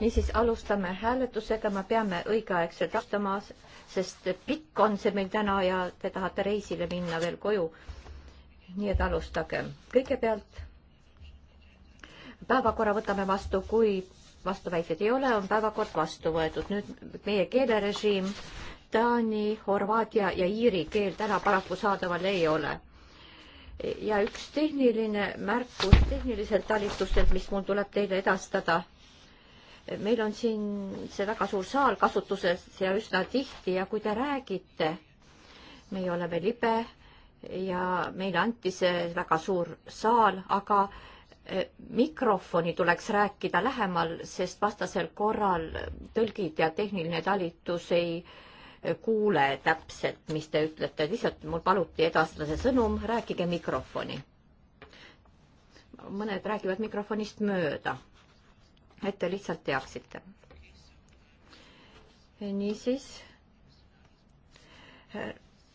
niisiis alustame hääletusega, me peame õigeaegselt vastama, sest pikk on see meil täna ja te tahate reisile minna veel koju. nii et alustage. kõigepealt päevakorra võtame vastu, kui vastuväiteid ei ole, on päevakord vastu võetud. nüüd meie keelerežiim, taani, horvaadia ja iiri keel täna paraku saadaval ei ole ja üks tehniline märkus tehniliselt talitustelt, mis mul tuleb teile edastada. meil on siin see väga suur saal kasutuses ja üsna tihti ja kui te räägite, meie oleme libe ja meile anti see väga suur saal, aga e, mikrofoni tuleks rääkida lähemal, sest vastasel korral tõlgid ja tehniline talitus ei äh, kuule täpselt, mis te ütlete, lihtsalt mul paluti edastada see sõnum, rääkige mikrofoni. mõned räägivad mikrofonist mööda, et te lihtsalt teaksite. niisiis,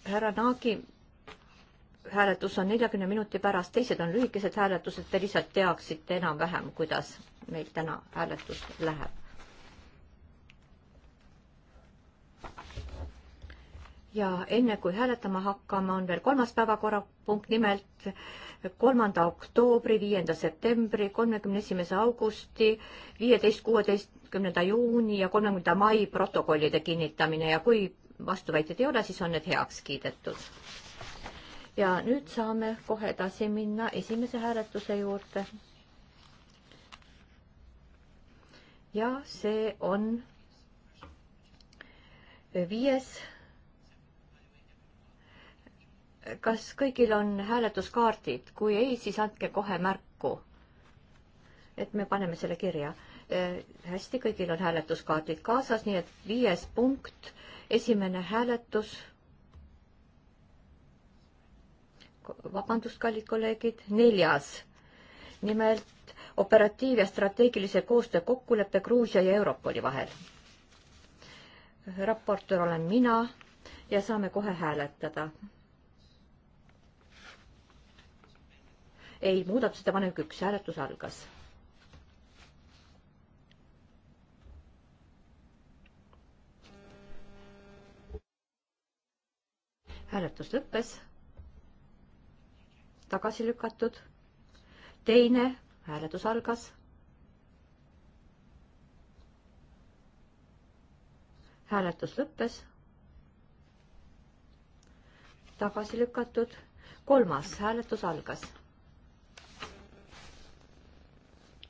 härra Naagi hääletus on neljakümne minuti pärast, teised on lühikesed hääletused, te lihtsalt teaksite enam-vähem, kuidas meil täna hääletus läheb ja enne kui hääletama hakkame, on veel kolmas päevakorrapunkt, nimelt kolmanda oktoobri, viienda septembri, kolmekümne esimese augusti, viieteist, kuueteistkümnenda juuni ja kolmekümnenda mai protokollide kinnitamine ja kui vastuväiteid ei ole, siis on need heaks kiidetud. ja nüüd saame kohe edasi minna esimese hääletuse juurde. ja see on viies kas kõigil on hääletuskaardid, kui ei, siis andke kohe märku. et me paneme selle kirja eh,. hästi, kõigil on hääletuskaardid kaasas, nii et viies punkt, esimene hääletus. vabandust, kallid kolleegid, neljas. nimelt operatiiv- ja strateegilise koostöö kokkulepe Gruusia ja Europoli vahel. raportöör olen mina ja saame kohe hääletada ei, muudatusettepanek üks, hääletus algas. hääletus lõppes. tagasi lükatud. teine hääletus algas. hääletus lõppes. tagasi lükatud. kolmas hääletus algas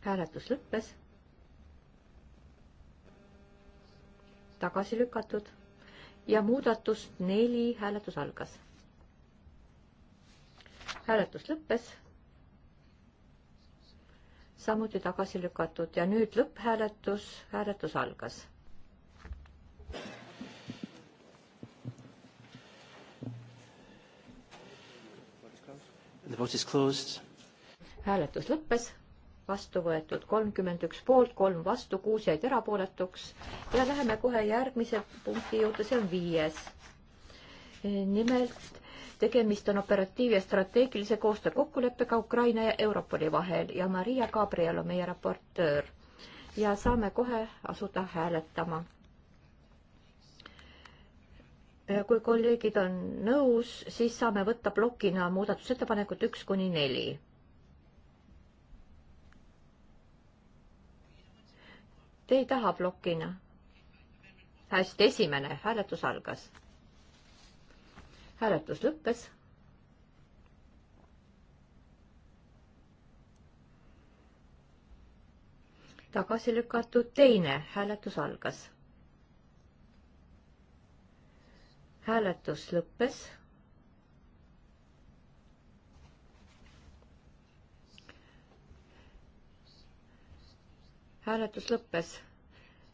hääletus lõppes. tagasi lükatud ja muudatus neli, hääletus algas. hääletus lõppes. samuti tagasi lükatud ja nüüd lõpphääletus, hääletus algas. hääletus lõppes vastu võetud kolmkümmend üks poolt, kolm vastu, kuus jäid erapooletuks ja läheme kohe järgmise punkti juurde, see on viies. nimelt tegemist on operatiiv- ja strateegilise koostöö kokkuleppega Ukraina ja Europoli vahel ja Maria Gabriel on meie raportöör. ja saame kohe asuda hääletama. kui kolleegid on nõus, siis saame võtta plokina muudatusettepanekud üks kuni neli Te ei taha plokina? hästi, esimene hääletus algas. hääletus lõppes. tagasi lükatud teine hääletus algas. hääletus lõppes hääletus lõppes,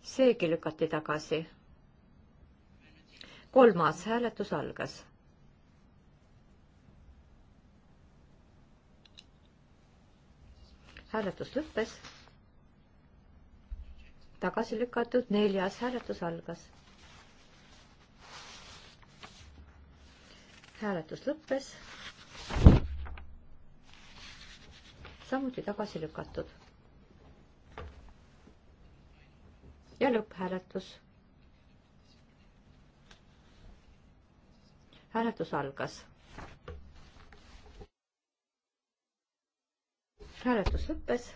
seegi lükati tagasi. kolmas hääletus algas. hääletus lõppes, tagasi lükatud, neljas hääletus algas. hääletus lõppes, samuti tagasi lükatud ja lõpphääletus. hääletus algas. hääletus lõppes.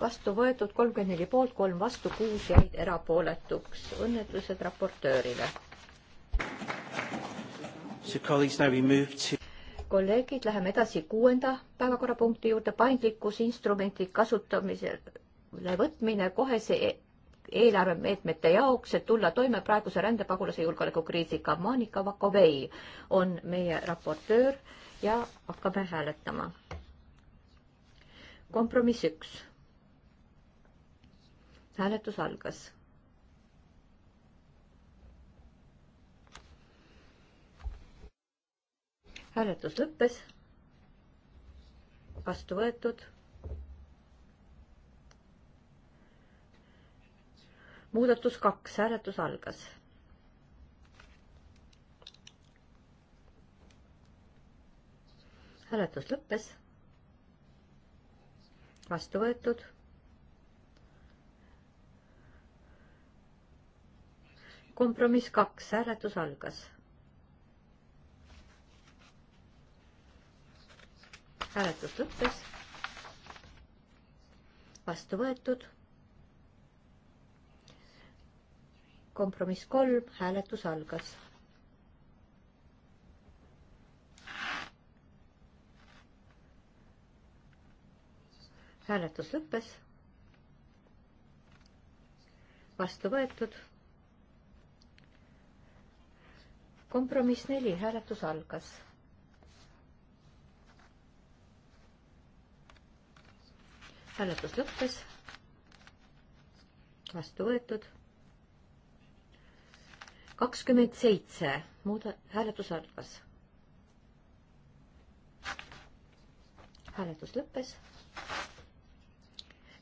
vastu võetud kolmkümmend neli poolt, kolm vastu, kuus jäid erapooletuks. õnnetlused raportöörile kolleegid, läheme edasi kuuenda päevakorrapunkti juurde, paindlikkusinstrumendi kasutamisel võtmine kohese e-, eelarvemeetmete jaoks, et tulla toime praeguse rändepagulase julgeolekukriisiga. Monika Vakovei on meie raportöör ja hakkame hääletama. kompromiss üks. hääletus algas. hääletus lõppes. vastu võetud muudatus kaks, hääletus algas. hääletus lõppes. vastu võetud. kompromiss kaks, hääletus algas. hääletus lõppes. vastu võetud kompromiss kolm, hääletus algas. hääletus lõppes. vastu võetud. kompromiss neli, hääletus algas. hääletus lõppes. vastu võetud kakskümmend seitse, muuda-, hääletus algas. hääletus lõppes.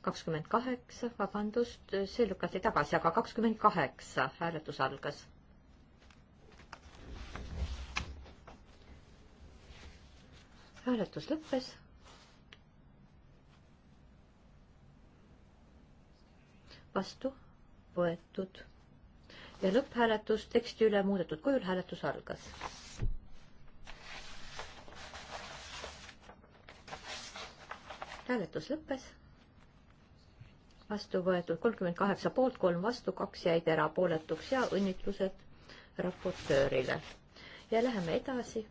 kakskümmend kaheksa, vabandust, see lükati tagasi, aga kakskümmend kaheksa hääletus algas. hääletus lõppes vastu võetud ja lõpphääletus teksti üle muudetud kujul hääletus algas. hääletus lõppes. vastu võetud kolmkümmend kaheksa poolt, kolm vastu, kaks jäid erapooletuks ja õnnitlused raportöörile. ja läheme edasi.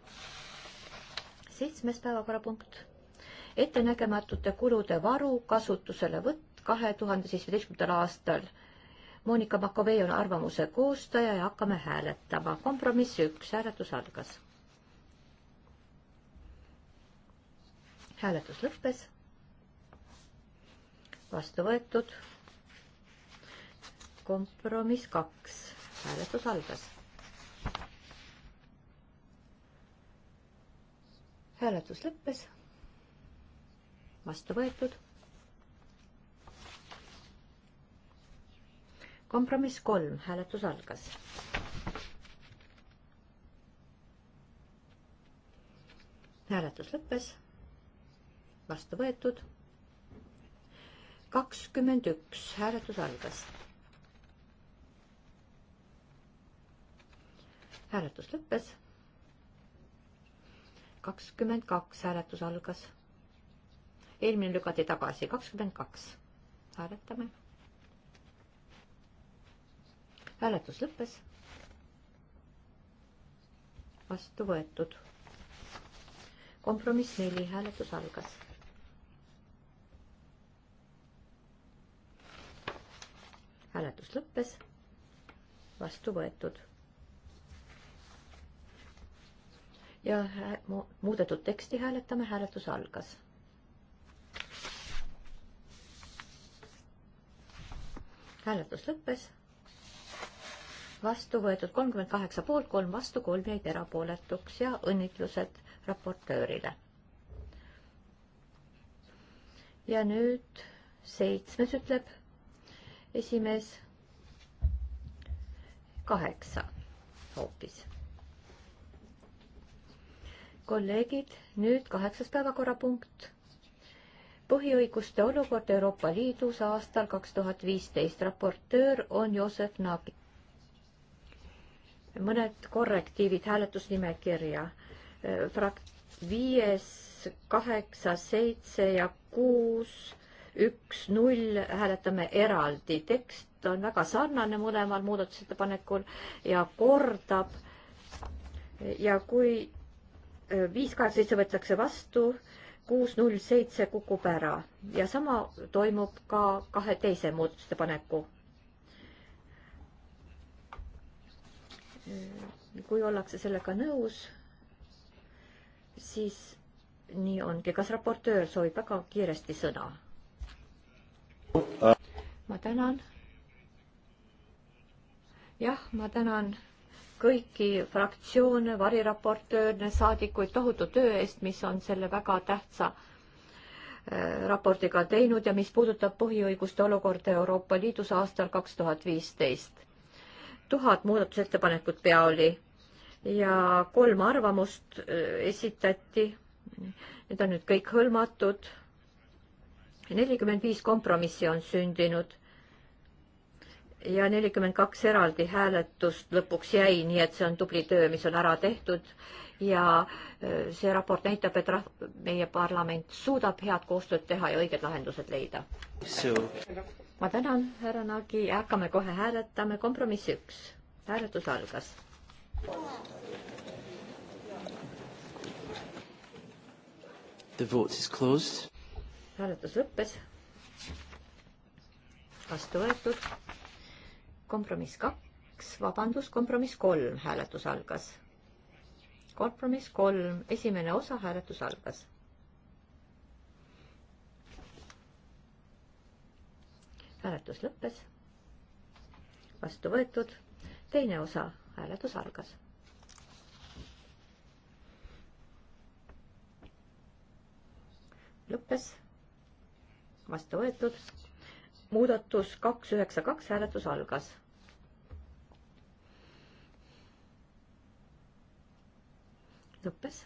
seitsmes päevakorrapunkt. ettenägematute kulude varu kasutuselevõtt kahe tuhande seitsmeteistkümnendal aastal Monika Makovei on arvamuse koostaja ja hakkame hääletama. kompromiss üks, hääletus algas. hääletus lõppes. vastu võetud. kompromiss kaks, hääletus algas. hääletus lõppes. vastu võetud kompromiss kolm, hääletus algas. hääletus lõppes, vastu võetud. kakskümmend üks, hääletus algas. hääletus lõppes. kakskümmend kaks, hääletus algas. eelmine lükati tagasi, kakskümmend kaks. hääletame hääletus lõppes. vastu võetud. kompromiss neli, hääletus algas. hääletus lõppes. vastu võetud. ja muudetud teksti hääletame, hääletus algas hääletus lõppes vastu võetud kolmkümmend kaheksa poolt, kolm vastu, kolm jäid erapooletuks ja õnnitlused raportöörile. ja nüüd seitsmes ütleb esimees, kaheksa hoopis. kolleegid, nüüd kaheksas päevakorrapunkt põhiõiguste olukord Euroopa Liidus aastal kaks tuhat viisteist. raportöör on Joosef Naabik mõned korrektiivid hääletusnimekirja. frak-, viies, kaheksa, seitse ja kuus, üks, null hääletame eraldi. tekst on väga sarnane mõlemal muudatusettepanekul ja kordab. ja kui viis, kaheksa, seitse võetakse vastu, kuus, null, seitse kukub ära ja sama toimub ka kahe teise muudatusettepaneku Mm, kui ollakse sellega nõus, siis nii ongi. kas raportöör soovib väga kiiresti sõna? ma tänan. jah, ma tänan kõiki fraktsioone, variraportööre, saadikuid tohutu töö eest, mis on selle väga tähtsa äh, raportiga teinud ja mis puudutab põhiõiguste olukorda Euroopa Liidus aastal kaks tuhat viisteist tuhat muudatusettepanekut pea oli ja kolm arvamust äh, esitati. Need on nüüd kõik hõlmatud. nelikümmend viis kompromissi on sündinud ja nelikümmend kaks eraldi hääletust lõpuks jäi, nii et see on tubli töö, mis on ära tehtud ja äh, see raport näitab, et rahv-, meie parlament suudab head koostööd teha ja õiged lahendused leida ma tänan, härra Nagi, hakkame kohe hääletama, kompromiss üks, hääletus algas. The vote is closed. hääletus lõppes. vastu võetud. kompromiss kaks, vabandust, kompromiss kolm, hääletus algas. kompromiss kolm, esimene osa, hääletus algas hääletus lõppes. vastu võetud. teine osa, hääletus algas. lõppes. vastu võetud. muudatus kaks üheksa kaks, hääletus algas. lõppes.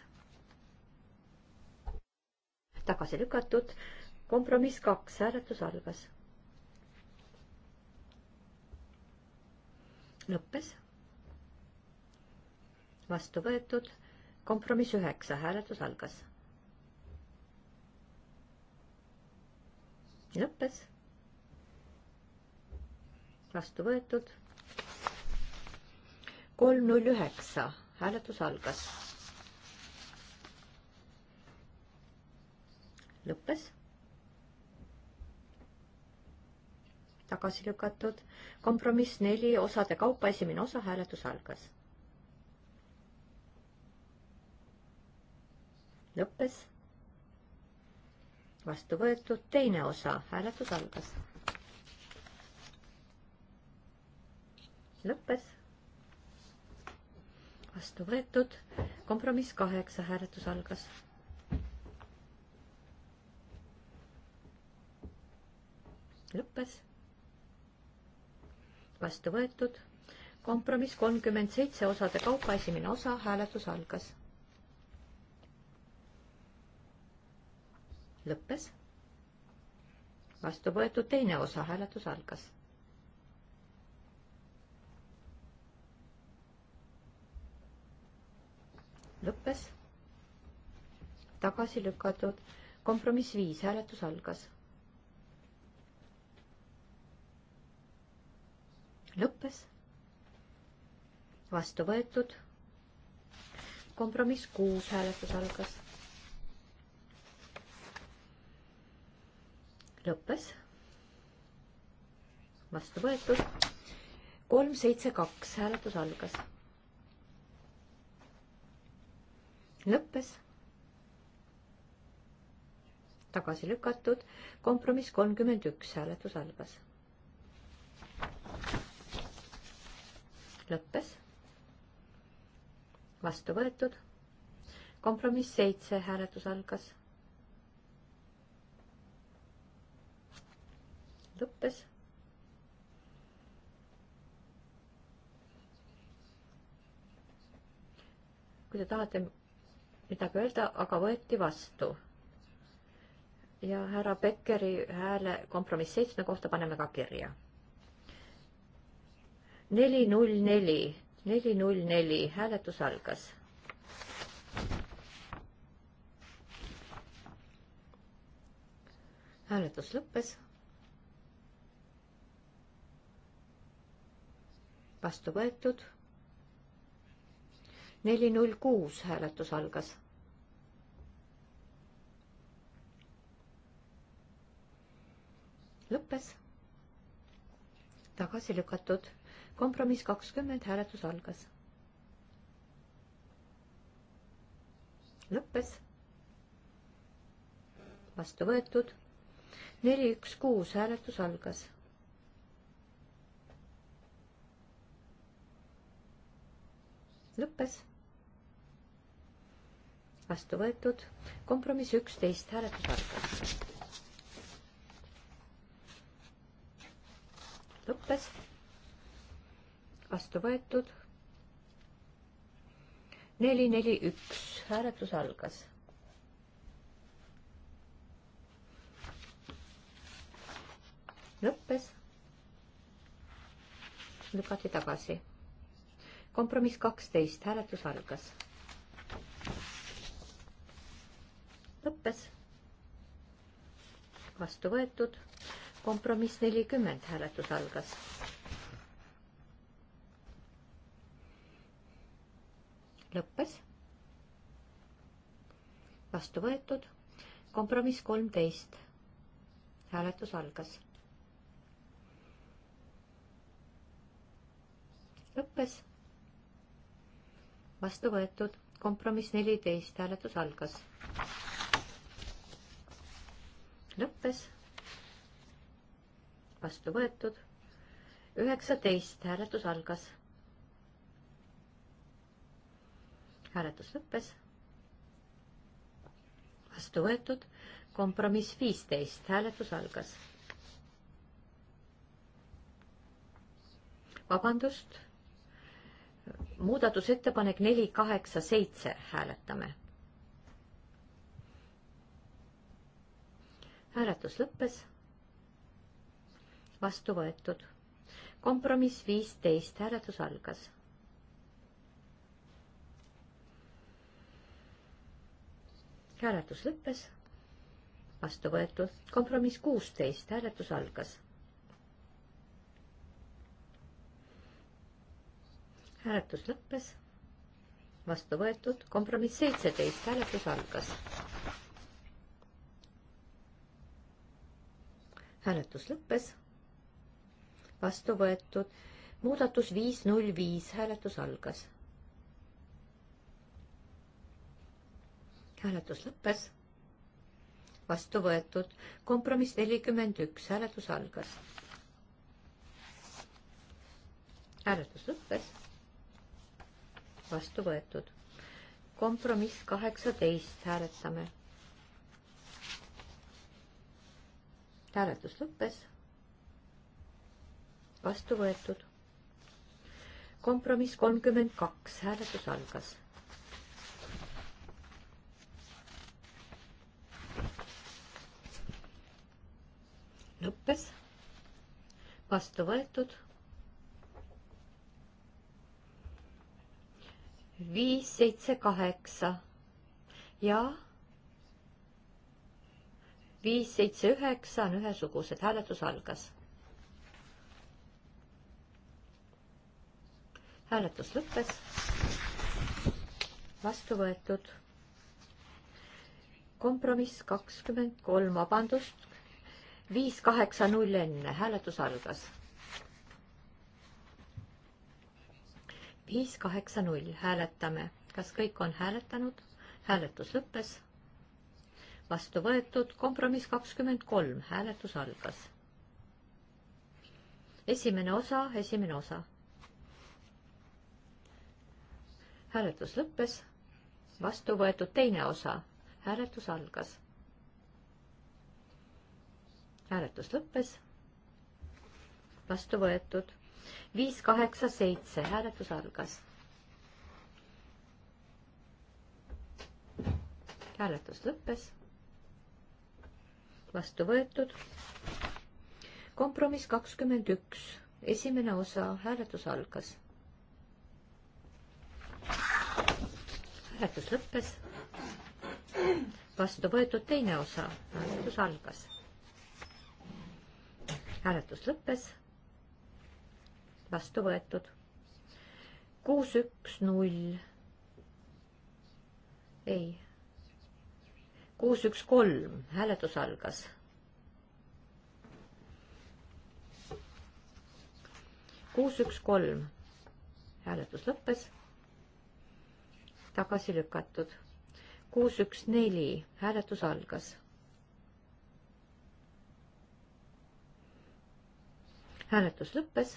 tagasi lükatud. kompromiss kaks, hääletus algas lõppes. vastu võetud, kompromiss üheksa, hääletus algas. lõppes. vastu võetud. kolm null üheksa, hääletus algas. lõppes tagasi lükatud. kompromiss neli osade kaupa, esimene osa, hääletus algas. lõppes. vastu võetud, teine osa, hääletus algas. lõppes. vastu võetud, kompromiss kaheksa, hääletus algas lõppes vastu võetud. kompromiss kolmkümmend seitse osade kaupa, esimene osa, hääletus algas. lõppes. vastu võetud teine osa, hääletus algas. lõppes. tagasi lükatud kompromiss viis, hääletus algas lõppes. vastu võetud. kompromiss kuus, hääletus algas. lõppes. vastu võetud. kolm, seitse, kaks, hääletus algas. lõppes tagasi lükatud, kompromiss kolmkümmend üks hääletus algas lõppes. vastu võetud. kompromiss seitse, hääletus algas. lõppes. kui te tahate midagi öelda, aga võeti vastu. ja härra Beckeri hääle kompromiss seitsme kohta paneme ka kirja neli, null, neli, neli, null, neli, hääletus algas. hääletus lõppes. vastu võetud. neli, null, kuus, hääletus algas lõppes, tagasi lükatud kompromiss kakskümmend, hääletus algas. lõppes. vastu võetud. neli, üks, kuus, hääletus algas. lõppes. vastu võetud. kompromiss üksteist, hääletus algas. lõppes vastu võetud. neli, neli, üks, hääletus algas. lõppes. lükati tagasi. kompromiss kaksteist, hääletus algas. lõppes. vastu võetud. kompromiss nelikümmend, hääletus algas lõppes. vastu võetud. kompromiss kolmteist. hääletus algas. lõppes. vastu võetud. kompromiss neliteist. hääletus algas. lõppes. vastu võetud. üheksateist. hääletus algas hääletus lõppes. vastu võetud, kompromiss viisteist, hääletus algas. vabandust, muudatusettepanek neli kaheksa seitse, hääletame. hääletus lõppes, vastu võetud, kompromiss viisteist, hääletus algas hääletus lõppes, vastu võetud, kompromiss kuusteist, hääletus algas. hääletus lõppes, vastu võetud, kompromiss seitseteist, hääletus algas. hääletus lõppes, vastu võetud, muudatus viis null viis, hääletus algas hääletus lõppes. vastu võetud. kompromiss nelikümmend üks, hääletus algas. hääletus lõppes. vastu võetud. kompromiss kaheksateist, hääletame. hääletus lõppes. vastu võetud. kompromiss kolmkümmend kaks, hääletus algas lõppes, vastu võetud. viis, seitse, kaheksa ja viis, seitse, üheksa on ühesugused, hääletus algas. hääletus lõppes, vastu võetud kompromiss kakskümmend kolm, vabandust, viis kaheksa null enne, hääletus algas. viis kaheksa null, hääletame, kas kõik on hääletanud? hääletus lõppes. vastu võetud, kompromiss kakskümmend kolm, hääletus algas. esimene osa, esimene osa. hääletus lõppes, vastu võetud teine osa, hääletus algas hääletus lõppes. vastu võetud. viis, kaheksa, seitse, hääletus algas. hääletus lõppes. vastu võetud. kompromiss kakskümmend üks, esimene osa, hääletus algas. hääletus lõppes. vastu võetud teine osa, hääletus algas hääletus lõppes. vastu võetud. kuus, üks, null. ei. kuus, üks, kolm, hääletus algas. kuus, üks, kolm, hääletus lõppes. tagasi lükatud. kuus, üks, neli, hääletus algas hääletus lõppes,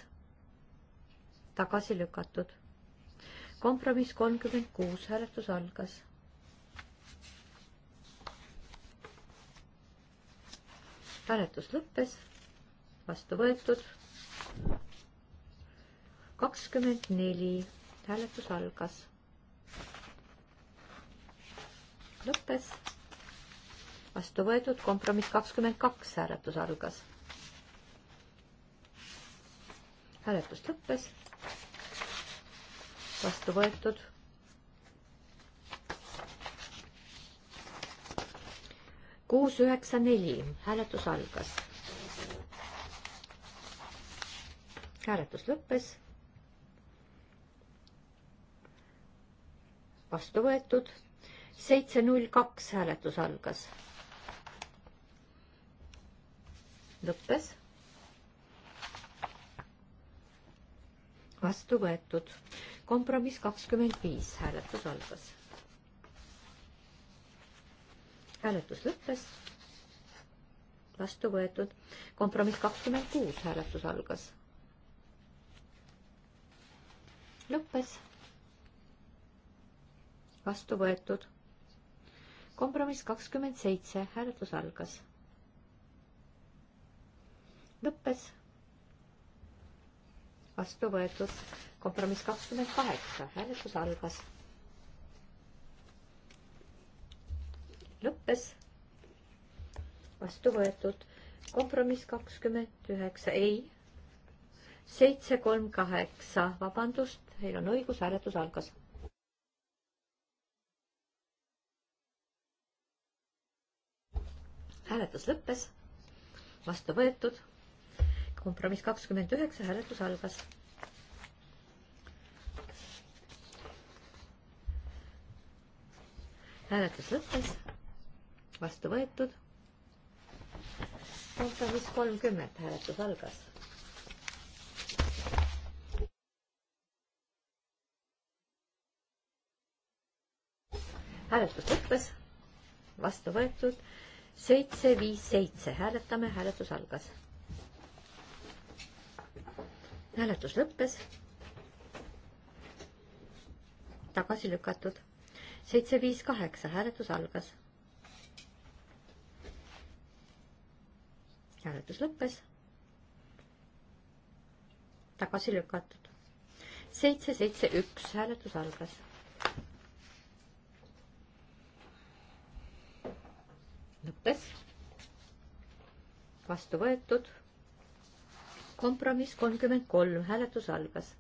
tagasi lükatud. kompromiss kolmkümmend kuus, hääletus algas. hääletus lõppes, vastu võetud. kakskümmend neli, hääletus algas. lõppes, vastu võetud, kompromiss kakskümmend kaks, hääletus algas hääletus lõppes. vastu võetud. kuus üheksa neli, hääletus algas. hääletus lõppes. vastu võetud. seitse null kaks hääletus algas. lõppes vastu võetud. kompromiss kakskümmend viis, hääletus algas. hääletus lõppes. vastu võetud. kompromiss kakskümmend kuus, hääletus algas. lõppes. vastu võetud. kompromiss kakskümmend seitse, hääletus algas. lõppes vastu võetud. kompromiss kakskümmend kaheksa, hääletus algas. lõppes. vastu võetud. kompromiss kakskümmend üheksa, ei. seitse, kolm, kaheksa, vabandust, teil on õigus, hääletus algas hääletus lõppes, vastu võetud kompromiss kakskümmend üheksa, hääletus algas. hääletus lõppes, vastu võetud. kompromiss kolmkümmend, hääletus algas hääletus lõppes, vastu võetud, seitse, viis, seitse, hääletame, hääletus algas hääletus lõppes. tagasi lükatud. seitse, viis, kaheksa, hääletus algas. hääletus lõppes. tagasi lükatud. seitse, seitse, üks, hääletus algas lõppes. vastu võetud kompromiss kolmkümmend kolm, hääletus algas.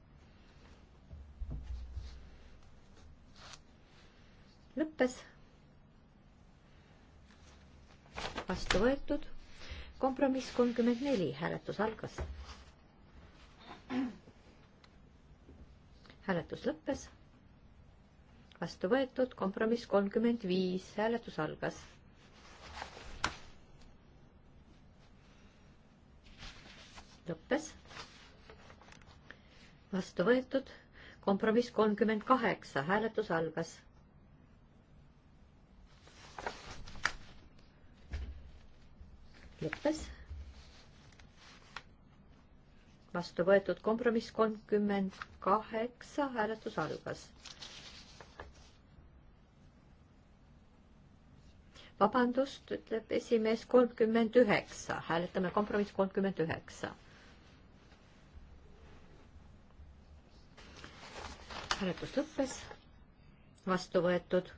lõppes. vastu võetud. kompromiss kolmkümmend neli, hääletus algas. hääletus lõppes. vastu võetud, kompromiss kolmkümmend viis, hääletus algas lõppes. vastu võetud, kompromiss kolmkümmend kaheksa, hääletus algas. lõppes. vastu võetud kompromiss kolmkümmend kaheksa, hääletus algas. vabandust, ütleb esimees kolmkümmend üheksa, hääletame kompromiss kolmkümmend üheksa hääletus lõppes, vastu võetud.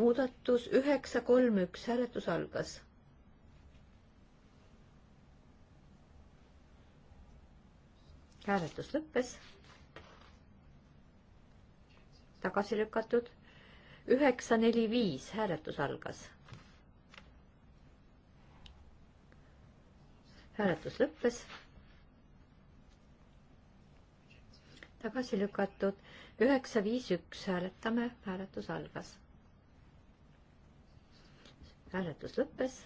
muudatus üheksa, kolm, üks, hääletus algas. hääletus lõppes. tagasi lükatud. üheksa, neli, viis, hääletus algas. hääletus lõppes tagasi lükatud. üheksa, viis, üks, hääletame, hääletus algas. hääletus lõppes.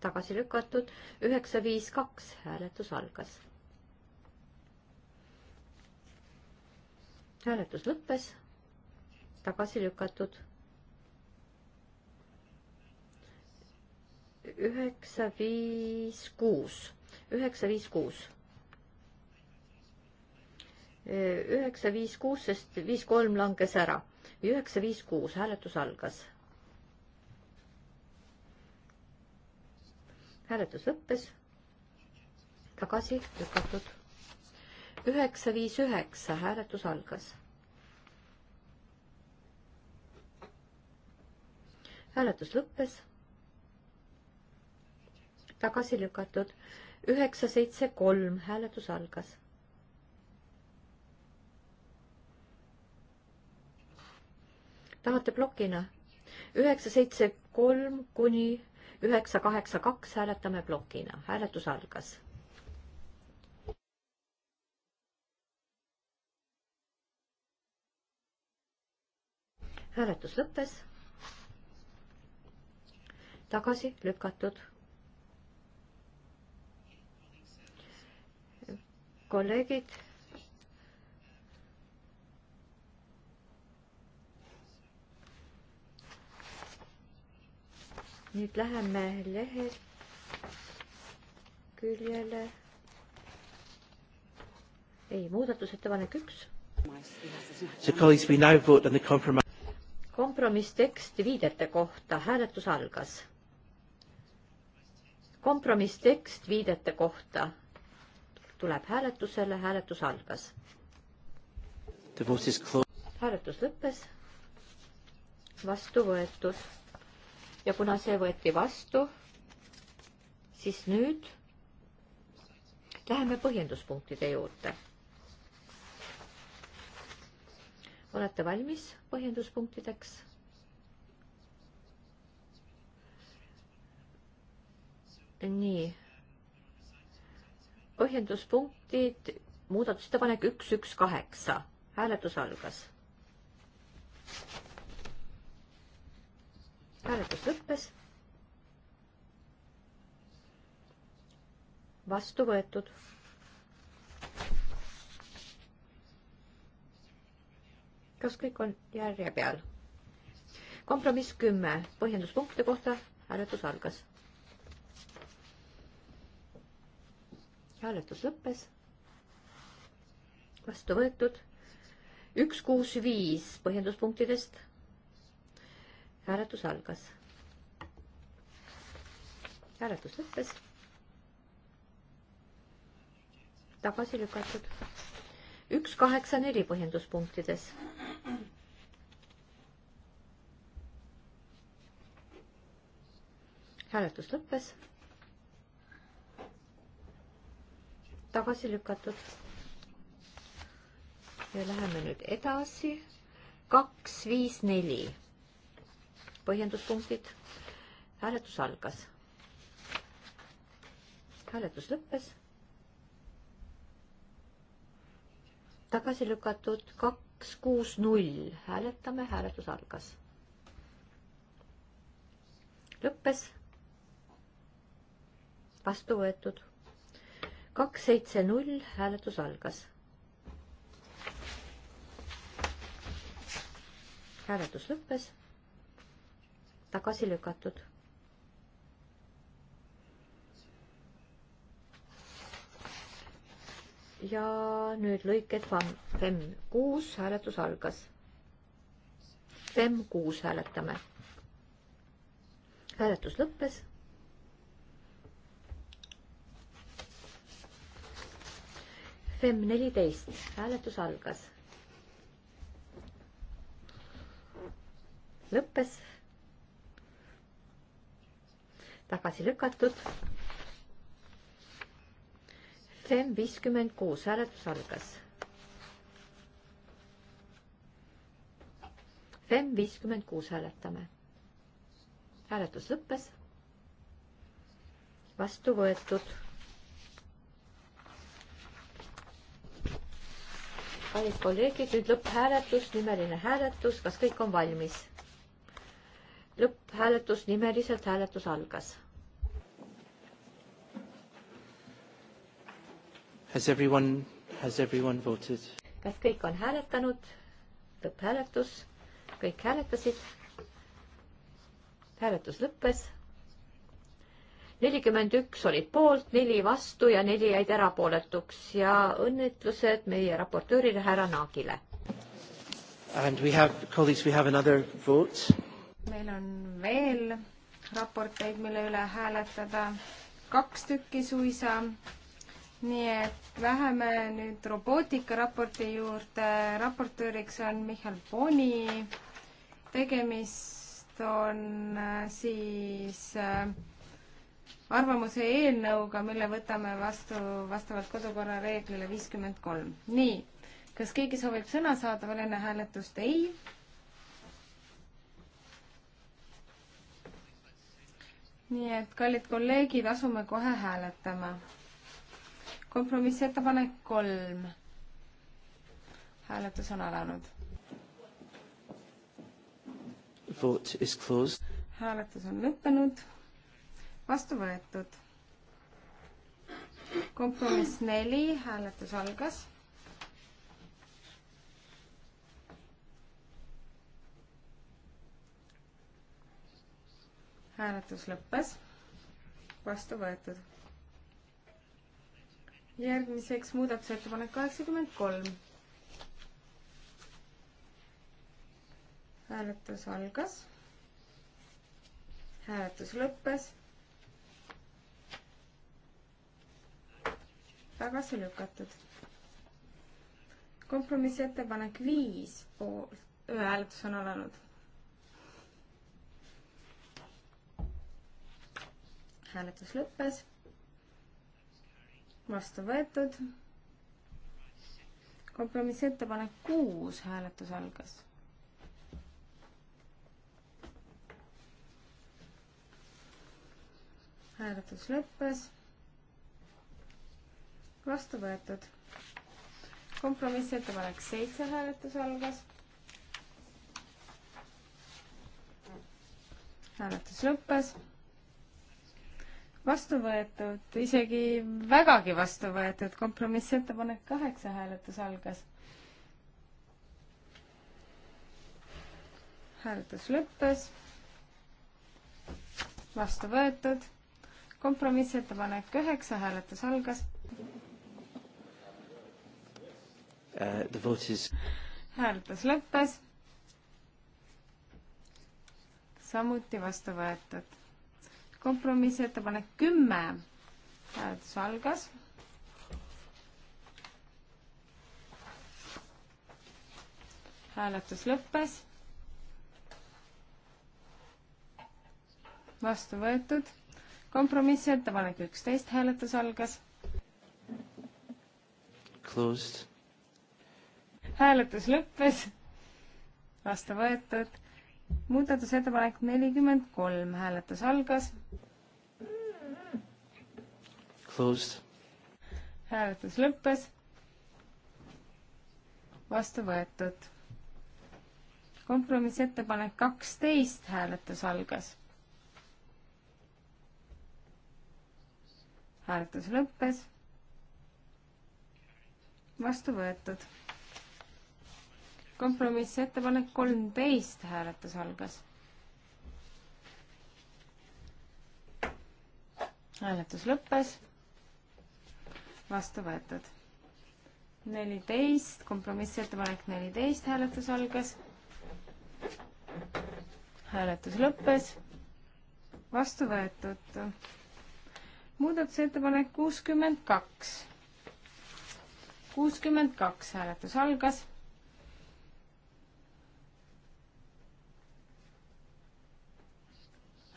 tagasi lükatud, üheksa, viis, kaks, hääletus algas. hääletus lõppes, tagasi lükatud. üheksa, viis, kuus, üheksa, viis, kuus üheksa, viis, kuus, sest viis, kolm langes ära. üheksa, viis, kuus, hääletus algas. hääletus lõppes. tagasi lükatud. üheksa, viis, üheksa, hääletus algas. hääletus lõppes. tagasi lükatud. üheksa, seitse, kolm, hääletus algas tahate plokina? üheksa, seitse, kolm kuni üheksa, kaheksa, kaks hääletame plokina. hääletus algas. hääletus lõppes. tagasi lükatud. kolleegid nüüd läheme lehelt küljele. ei, muudatusettepanek üks. kompromisstekst viidete kohta, hääletus algas. kompromisstekst viidete kohta tuleb hääletusele, hääletus algas. hääletus lõppes. vastu võetud ja kuna see võeti vastu, siis nüüd läheme põhjenduspunktide juurde. olete valmis põhjenduspunktideks? nii. põhjenduspunktid, muudatusettepanek üks, üks, kaheksa, hääletus algas hääletus lõppes. vastu võetud. kas kõik on järje peal? kompromiss kümme põhjenduspunktide kohta hääletus algas. hääletus lõppes. vastu võetud üks kuus viis põhjenduspunktidest hääletus algas. hääletus lõppes. tagasi lükatud. üks, kaheksa, neli põhjenduspunktides. hääletus lõppes. tagasi lükatud. ja läheme nüüd edasi. kaks, viis, neli põhjenduspunktid. hääletus algas. hääletus lõppes. tagasi lükatud kaks, kuus, null, hääletame, hääletus algas. lõppes. vastu võetud. kaks, seitse, null, hääletus algas hääletus lõppes tagasi lükatud. ja nüüd lõiked FEM kuus hääletus algas. FEM kuus hääletame. hääletus lõppes. FEM neliteist hääletus algas. lõppes tagasi lükatud. FEM viiskümmend kuus, hääletus algas. FEM viiskümmend kuus hääletame. hääletus lõppes. vastu võetud kallid kolleegid, nüüd lõpphääletus, nimeline hääletus, kas kõik on valmis? lõpphääletus nimeliselt hääletus algas. Has everyone, has everyone voted? kas kõik on hääletanud? lõpphääletus, kõik hääletasid. hääletus lõppes. nelikümmend üks olid poolt, neli vastu ja neli jäid erapooletuks ja õnnitlused meie raportöörile härra Naagile. And we have, colleagues, we have another vote meil on veel raporteid, mille üle hääletada, kaks tükki suisa. nii et läheme nüüd robootika raporti juurde. raportööriks on Michal Boni. tegemist on äh, siis äh, arvamuse eelnõuga, mille võtame vastu vastavalt kodukorra reeglile viiskümmend kolm. nii, kas keegi soovib sõna saada veel enne hääletust? ei nii et, kallid kolleegid, asume kohe hääletama. kompromissettepanek kolm. hääletus on alanud. hääletus on lõppenud. vastu võetud. kompromiss neli, hääletus algas hääletus lõppes. vastu võetud. järgmiseks muudatusettepanek kaheksakümmend kolm. hääletus algas. hääletus lõppes. tagasi lükatud. kompromissettepanek viis poolt, hääletus on alanud hääletus lõppes. vastu võetud. kompromissettepanek kuus, hääletus algas. hääletus lõppes. vastu võetud. kompromissettepanek seitse, hääletus algas hääletus lõppes vastu võetud, isegi vägagi vastu võetud, kompromissettepanek kaheksa hääletus algas. hääletus lõppes, vastu võetud, kompromissettepanek üheksa, hääletus algas uh,. Is... hääletus lõppes, samuti vastu võetud kompromissettepanek kümme, hääletus algas. hääletus lõppes. vastu võetud. kompromissettepanek üksteist, hääletus algas. Closed. hääletus lõppes. vastu võetud muudatusettepanek nelikümmend kolm, hääletus algas. Closed. hääletus lõppes. vastu võetud. kompromissettepanek kaksteist, hääletus algas. hääletus lõppes. vastu võetud kompromissettepanek kolmteist hääletus algas. hääletus lõppes. vastu võetud. neliteist, kompromissettepanek neliteist hääletus algas. hääletus lõppes. vastu võetud. muudatusettepanek kuuskümmend kaks. kuuskümmend kaks hääletus algas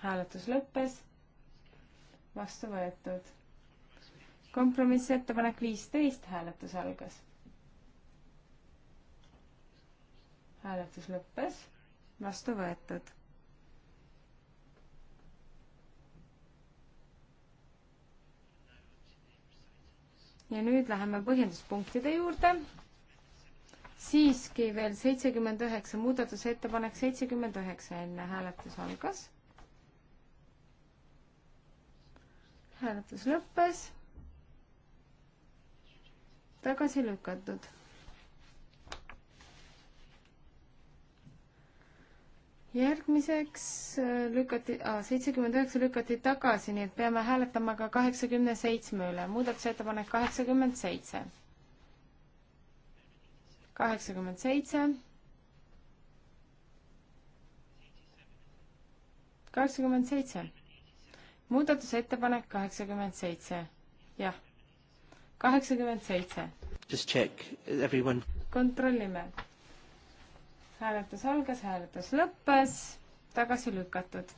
hääletus lõppes, vastu võetud. kompromissettepanek viisteist, hääletus algas. hääletus lõppes, vastu võetud ja nüüd läheme põhjenduspunktide juurde. siiski veel seitsekümmend üheksa, muudatusettepanek seitsekümmend üheksa enne hääletus algas. hääletus lõppes. tagasi lükatud. järgmiseks äh, lükati, seitsekümmend üheksa lükati tagasi, nii et peame hääletama ka kaheksakümne seitsme üle. muudatusettepanek kaheksakümmend seitse. kaheksakümmend seitse kaheksakümmend seitse muudatusettepanek kaheksakümmend seitse, jah, kaheksakümmend seitse. Just check everyone. kontrollime. hääletus algas, hääletus lõppes, tagasi lükatud.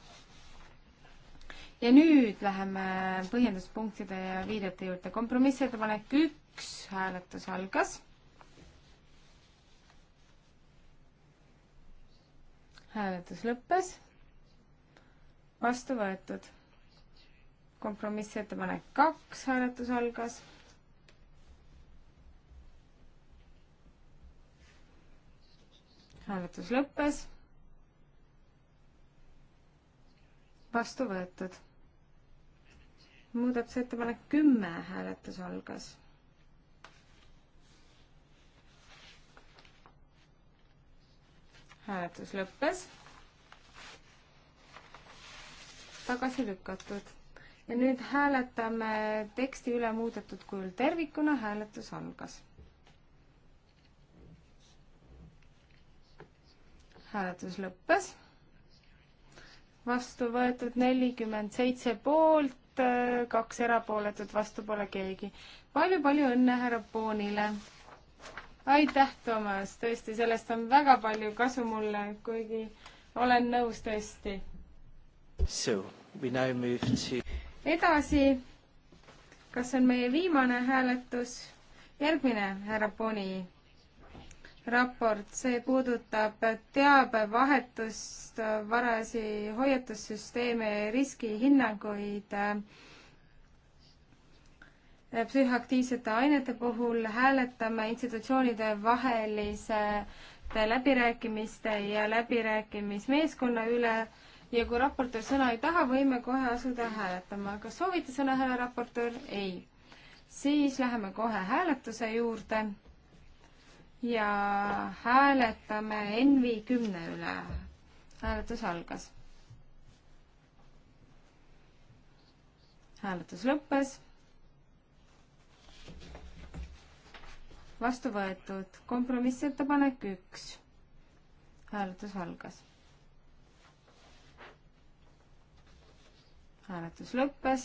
ja nüüd läheme põhjenduspunktide ja viidete juurde. kompromissettepanek üks, hääletus algas. hääletus lõppes, vastu võetud kompromissettepanek kaks, hääletus algas. hääletus lõppes. vastu võetud. muudatusettepanek kümme, hääletus algas hääletus lõppes. tagasi lükatud ja nüüd hääletame teksti üle muudetud kujul tervikuna, hääletus algas. hääletus lõppes. vastu võetud nelikümmend seitse poolt, kaks erapooletut, vastu pole keegi palju,. palju-palju õnne härra Poonile! aitäh, Toomas, tõesti, sellest on väga palju kasu mulle, kuigi olen nõus tõesti. So we now move to edasi, kas on meie viimane hääletus? järgmine härra Boni raport, see puudutab teabevahetust, varasi hoiatussüsteeme, riskihinnanguid äh, psühhoaktiivsete ainete puhul hääletame institutsioonide vaheliste läbirääkimiste ja läbirääkimismeeskonna üle ja kui raportöör sõna ei taha, võime kohe asuda hääletama. kas soovite sõna, härra raportöör? ei. siis läheme kohe hääletuse juurde ja hääletame Envi kümne üle. hääletus algas. hääletus lõppes vastu võetud. kompromissettepanek üks. hääletus algas. hääletus lõppes.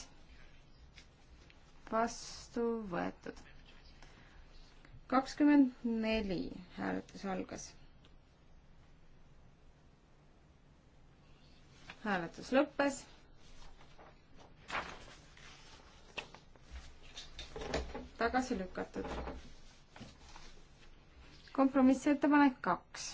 vastu võetud. kakskümmend neli hääletus algas. hääletus lõppes. tagasi lükatud. kompromissettepanek kaks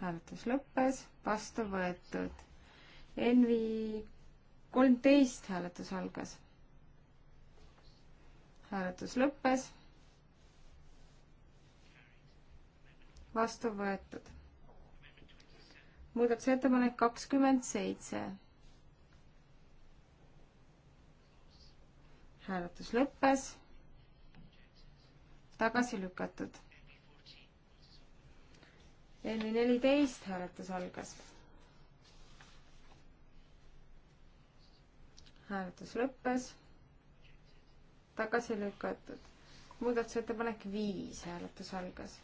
hääletus lõppes, vastu võetud. Envi kolmteist hääletus algas. hääletus lõppes. vastu võetud. muudatusettepanek kakskümmend seitse. hääletus lõppes. tagasi lükatud Envi neliteist hääletus algas. hääletus lõppes. tagasi lükatud. muudatusettepanek viis hääletus algas.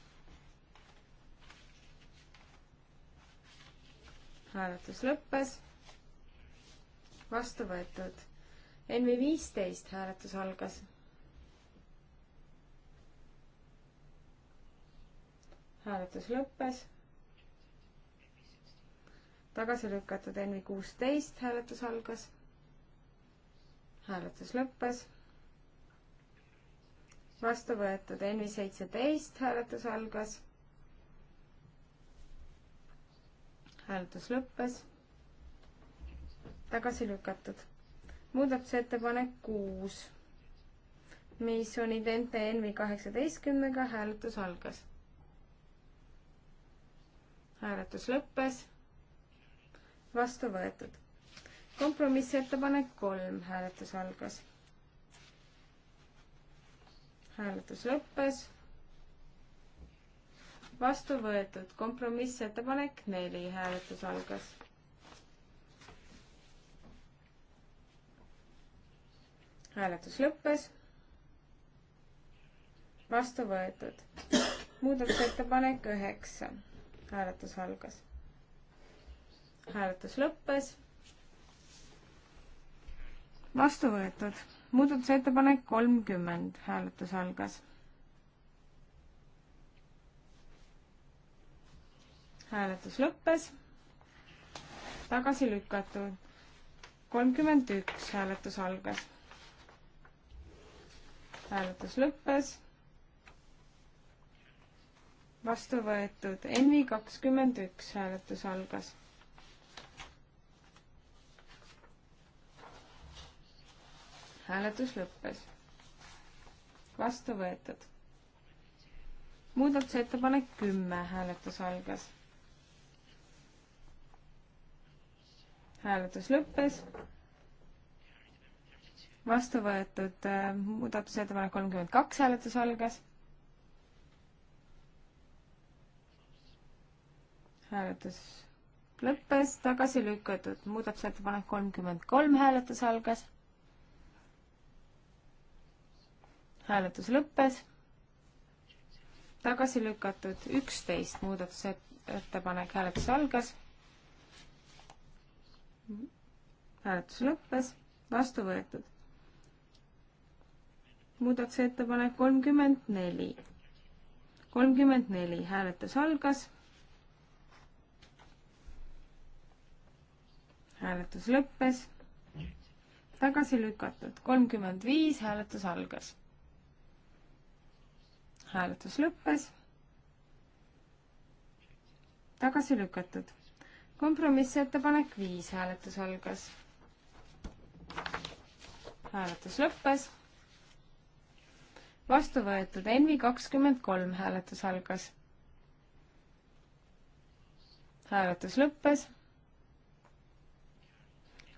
hääletus lõppes. vastu võetud. Envi viisteist hääletus algas hääletus lõppes tagasi lükatud NV kuusteist, hääletus algas. hääletus lõppes. vastu võetud NV seitseteist, hääletus algas. hääletus lõppes. tagasi lükatud. muudatusettepanek kuus, mis on identne NV kaheksateistkümnega, hääletus algas. hääletus lõppes vastu võetud. kompromissettepanek kolm, hääletus algas. hääletus lõppes. vastu võetud, kompromissettepanek neli, hääletus algas. hääletus lõppes. vastu võetud. muudatusettepanek üheksa, hääletus algas hääletus lõppes. vastu võetud. muudatusettepanek kolmkümmend, hääletus algas. hääletus lõppes. tagasi lükatud. kolmkümmend üks, hääletus algas. hääletus lõppes vastu võetud. Envi kakskümmend üks hääletus algas. hääletus lõppes. vastu võetud. muudatusettepanek kümme, hääletus algas. hääletus lõppes. vastu võetud äh, muudatusettepanek kolmkümmend kaks, hääletus algas. hääletus lõppes, tagasi lükatud muudatusettepanek kolmkümmend kolm, hääletus algas hääletus lõppes. tagasi lükatud üksteist muudatusettepanek, hääletus algas. hääletus lõppes, vastu võetud. muudatusettepanek kolmkümmend neli, kolmkümmend neli, hääletus algas. hääletus lõppes, tagasi lükatud, kolmkümmend viis, hääletus algas hääletus lõppes. tagasi lükatud. kompromissettepanek viis, hääletus algas. hääletus lõppes. vastu võetud Envi kakskümmend kolm, hääletus algas. hääletus lõppes.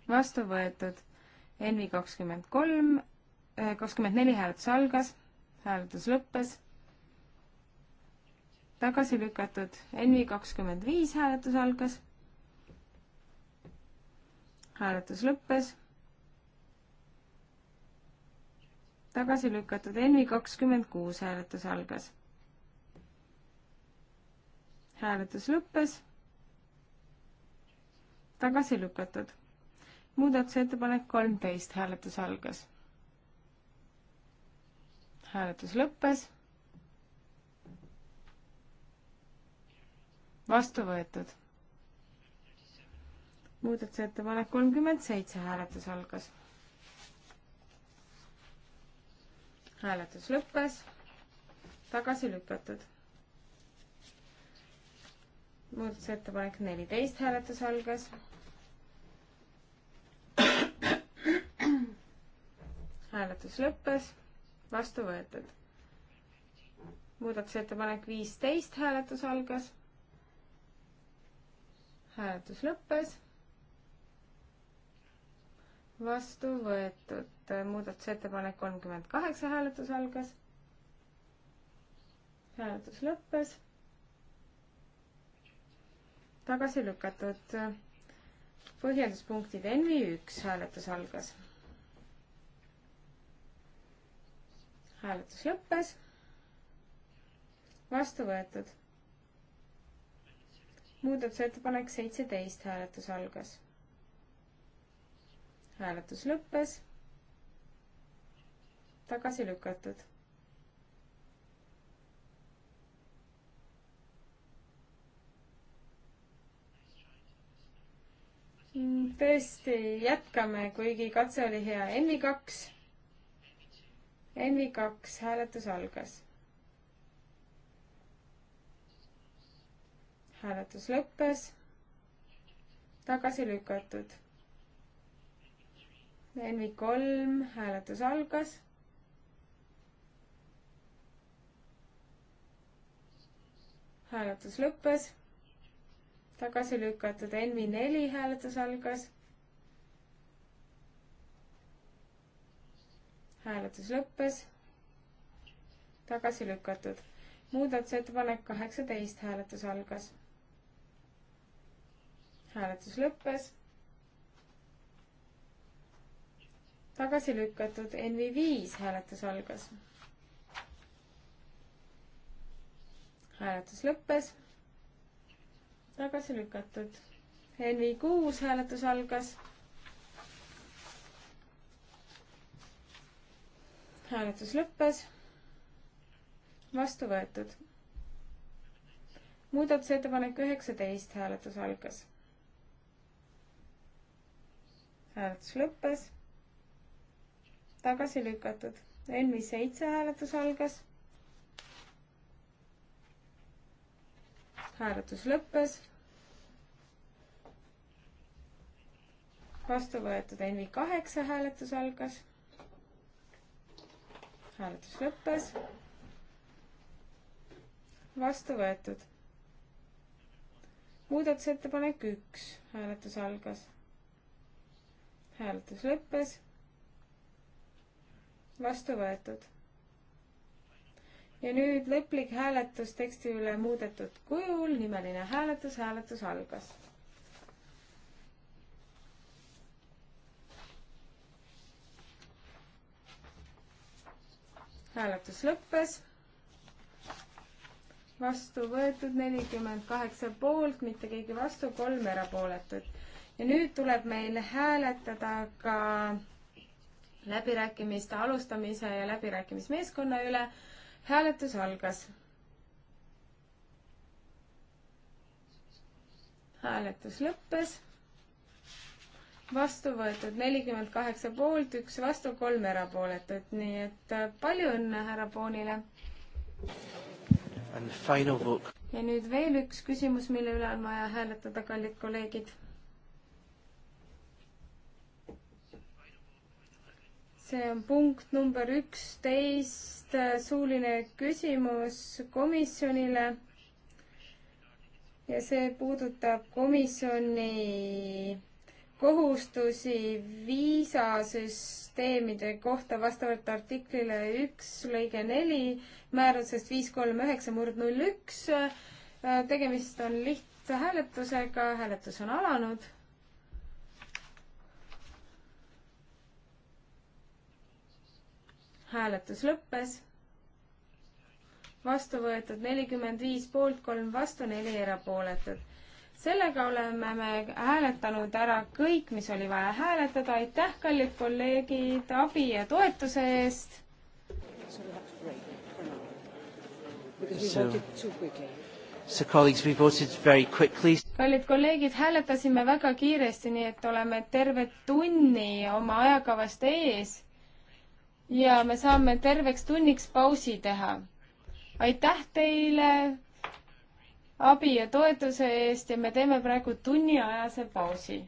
vastu võetud Envi kakskümmend kolm, eh, kakskümmend neli hääletus algas, hääletus lõppes tagasi lükatud. NV kakskümmend viis hääletus algas. hääletus lõppes. tagasi lükatud. NV kakskümmend kuus hääletus algas. hääletus lõppes. tagasi lükatud. muudatusettepanek kolmteist hääletus algas. hääletus lõppes vastu võetud. muudatusettepanek kolmkümmend seitse, hääletus algas. hääletus lõppes, tagasi lükatud. muudatusettepanek neliteist, hääletus algas. hääletus lõppes, vastu võetud. muudatusettepanek viisteist, hääletus algas hääletus lõppes. vastu võetud muudatusettepanek kolmkümmend kaheksa, hääletus algas. hääletus lõppes. tagasi lükatud põhjenduspunktid NV üks, hääletus algas hääletus lõppes. vastu võetud muudatusettepanek seitseteist, hääletus algas. hääletus lõppes. tagasi lükatud. tõesti, jätkame, kuigi katse oli hea. NV kaks, NV kaks, hääletus algas hääletus lõppes. tagasi lükatud. NV kolm hääletus algas. hääletus lõppes. tagasi lükatud NV neli hääletus algas. hääletus lõppes. tagasi lükatud muudatusettepanek kaheksateist hääletus algas hääletus lõppes. tagasi lükatud NV5 hääletus algas. hääletus lõppes. tagasi lükatud NV6 hääletus algas. hääletus lõppes. vastu võetud. muudatusettepanek üheksateist hääletus algas hääletus lõppes. tagasi lükatud. NV seitse hääletus algas. hääletus lõppes. vastu võetud NV kaheksa hääletus algas. hääletus lõppes. vastu võetud. muudatusettepanek üks hääletus algas hääletus lõppes. vastu võetud. ja nüüd lõplik hääletus teksti üle muudetud kujul, nimeline hääletus, hääletus algas. hääletus lõppes vastu võetud nelikümmend kaheksa poolt, mitte keegi vastu, kolm erapooletut ja nüüd tuleb meil hääletada ka läbirääkimiste alustamise ja läbirääkimismeeskonna üle. hääletus algas. hääletus lõppes. vastu võetud nelikümmend kaheksa poolt, üks vastu, kolm erapooletut, nii et äh, palju õnne härra Poonile. ja nüüd veel üks küsimus, mille üle on vaja hääletada, kallid kolleegid see on punkt number üksteist, suuline küsimus komisjonile. ja see puudutab komisjoni kohustusi viisasüsteemide kohta vastavalt artiklile üks lõige neli määrusest viis kolm üheksa murd null üks. tegemist on lihtsa hääletusega, hääletus on alanud hääletus lõppes. vastu võetud nelikümmend viis poolt, kolm vastu, neli erapooletut. sellega oleme me hääletanud ära kõik, mis oli vaja hääletada. aitäh, kallid kolleegid, abi ja toetuse eest. So, so colleagues, we voted very quickly kallid kolleegid, hääletasime väga kiiresti, nii et oleme terve tunni oma ajakavast ees ja me saame terveks tunniks pausi teha. aitäh teile abi ja toetuse eest ja me teeme praegu tunniajase pausi.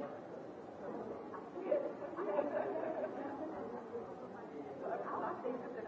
Thank you.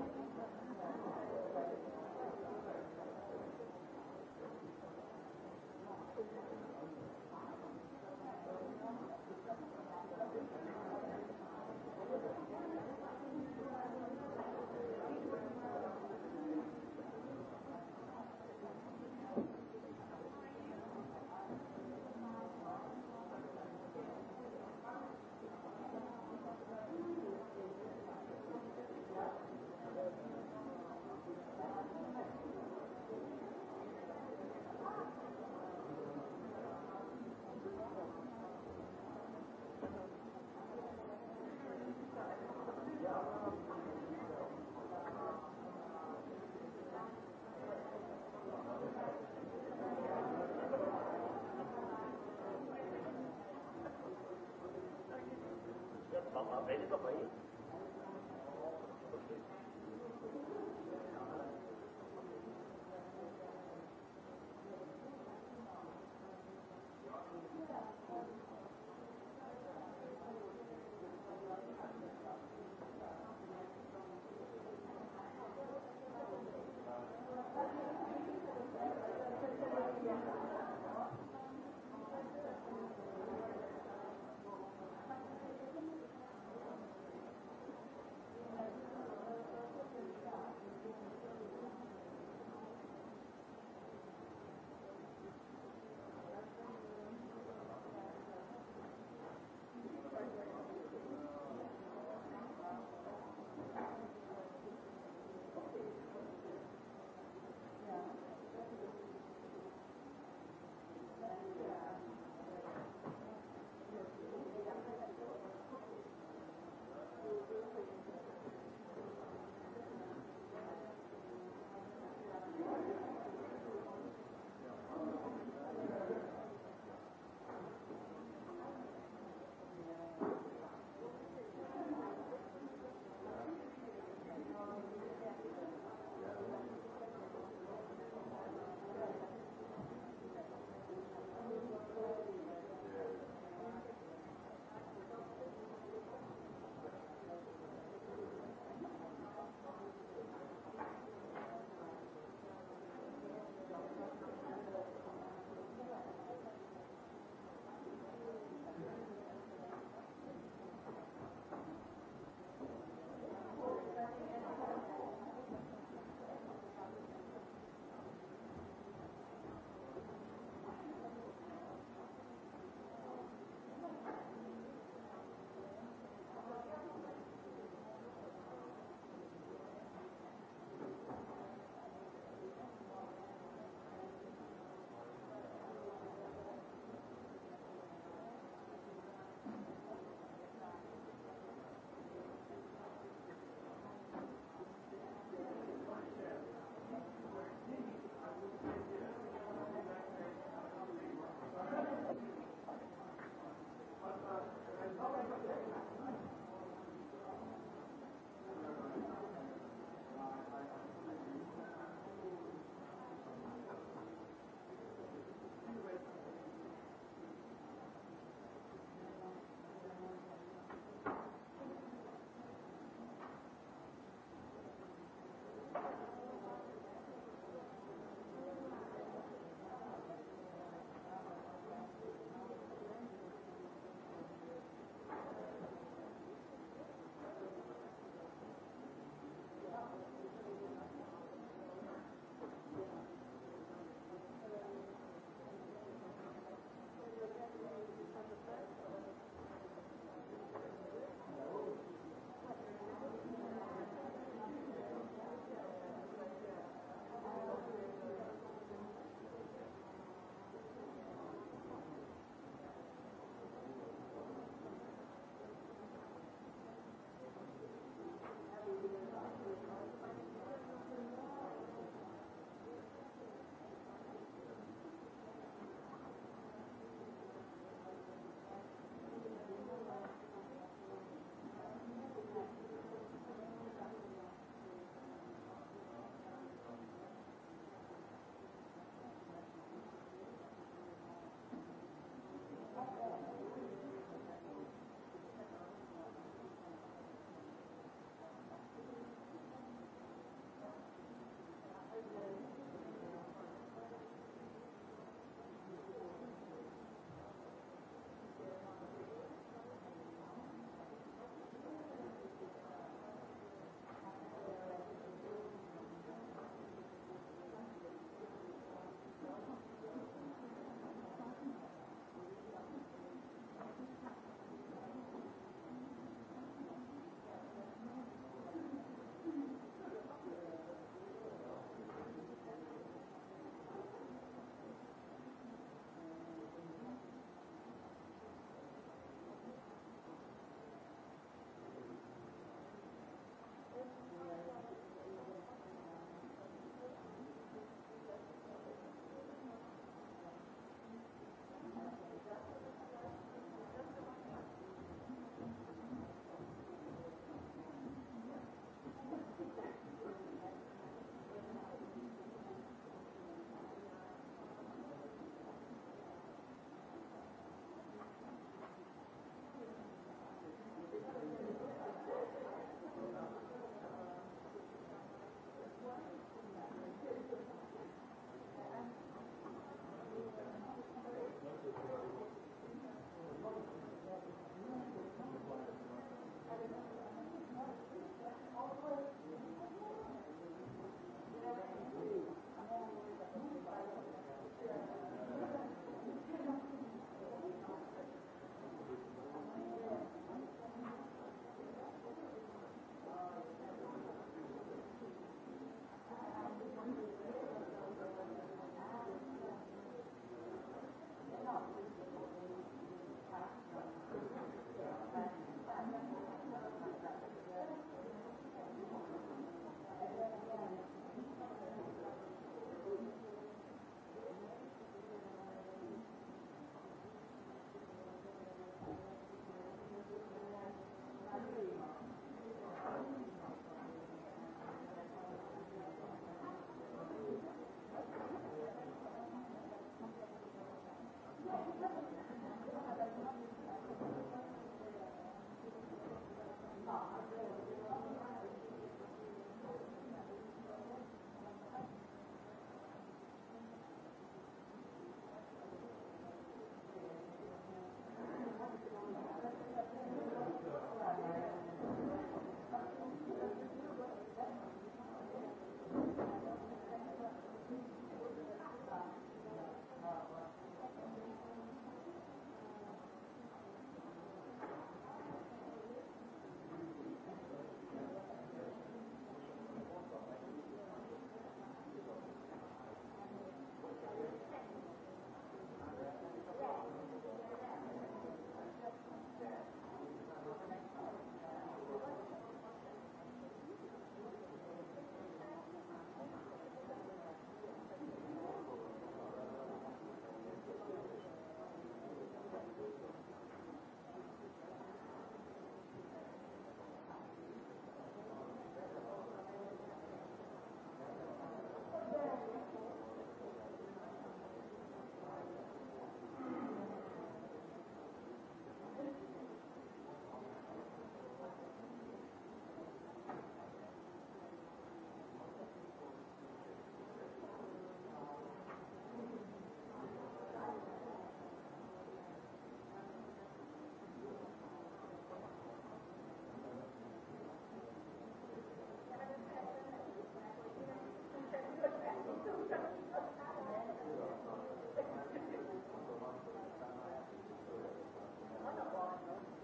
Beni kafayı.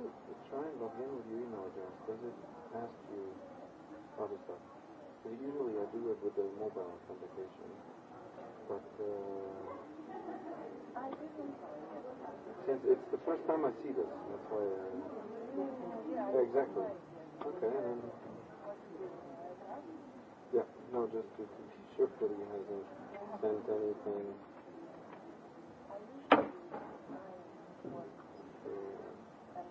you try and log in with your email address, does it ask you other stuff? Because usually I do it with the mobile authentication. But uh, since it's the first time I see this, that's why. Uh, yeah, exactly. Okay. Then. Yeah. No, just to be sure that he hasn't sent anything. Uh,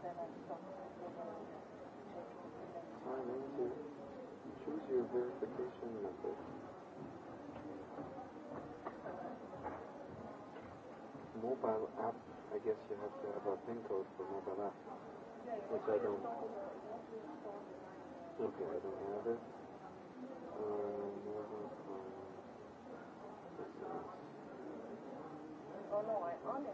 Sign into choose your verification method. Mobile app, I guess you have to have a PIN code for mobile app, which I don't. Okay, I don't have it. Um, uh, oh no, I on it.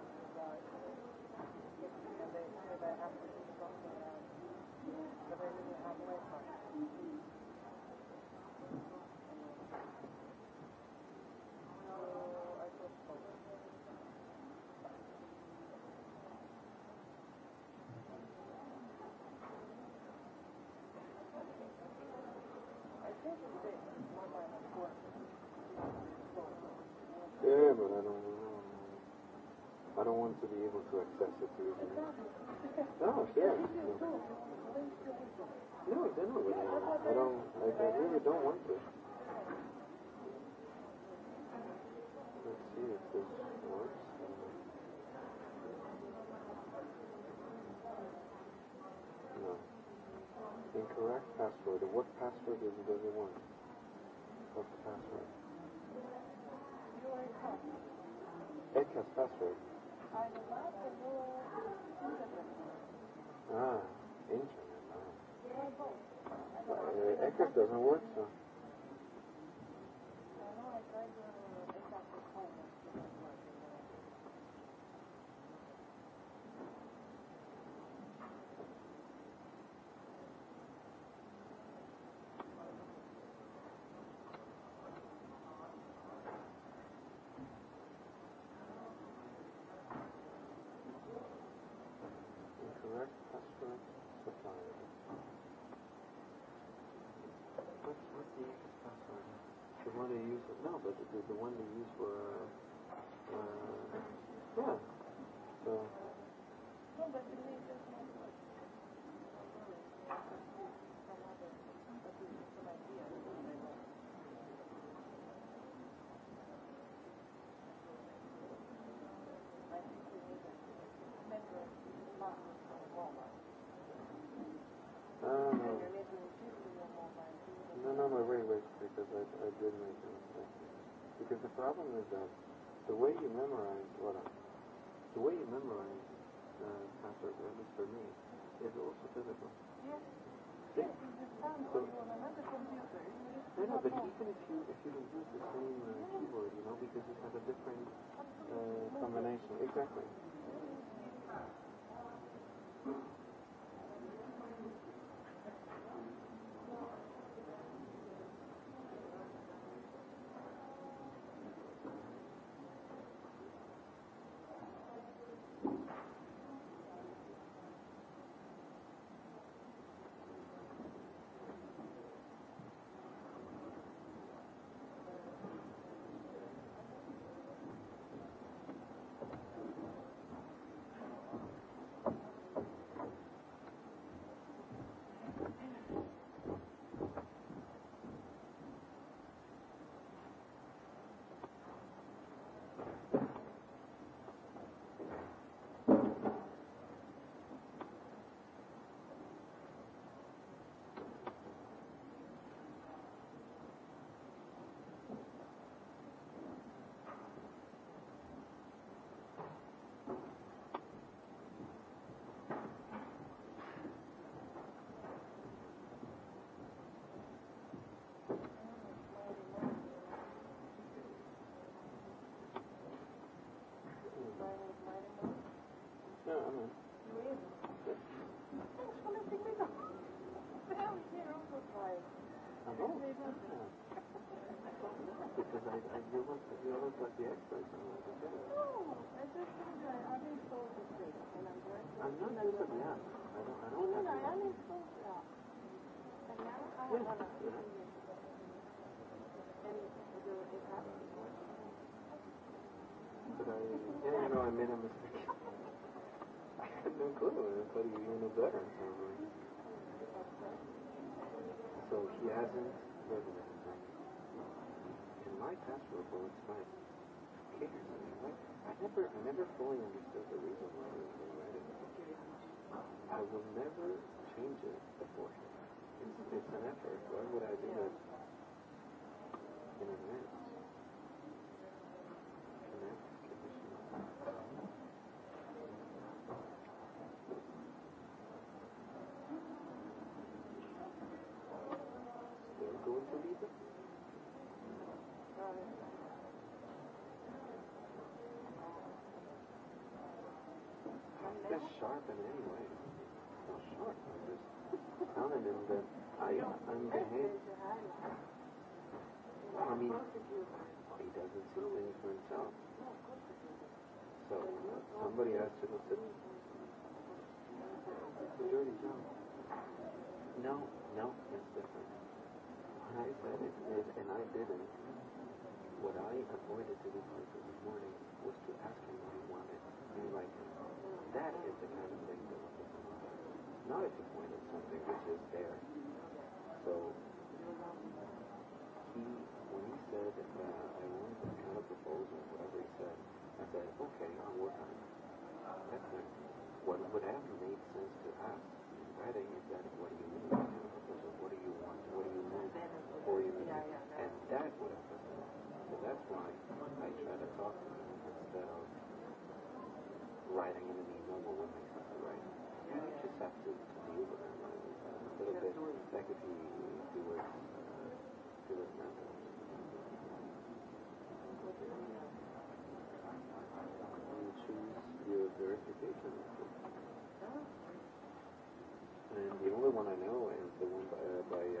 Yeah. No, I didn't really. I don't. Like, I really don't want to. Let's see if this works. No. Incorrect password. What password does it does it want? What's the password? Edcast password. I love the Ah, internet. Ah. Uh, Echo doesn't work, so. I know, I tried to. but the, the one they used for, uh, uh, yeah. So. No, but is that uh, the way you memorize, well, the way you memorize uh, passwords, at least for me, is also physical. Yes. Yeah. Yes, so, on another computer. No, no, but even if you if you use the same uh, keyboard, you know, because it has a different uh, combination. Exactly. Mm. I know. because I, I, you look, you look like the expert on what to do. No, I just think I, I'm in school this week, and I'm going to... I'm not in school, yeah. I don't, I don't have... No, I am in school now. And now I have one of them. And do it happen? But I, yeah, you know, I made a mistake. I had no clue. I thought you knew better. So I'm like... So he hasn't voted it. In my past report, it's fine. Kickers, I mean, like, I never, I never fully understood the reason why I was invited. I will never change it before him. It's, it's an effort. Why would I do that in advance? That is the kind of thing that we're looking for. Not if you point at something which is there. So he, when he said, uh, I want that kind of proposal, whatever he said, I said, okay, I'll work on it. That's it. What, whatever made sense right are going to be mobile when they come to right. You might just have to deal with them a little bit. That could be if you were, if you were mental. You choose your verification method. And the only one I know is the one by, uh, by uh,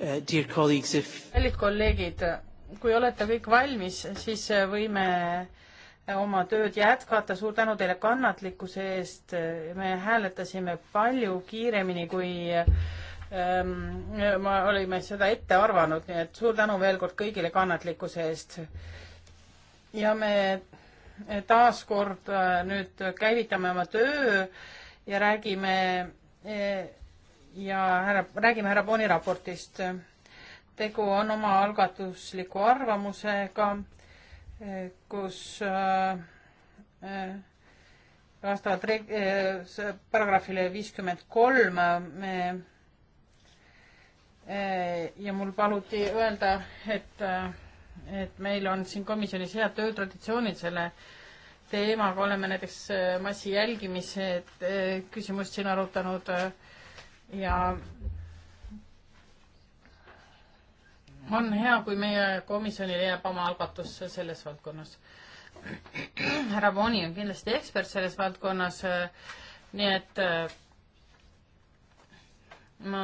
Uh, kallid kolleegid, kui olete kõik valmis, siis äh, võime äh, oma tööd jätkata, suur tänu teile kannatlikkuse eest, me hääletasime palju kiiremini, kui ähm, me olime seda ette arvanud, nii et suur tänu veel kord kõigile kannatlikkuse eest. ja me taaskord äh, nüüd käivitame oma töö ja räägime äh, ja härra, räägime härra Boni raportist. tegu on omaalgatusliku arvamusega, eh, kus eh, eh, vastavalt reg-, paragrahvile viiskümmend kolm me ja mul paluti öelda, et, et meil on siin komisjonis head töötraditsioonid selle teemaga, oleme näiteks massi jälgimise küsimust siin arutanud äh, ja on hea, kui meie komisjonil jääb oma algatus selles valdkonnas. härra Boni on kindlasti ekspert selles valdkonnas, nii et äh, ma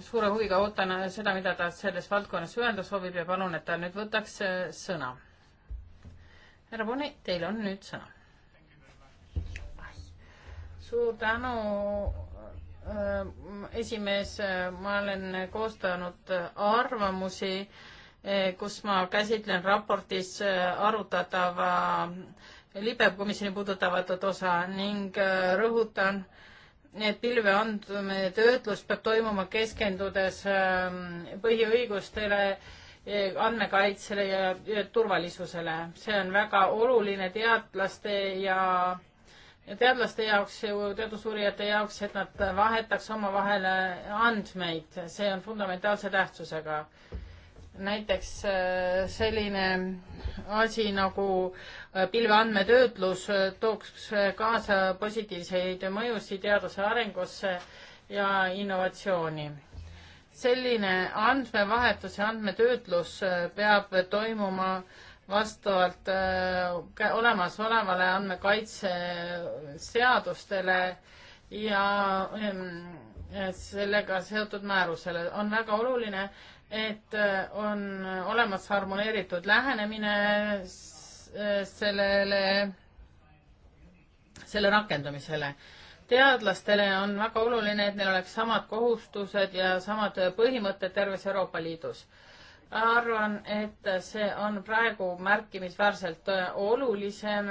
suure huviga ootan seda, mida ta selles valdkonnas öelda soovib ja palun, et ta nüüd võtaks äh, sõna. härra Boni, teil on nüüd sõna. suur tänu esimees, ma olen koostanud arvamusi, eh, kus ma käsitlen raportis eh, arutatava libekomisjoni puudutavat osa ning eh, rõhutan, et pilveandmetöötlus peab toimuma keskendudes põhiõigustele, andmekaitsele ja turvalisusele. see on väga oluline teadlaste ja teadlaste jaoks, teadusuurijate jaoks, et nad vahetaks omavahel andmeid, see on fundamentaalse tähtsusega. näiteks äh, selline asi nagu äh, pilveandmetöötlus äh, tooks kaasa positiivseid mõjusid teaduse arengusse ja innovatsiooni. selline andmevahetus ja andmetöötlus peab toimuma äh, vastavalt äh, olemasolevale andmekaitseseadustele ja ähm, sellega seotud määrusele. on väga oluline, et äh, on olemas harmoneeritud lähenemine äh, sellele, selle rakendamisele. teadlastele on väga oluline, et neil oleks samad kohustused ja samad põhimõtted terves Euroopa Liidus arvan, et see on praegu märkimisväärselt äh, olulisem,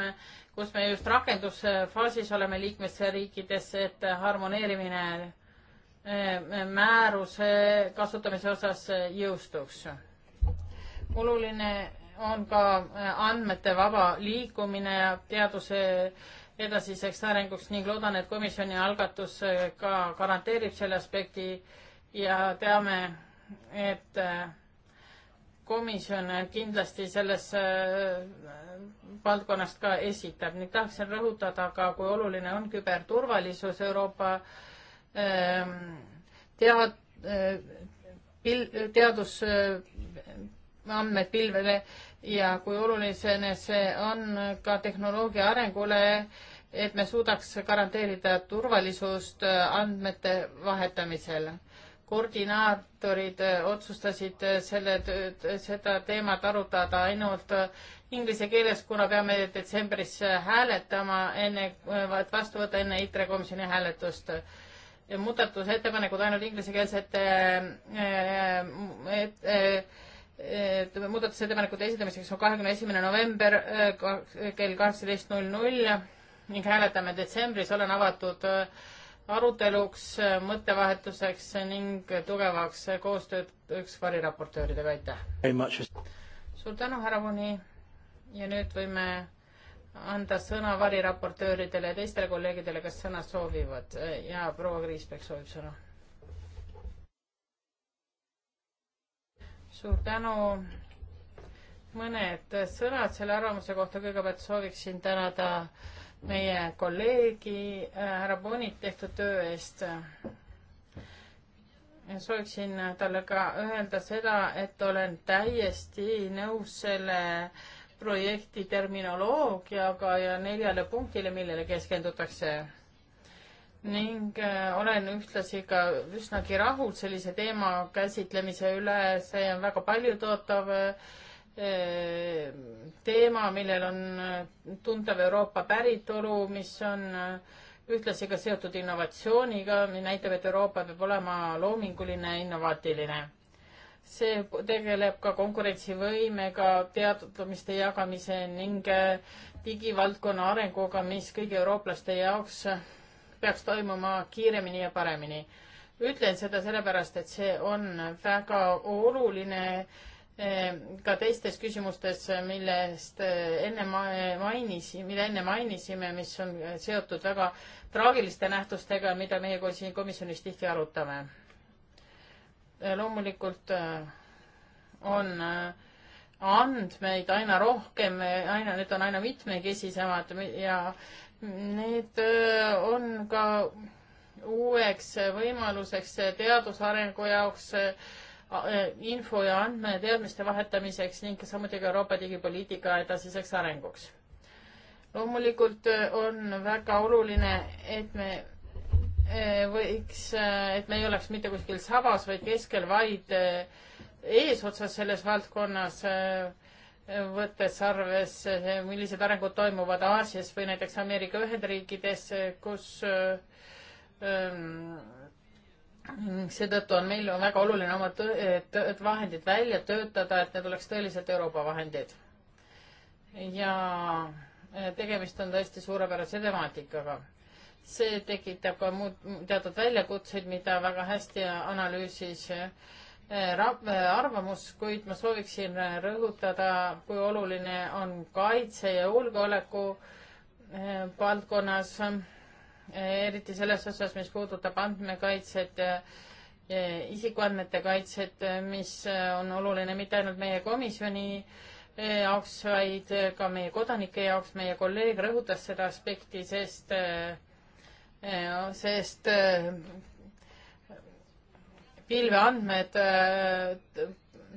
kus me just rakendusfaasis oleme liikmesriikides, et harmoneerimine äh, määruse kasutamise osas jõustuks. oluline on ka äh, andmete vaba liikumine ja teaduse edasiseks arenguks ning loodan, et komisjoni algatus ka garanteerib selle aspekti ja teame, et äh, komisjon kindlasti selles äh, valdkonnast ka esitab ning tahaksin rõhutada ka, kui oluline on küberturvalisus Euroopa ähm, tead-, äh, teadusandmed äh, pilvele ja kui oluline see on ka tehnoloogia arengule, et me suudaks garanteerida turvalisust andmete vahetamisel koordinaatorid äh, otsustasid äh, selle, äh, seda teemat arutada ainult inglise keeles, kuna peame detsembris hääletama enne, et vastu võtta enne ITRE komisjoni hääletust. muudatusettepanekud ainult inglisekeelsete et, et, et, muudatusettepanekute esitamiseks on kahekümne esimene november kell kaheksateist null null ning hääletame detsembris, olen avatud äh, aruteluks, mõttevahetuseks ning tugevaks koostööks variraportööridega, aitäh! suur tänu, härra Vuni ja nüüd võime anda sõna variraportööridele ja teistele kolleegidele, kes sõna soovivad ja proua Kriisberg soovib sõna. suur tänu. mõned sõnad selle arvamuse kohta, kõigepealt sooviksin tänada äh, meie kolleegi äh, härra Bonit tehtud töö eest. sooviksin talle ka öelda seda, et olen täiesti nõus selle projekti terminoloogiaga ja neljale punktile, millele keskendutakse. ning äh, olen ühtlasi ka üsnagi rahul sellise teema käsitlemise üle, see on väga paljutootav äh, Ehm, teema, millel on äh, tuntav Euroopa päritolu, mis on äh, ühtlasi ka seotud innovatsiooniga, näitab, et Euroopa peab olema loominguline, innovaatiline. see tegeleb ka konkurentsivõimega, teadmiste jagamise ning äh, digivaldkonna arenguga, mis kõigi eurooplaste jaoks peaks toimuma kiiremini ja paremini. ütlen seda sellepärast, et see on väga oluline äh, Ehm, ka teistes küsimustes, millest eh, enne mainisime, mida enne mainisime, mis on eh, seotud väga traagiliste nähtustega, mida meie siin komisjonis tihti arutame. Eh, loomulikult on andmeid aina rohkem, aina, need on aina mitmekesisemad ja need on ka uueks võimaluseks teadusarengu jaoks äh, E, info ja andmeteadmiste vahetamiseks ning samuti ka Euroopa digipoliitika edasiseks arenguks. loomulikult e, on väga oluline, et me e, võiks, et me ei oleks mitte kuskil sabas, vaid keskel, vaid eesotsas selles valdkonnas, võttes arvesse, millised arengud toimuvad Aasias või näiteks Ameerika Ühendriikides, kus ähm, seetõttu on meil on väga oluline oma vahendid välja töötada, et need oleks tõeliselt Euroopa vahendid. ja äh, tegemist on tõesti suurepärase temaatikaga. see tekitab ka muud, teatud väljakutseid, mida väga hästi analüüsis äh, äh, arvamus, kuid ma sooviksin rõhutada, kui oluline on kaitse ja julgeoleku valdkonnas äh, eriti selles osas, mis puudutab andmekaitset ja isikuandmete kaitset, mis on oluline mitte ainult meie komisjoni eh, jaoks, vaid ka meie kodanike jaoks. meie kolleeg rõhutas seda aspekti, sest, eh, eh, sest pilveandmed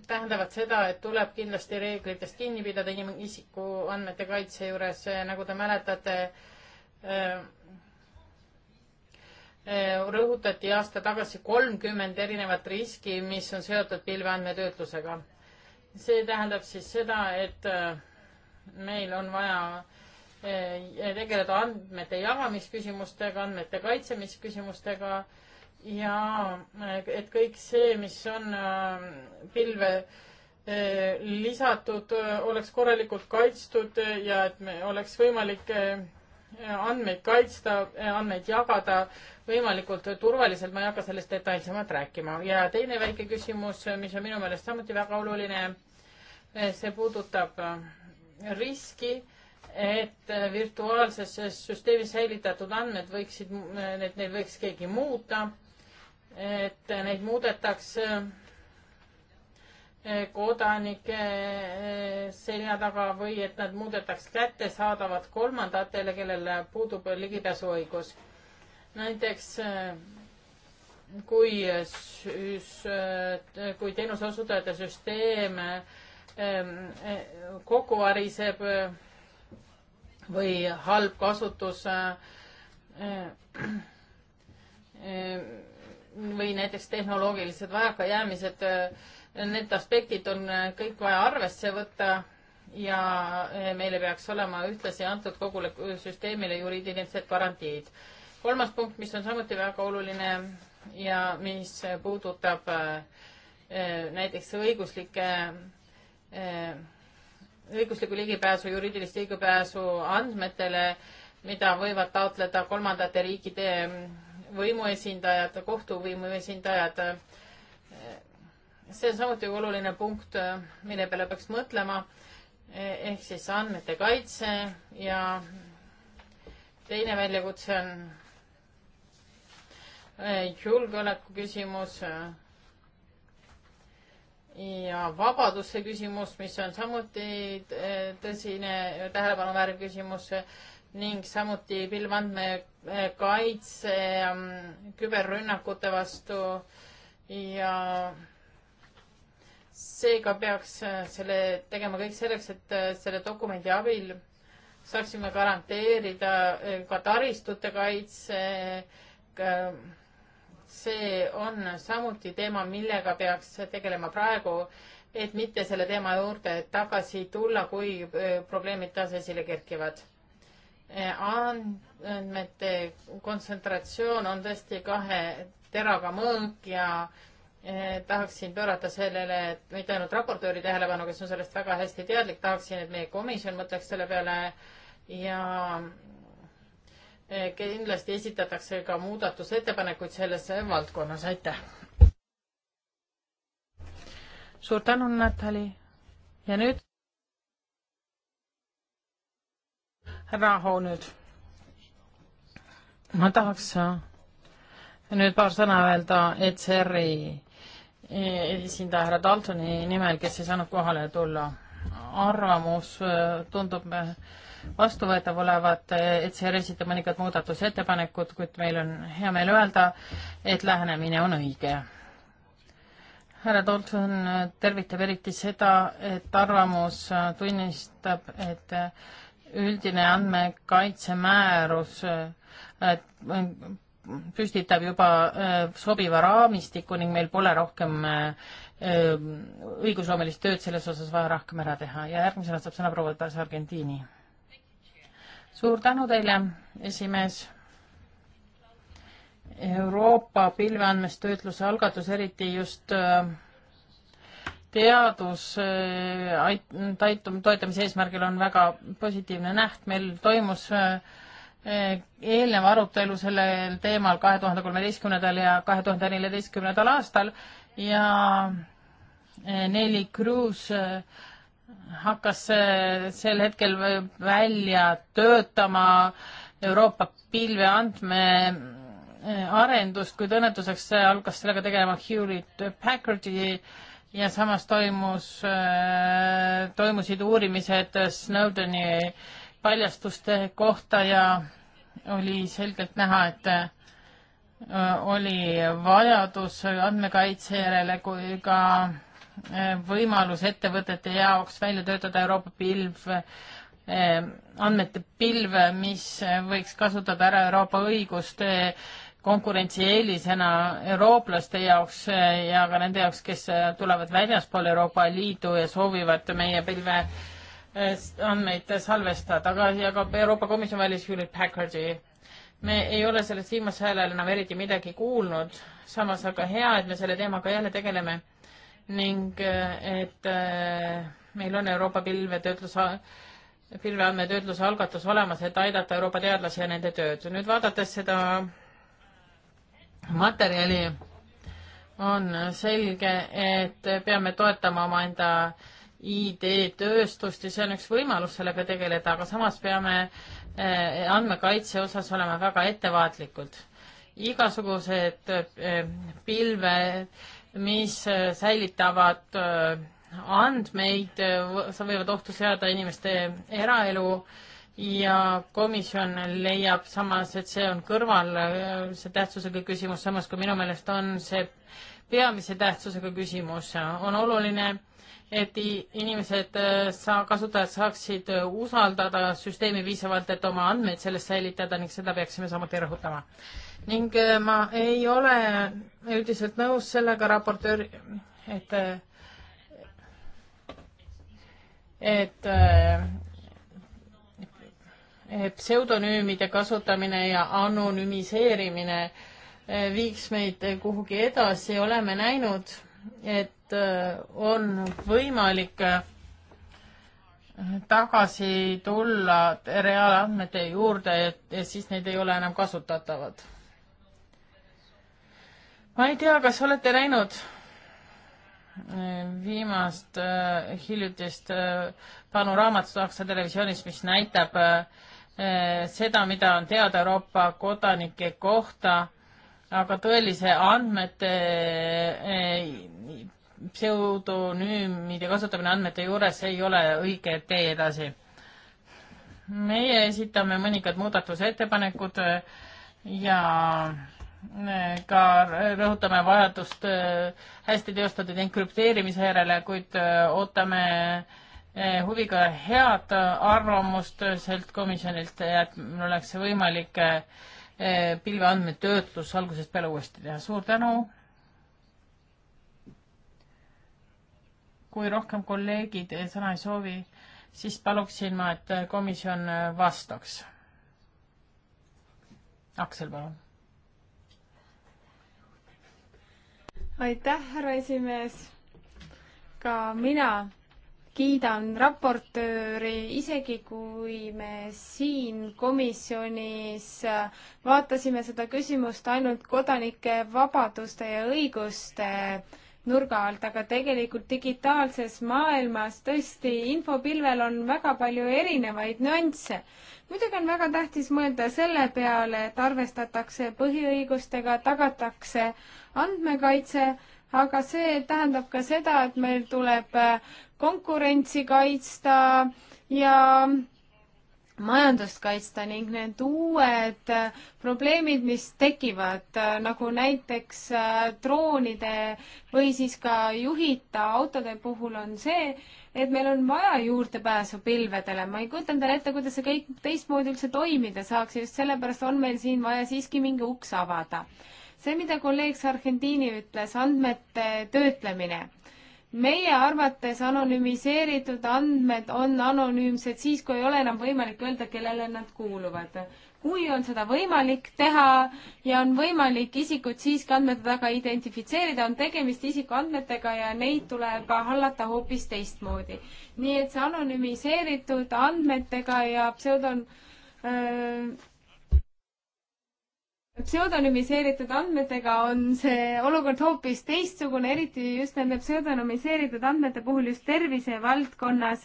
tähendavad seda, et tuleb kindlasti reeglitest kinni pidada inimisiku andmete kaitse juures, nagu te mäletate Äh, rõhutati aasta tagasi kolmkümmend erinevat riski, mis on seotud pilveandmetöötlusega. see tähendab siis seda, et äh, meil on vaja äh, tegeleda andmete jagamisküsimustega, andmete kaitsemisküsimustega ja et kõik see, mis on pilve lisatud, oleks korralikult kaitstud ja et me oleks võimalik andmeid kaitsta, andmeid jagada võimalikult turvaliselt, ma ei hakka sellest detailsemalt rääkima. ja teine väike küsimus, mis on minu meelest samuti väga oluline, see puudutab riski, et virtuaalses süsteemis säilitatud andmed võiksid, et neid võiks keegi muuta, et neid muudetakse kodanike eh, selja taga või et nad muudetaks kättesaadavad kolmandatele, kellel puudub ligipääsuõigus. näiteks eh, kui, eh, kui teenuseosutajate süsteem kokku variseb või halb kasutus või näiteks tehnoloogilised vajakajäämised Need aspektid on äh, kõik vaja arvesse võtta ja äh, meile peaks olema ühtlasi antud kogule süsteemile juriidilised garantiid. kolmas punkt, mis on samuti väga oluline ja mis puudutab äh, näiteks õiguslike, õiguslikku ligipääsu, juriidilist ligipääsu andmetele, mida võivad taotleda kolmandate riikide mm, võimuesindajad, kohtuvõimu esindajad, kohtu see on samuti oluline punkt, mille peale peaks mõtlema, ehk siis andmete kaitse ja teine väljakutse on eh, julgeoleku küsimus eh, ja vabaduse küsimus, mis on samuti eh, tõsine tähelepanuväärne küsimus ning samuti pilvandmekaitse mm, küberrünnakute vastu ja seega peaks äh, selle tegema kõik selleks, et äh, selle dokumendi abil saaksime garanteerida äh, ka taristute kaitse. see on samuti teema, millega peaks tegelema praegu, et mitte selle teema juurde tagasi tulla, kui probleemid taas esile kerkivad andmete kontsentratsioon on tõesti kahe teraga mõõk ja Eh, tahaksin pöörata sellele, et mitte ainult raportööri tähelepanu, kes on sellest väga hästi teadlik, tahaksin, et meie komisjon mõtleks selle peale ja eh, kindlasti esitatakse ka muudatusettepanekuid selles valdkonnas, aitäh. suur tänu, Natali. ja nüüd? härra Aho nüüd. ma tahaks nüüd paar sõna öelda ECR-i esindaja härra Daltoni nimel, kes ei saanud kohale tulla. arvamus äh, tundub äh, vastuvõetav olevat, äh, et see esitab mõningad muudatusettepanekud, kuid meil on hea meel öelda, et lähenemine on õige. härra Dalton tervitab eriti seda, et arvamus tunnistab, et üldine andmekaitsemäärus püstitab juba äh, sobiva raamistiku ning meil pole rohkem äh, õigusloomelist tööd selles osas vaja rohkem ära teha ja järgmisena saab sõna proua Tars Argentiini. suur tänu teile, esimees. Euroopa pilveandmestöötluse algatus, eriti just äh, teadus ait-, toetamise eesmärgil on väga positiivne näht, meil toimus äh, Eh, eelnev arutelu sellel teemal kahe tuhande kolmeteistkümnendal ja kahe tuhande neljateistkümnendal aastal ja eh, Nelli Kruus eh, hakkas sel hetkel välja töötama Euroopa pilveandme arendust, kuid õnnetuseks algas sellega tegelema Hewlett Packardi ja samas toimus, toimusid uurimised Snowdeni äh, paljastuste kohta ja oli selgelt näha, et äh, oli vajadus andmekaitse järele kui ka äh, võimalus ettevõtete jaoks välja töötada Euroopa pilv, äh, andmete pilv, mis võiks kasutada ära Euroopa õigust konkurentsieelisena eurooplaste jaoks ja ka nende jaoks, kes tulevad väljaspool Euroopa Liidu ja soovivad meie pilve Äh, andmeid salvestada, aga jagab Euroopa Komisjon välis Hewlett Packardi. me ei ole sellest viimasel ajal enam eriti midagi kuulnud, samas aga hea, et me selle teemaga jälle tegeleme ning äh, et äh, meil on Euroopa pilvetöötluse, pilveandmetöötluse algatus olemas, et aidata Euroopa teadlasi ja nende tööd. nüüd vaadates seda materjali, on selge, et peame toetama omaenda äh, ID-tööstust ja see on üks võimalus sellega tegeleda, aga samas peame eh, andmekaitse osas olema väga ettevaatlikud. igasugused eh, pilve, mis eh, säilitavad andmeid, võivad ohtu seada inimeste eraelu ja komisjon leiab samas, et see on kõrval, see tähtsusega küsimus, samas kui minu meelest on see peamise tähtsusega küsimus, on oluline et inimesed äh, saa-, kasutajad saaksid usaldada süsteemi piisavalt, et oma andmeid selles säilitada ning seda peaksime samuti rõhutama. ning äh, ma ei ole üldiselt nõus sellega raportöör, et et äh, pseudonüümide kasutamine ja anonüümiseerimine viiks meid kuhugi edasi, oleme näinud, et et äh, on võimalik äh, tagasi tulla reaalandmete juurde, et siis need ei ole enam kasutatavad. ma ei tea, kas olete näinud äh, viimast hiljutist panoraamatut Aksa televisioonis, mis näitab seda, mida on teada Euroopa kodanike kohta, aga tõelise andmete pseudonüümide kasutamine andmete juures ei ole õige tee edasi. meie esitame mõningad muudatusettepanekud äh, ja äh, ka rõhutame vajadust äh, hästi teostatud enkrüpteerimise järele, kuid ootame huviga head arvamust sealt komisjonilt, et mul oleks võimalik pilveandmetöötlus algusest peale uuesti teha. suur tänu kui rohkem kolleegid sõna ei soovi, siis paluksin ma, et komisjon vastaks. Aksel, palun. aitäh, härra esimees. ka mina kiidan raportööri, isegi kui me siin komisjonis vaatasime seda küsimust ainult kodanike vabaduste ja õiguste äh, nurga alt, aga tegelikult digitaalses maailmas tõesti infopilvel on väga palju erinevaid nüansse. muidugi on väga tähtis mõelda selle peale, et arvestatakse põhiõigustega, tagatakse andmekaitse, aga see tähendab ka seda, et meil tuleb konkurentsi kaitsta ja majandust kaitsta ning need uued äh, probleemid, mis tekivad, äh, nagu näiteks äh, droonide või siis ka juhita autode puhul on see, et meil on vaja juurdepääsu pilvedele. ma ei kujuta endale ette, kuidas see kõik teistmoodi üldse toimida saaks ja just sellepärast on meil siin vaja siiski mingi uks avada. see, mida kolleeg Sargentini ütles, andmete töötlemine meie arvates anonüümiseeritud andmed on anonüümsed siis, kui ei ole enam võimalik öelda, kellele nad kuuluvad. kui on seda võimalik teha ja on võimalik isikut siiski andmete taga identifitseerida, on tegemist isikuandmetega ja neid tuleb hallata hoopis teistmoodi. nii et see anonüümiseeritud andmetega ja pseudon- öö, pseudonümiseeritud andmetega on see olukord hoopis teistsugune, eriti just nende pseudonümiseeritud andmete puhul just tervisevaldkonnas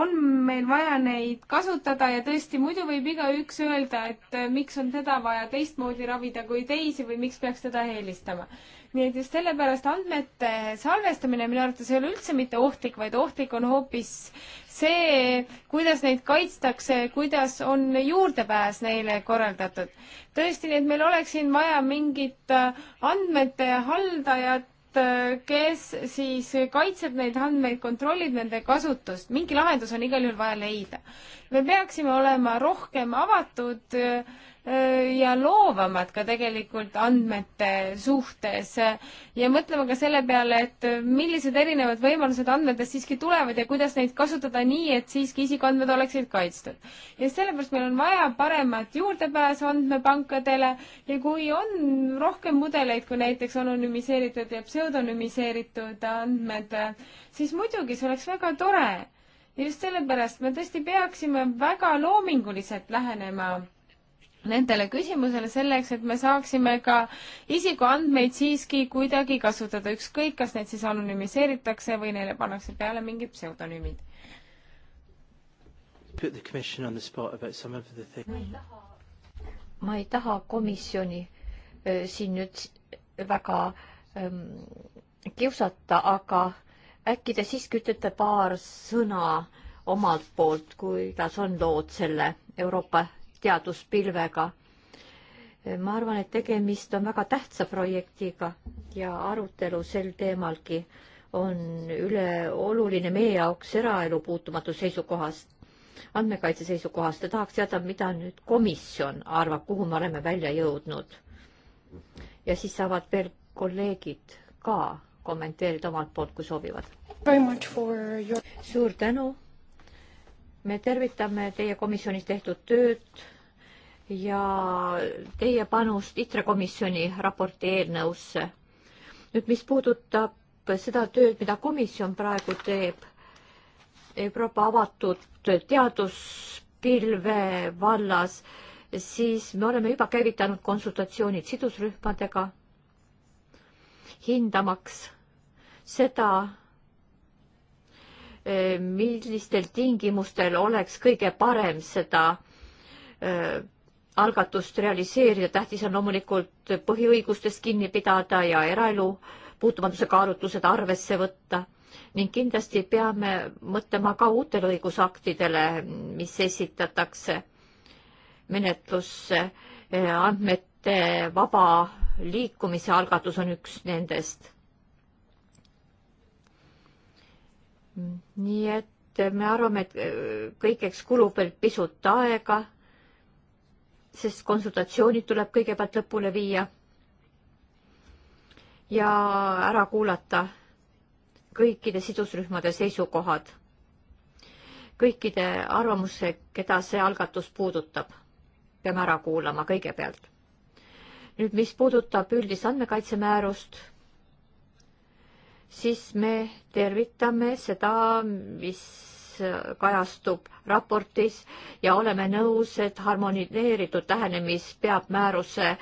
on meil vaja neid kasutada ja tõesti, muidu võib igaüks öelda, et äh, miks on teda vaja teistmoodi ravida kui teisi või miks peaks teda eelistama. nii et just sellepärast andmete salvestamine minu arvates ei ole üldse mitte ohtlik, vaid ohtlik on hoopis see, kuidas neid kaitstakse, kuidas on juurdepääs neile korraldatud. tõesti, nii et meil oleks siin vaja mingit äh, andmete haldajat, Äh, kes siis kaitseb neid andmeid, kontrollib nende kasutust, mingi lahendus on igal juhul vaja leida. me peaksime olema rohkem avatud äh, ja loovamad ka tegelikult andmete suhtes äh, ja mõtlema ka selle peale, et millised erinevad võimalused andmetest siiski tulevad ja kuidas neid kasutada nii, et siiski isikuandmed oleksid kaitstud. ja sellepärast meil on vaja paremat juurdepääsu andmepankadele ja kui on rohkem mudeleid kui näiteks anonüümiseeritud ja psü-, pseudonümiseeritud andmed, siis muidugi see oleks väga tore. just sellepärast me tõesti peaksime väga loominguliselt lähenema nendele küsimusele selleks, et me saaksime ka isikuandmeid siiski kuidagi kasutada, ükskõik, kas neid siis anonüümiseeritakse või neile pannakse peale mingid pseudonüümid. ma ei taha komisjoni siin nüüd väga äh, Ähm, kiusata, aga äkki te siiski ütlete paar sõna omalt poolt, kuidas on lood selle Euroopa teaduspilvega? ma arvan, et tegemist on väga tähtsa projektiga ja arutelu sel teemalgi on üleoluline meie jaoks eraelu puutumatu seisukohast, andmekaitse seisukohast ja tahaks teada, mida nüüd komisjon arvab, kuhu me oleme välja jõudnud. ja siis saavad veel kolleegid ka kommenteerida omalt poolt, kui soovivad. Your... suur tänu. me tervitame teie komisjonis tehtud tööd ja teie panust ITRE komisjoni raporti eelnõusse. nüüd, mis puudutab seda tööd, mida komisjon praegu teeb Euroopa avatud teaduspilve vallas, siis me oleme juba käivitanud konsultatsioonid sidusrühmadega hindamaks seda, eh, millistel tingimustel oleks kõige parem seda eh, algatust realiseerida. tähtis on loomulikult põhiõigustest kinni pidada ja eraelu puutumatuse kaalutlused arvesse võtta ning kindlasti peame mõtlema ka uutele õigusaktidele, mis esitatakse menetlusse eh, andmete vaba liikumise algatus on üks nendest. nii et me arvame, et äh, kõigeks kulub veel pisut aega, sest konsultatsioonid tuleb kõigepealt lõpule viia ja ära kuulata kõikide sidusrühmade seisukohad, kõikide arvamuse, keda see algatus puudutab, peame ära kuulama kõigepealt nüüd, mis puudutab üldist andmekaitsemäärust, siis me tervitame seda, mis kajastub raportis ja oleme nõus, et harmoniseeritud lähenemis peab määruse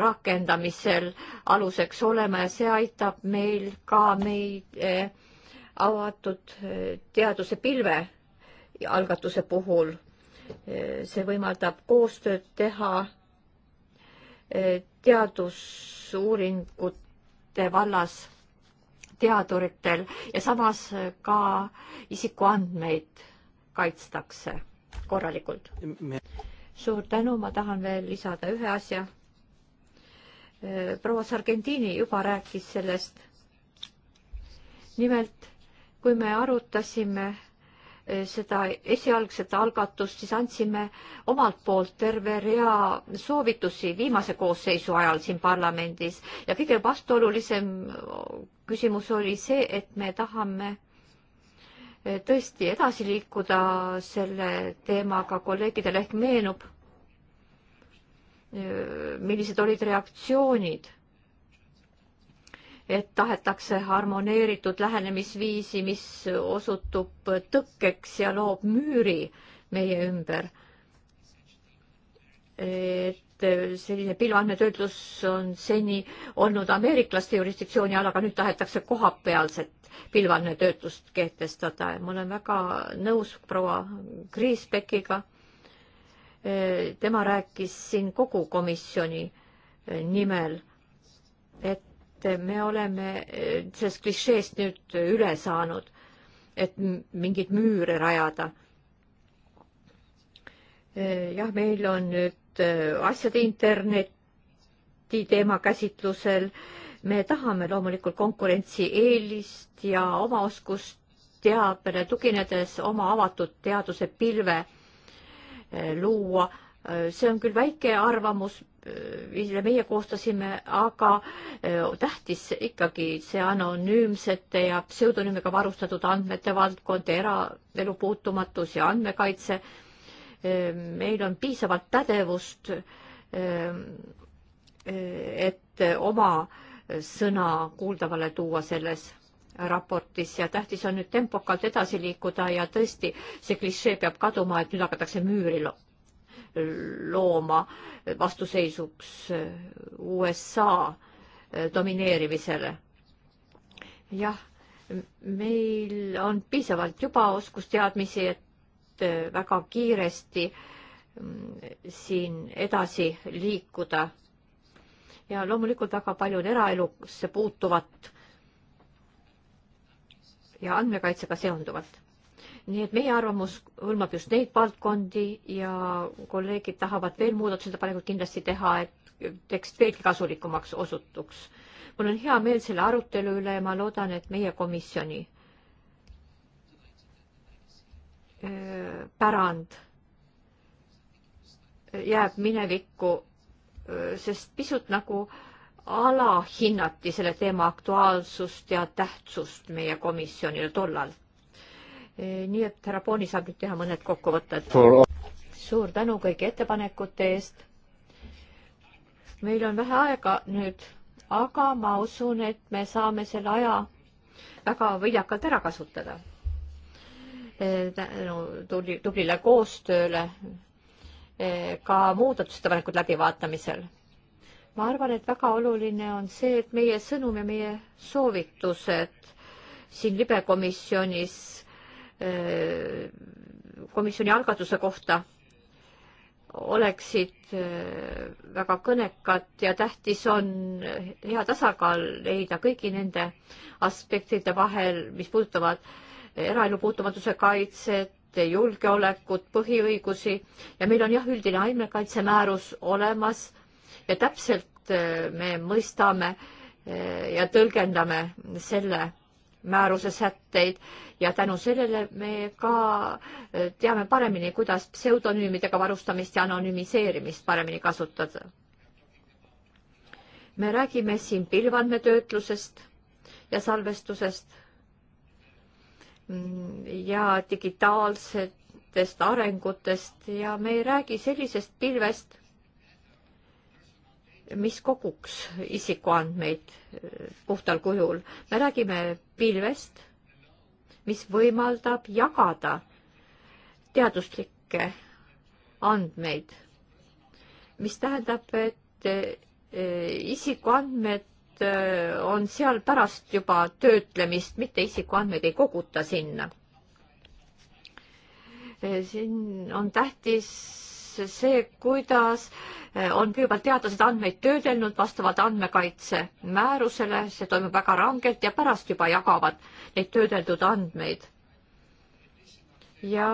rakendamisel aluseks olema ja see aitab meil ka meid eh, avatud eh, teaduse pilve algatuse puhul. Eh, see võimaldab koostööd teha teadusuuringute vallas teaduritel ja samas ka isikuandmeid kaitstakse korralikult. suur tänu, ma tahan veel lisada ühe asja. proua Sargentini juba rääkis sellest. nimelt, kui me arutasime Eh, seda esialgset algatust, siis andsime omalt poolt terve rea soovitusi viimase koosseisu ajal siin parlamendis ja kõige vastuolulisem küsimus oli see, et me tahame eh, tõesti edasi liikuda selle teemaga kolleegidele ehk meenub, eh, millised olid reaktsioonid et tahetakse harmoneeritud lähenemisviisi, mis osutub tõkkeks ja loob müüri meie ümber. et selline pilveandmetöötlus on seni olnud ameeriklaste jurisdiktsiooni all, aga nüüd tahetakse kohapealset pilveandmetöötlust kehtestada ja ma olen väga nõus proua Kriisbekiga. tema rääkis siin kogu komisjoni nimel, et et me oleme eh, sellest klišeest nüüd üle saanud, et mingeid müüre rajada. Eh, jah, meil on nüüd eh, asjade interneti teema käsitlusel. me tahame loomulikult konkurentsieelist ja oma oskust teabele tuginedes oma avatud teaduse pilve luua. see on küll väike arvamus mille meie koostasime, aga äh, tähtis ikkagi see anonüümsete ja pseudonüümiga varustatud andmete valdkond, eraelu puutumatus ja andmekaitse. Äh, meil on piisavalt pädevust, äh, et oma sõna kuuldavale tuua selles raportis ja tähtis on nüüd tempokalt edasi liikuda ja tõesti see klišee peab kaduma, et nüüd hakatakse müüri looma vastuseisuks USA domineerimisele. jah, meil on piisavalt juba oskusteadmisi, et väga kiiresti mm, siin edasi liikuda. ja loomulikult väga palju on eraelusse puutuvat ja andmekaitsega seonduvat nii et meie arvamus hõlmab just neid valdkondi ja kolleegid tahavad veel muudatusettepanekuid kindlasti teha, et tekst veelgi kasulikumaks osutuks. mul on hea meel selle arutelu üle ja ma loodan, et meie komisjoni pärand jääb minevikku, sest pisut nagu alahinnati selle teema aktuaalsust ja tähtsust meie komisjonile tollal Eh, nii et härra Pooni saab nüüd teha mõned kokkuvõtted. suur tänu kõigi ettepanekute eest. meil on vähe aega nüüd, aga ma usun, et me saame selle aja väga viljakalt ära kasutada eh, no,. tubli, tublile koostööle, eh, ka muudatusettepanekud läbivaatamisel. ma arvan, et väga oluline on see, et meie sõnum ja meie soovitused siin libekomisjonis Äh, komisjoni algatuse kohta oleksid äh, väga kõnekad ja tähtis on hea tasakaal leida kõigi nende aspektide vahel, mis puudutavad eraelu puutumatuse kaitset, julgeolekut, põhiõigusi ja meil on jah, üldine andmekaitsemäärus olemas ja täpselt äh, me mõistame ja tõlgendame selle määruse sätteid ja tänu sellele me ka eh, teame paremini, kuidas pseudonüümidega varustamist ja anonüümiseerimist paremini kasutada. me räägime siin pilvandmetöötlusest ja salvestusest mm, ja digitaalsetest arengutest ja me ei räägi sellisest pilvest mis koguks isikuandmeid eh, puhtal kujul. me räägime pilvest, mis võimaldab jagada teaduslikke andmeid, mis tähendab, et eh, isikuandmed eh, on seal pärast juba töötlemist, mitte isikuandmeid ei koguta sinna. siin on tähtis see, kuidas eh, on kõigepealt teadlased andmeid töödelnud vastavalt andmekaitse määrusele, see toimub väga rangelt ja pärast juba jagavad neid töödeldud andmeid. ja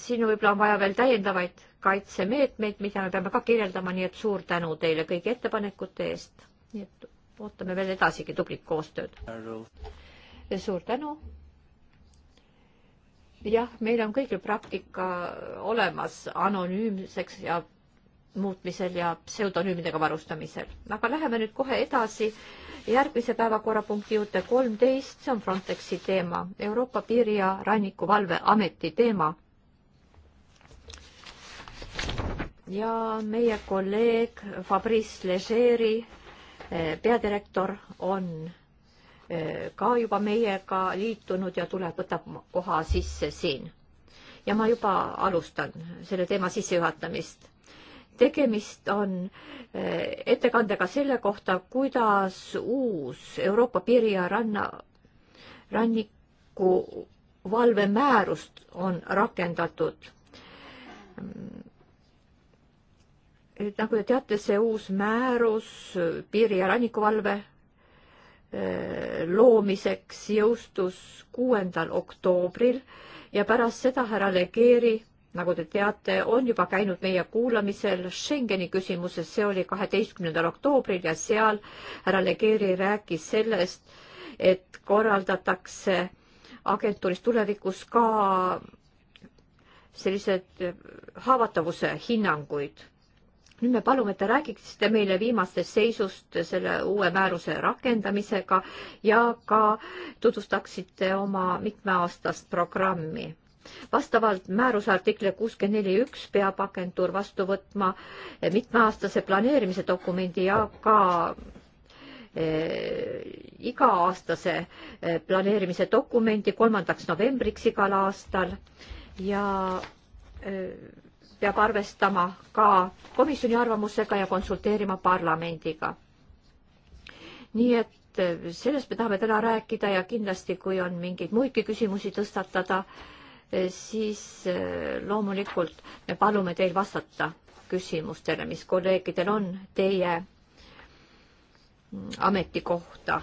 siin võib-olla on vaja veel täiendavaid kaitsemeetmeid, mida me peame ka kirjeldama, nii et suur tänu teile kõigi ettepanekute eest. nii et ootame veel edasigi tublit koostööd. suur tänu jah, meil on kõigil praktika olemas anonüümseks ja muutmisel ja pseudonüümidega varustamisel. aga läheme nüüd kohe edasi järgmise päevakorrapunkti juurde, kolmteist, see on Frontexi teema, Euroopa Piiri- ja Rannikuvalveameti teema. ja meie kolleeg Fabrice Legeri, eh, peadirektor, on Eh, ka juba meiega liitunud ja tuleb, võtab koha sisse siin. ja ma juba alustan selle teema sissejuhatamist. tegemist on eh, ettekandega selle kohta, kuidas uus Euroopa piiri ja ranna, ranniku valvemäärust on rakendatud et nagu te teate, see uus määrus piiri- ja rannikuvalve Äh, loomiseks jõustus kuuendal oktoobril ja pärast seda härra Legeeri, nagu te teate, on juba käinud meie kuulamisel Schengeni küsimuses, see oli kaheteistkümnendal oktoobril ja seal härra Legeeri rääkis sellest, et korraldatakse agentuuris tulevikus ka sellised haavatavuse hinnanguid nüüd me palume, et te räägiksite meile viimastest seisust selle uue määruse rakendamisega ja ka tutvustaksite oma mitmeaastast programmi. vastavalt määruse artikli kuuskümmend neli üks peab agentuur vastu võtma mitmeaastase planeerimise dokumendi ja ka e, iga-aastase e, planeerimise dokumendi kolmandaks novembriks igal aastal ja öö, e, peab arvestama ka komisjoni arvamusega ja konsulteerima parlamendiga. nii et eh, sellest me tahame täna rääkida ja kindlasti, kui on mingeid muidki küsimusi tõstatada, eh, siis eh, loomulikult me palume teil vastata küsimustele, mis kolleegidel on teie mm, ametikohta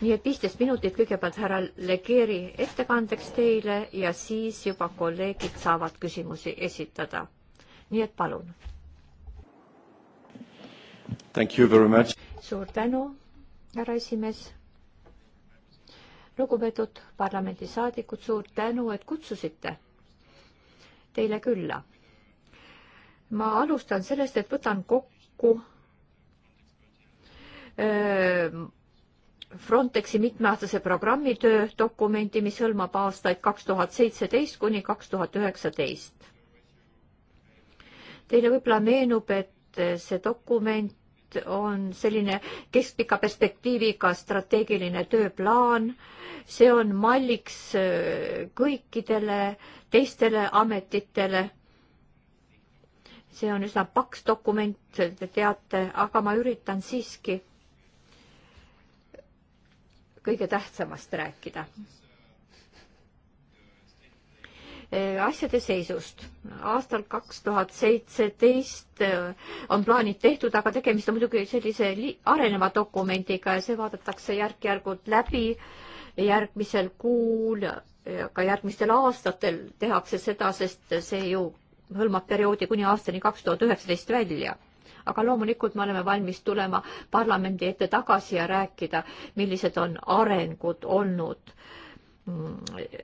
nii et viisteist minutit kõigepealt härra Legeeri ettekandeks teile ja siis juba kolleegid saavad küsimusi esitada. nii et palun. suur tänu, härra esimees. lugupeetud parlamendisaadikud, suur tänu, et kutsusite teile külla. ma alustan sellest, et võtan kokku öö, Frontexi mitmeaastase programmi töödokumenti, mis hõlmab aastaid kaks tuhat seitseteist kuni kaks tuhat üheksateist. Teile võib-olla meenub, et see dokument on selline keskpika perspektiiviga strateegiline tööplaan. see on malliks äh, kõikidele teistele ametitele. see on üsna paks dokument, te teate, aga ma üritan siiski kõige tähtsamast rääkida. Eh, asjade seisust. aastal kaks tuhat seitseteist eh, on plaanid tehtud, aga tegemist on muidugi sellise areneva dokumendiga ja see vaadatakse järk-järgult läbi järgmisel kuul, eh, ka järgmistel aastatel tehakse seda, sest see ju hõlmab perioodi kuni aastani kaks tuhat üheksateist välja aga loomulikult me oleme valmis tulema parlamendi ette tagasi ja rääkida, millised on arengud olnud mm,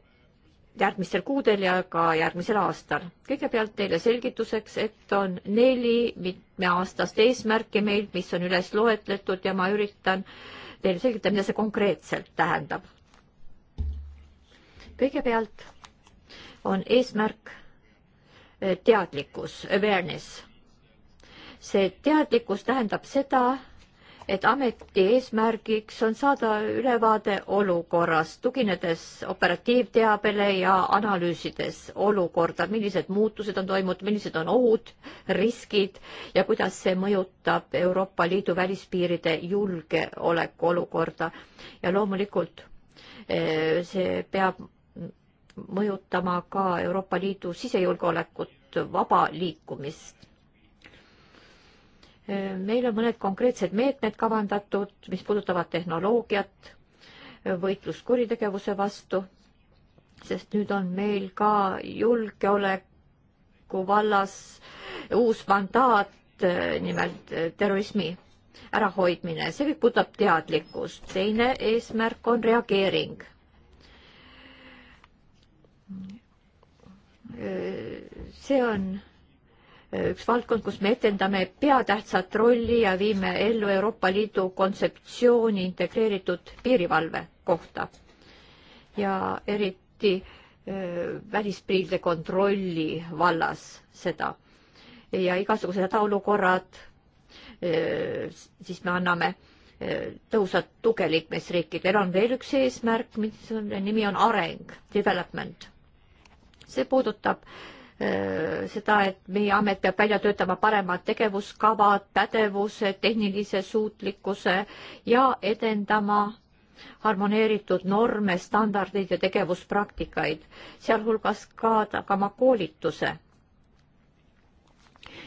järgmistel kuudel ja ka järgmisel aastal. kõigepealt teile selgituseks, et on neli mitmeaastast eesmärki meil, mis on üles loetletud ja ma üritan teile selgitada, mida see konkreetselt tähendab. kõigepealt on eesmärk eh, teadlikkus, awareness see teadlikkus tähendab seda, et ameti eesmärgiks on saada ülevaade olukorrast, tuginedes operatiivteabele ja analüüsides olukorda, millised muutused on toimunud, millised on ohud, riskid ja kuidas see mõjutab Euroopa Liidu välispiiride julgeoleku olukorda. ja loomulikult eh, see peab mõjutama ka Euroopa Liidu sisejulgeolekut, vaba liikumist meil on mõned konkreetsed meetmed kavandatud, mis puudutavad tehnoloogiat, võitlust kuritegevuse vastu, sest nüüd on meil ka julgeoleku vallas uus mandaat, nimelt terrorismi ärahoidmine, see kõik puudutab teadlikkust. teine eesmärk on reageering. see on Äh, üks valdkond, kus me etendame peatähtsat rolli ja viime ellu Euroopa Liidu kontseptsiooni integreeritud piirivalve kohta. ja eriti äh, välispiiride kontrolli vallas seda. ja igasugused hädaolukorrad, äh, siis me anname tõhusat tuge liikmesriikidele. on veel üks eesmärk, mis on, nimi on areng, development. see puudutab äh, Äh, seda, et meie amet peab välja töötama paremad tegevuskavad, pädevuse, tehnilise suutlikkuse ja edendama harmoneeritud norme, standardeid ja tegevuspraktikaid, sealhulgas ka tagama koolituse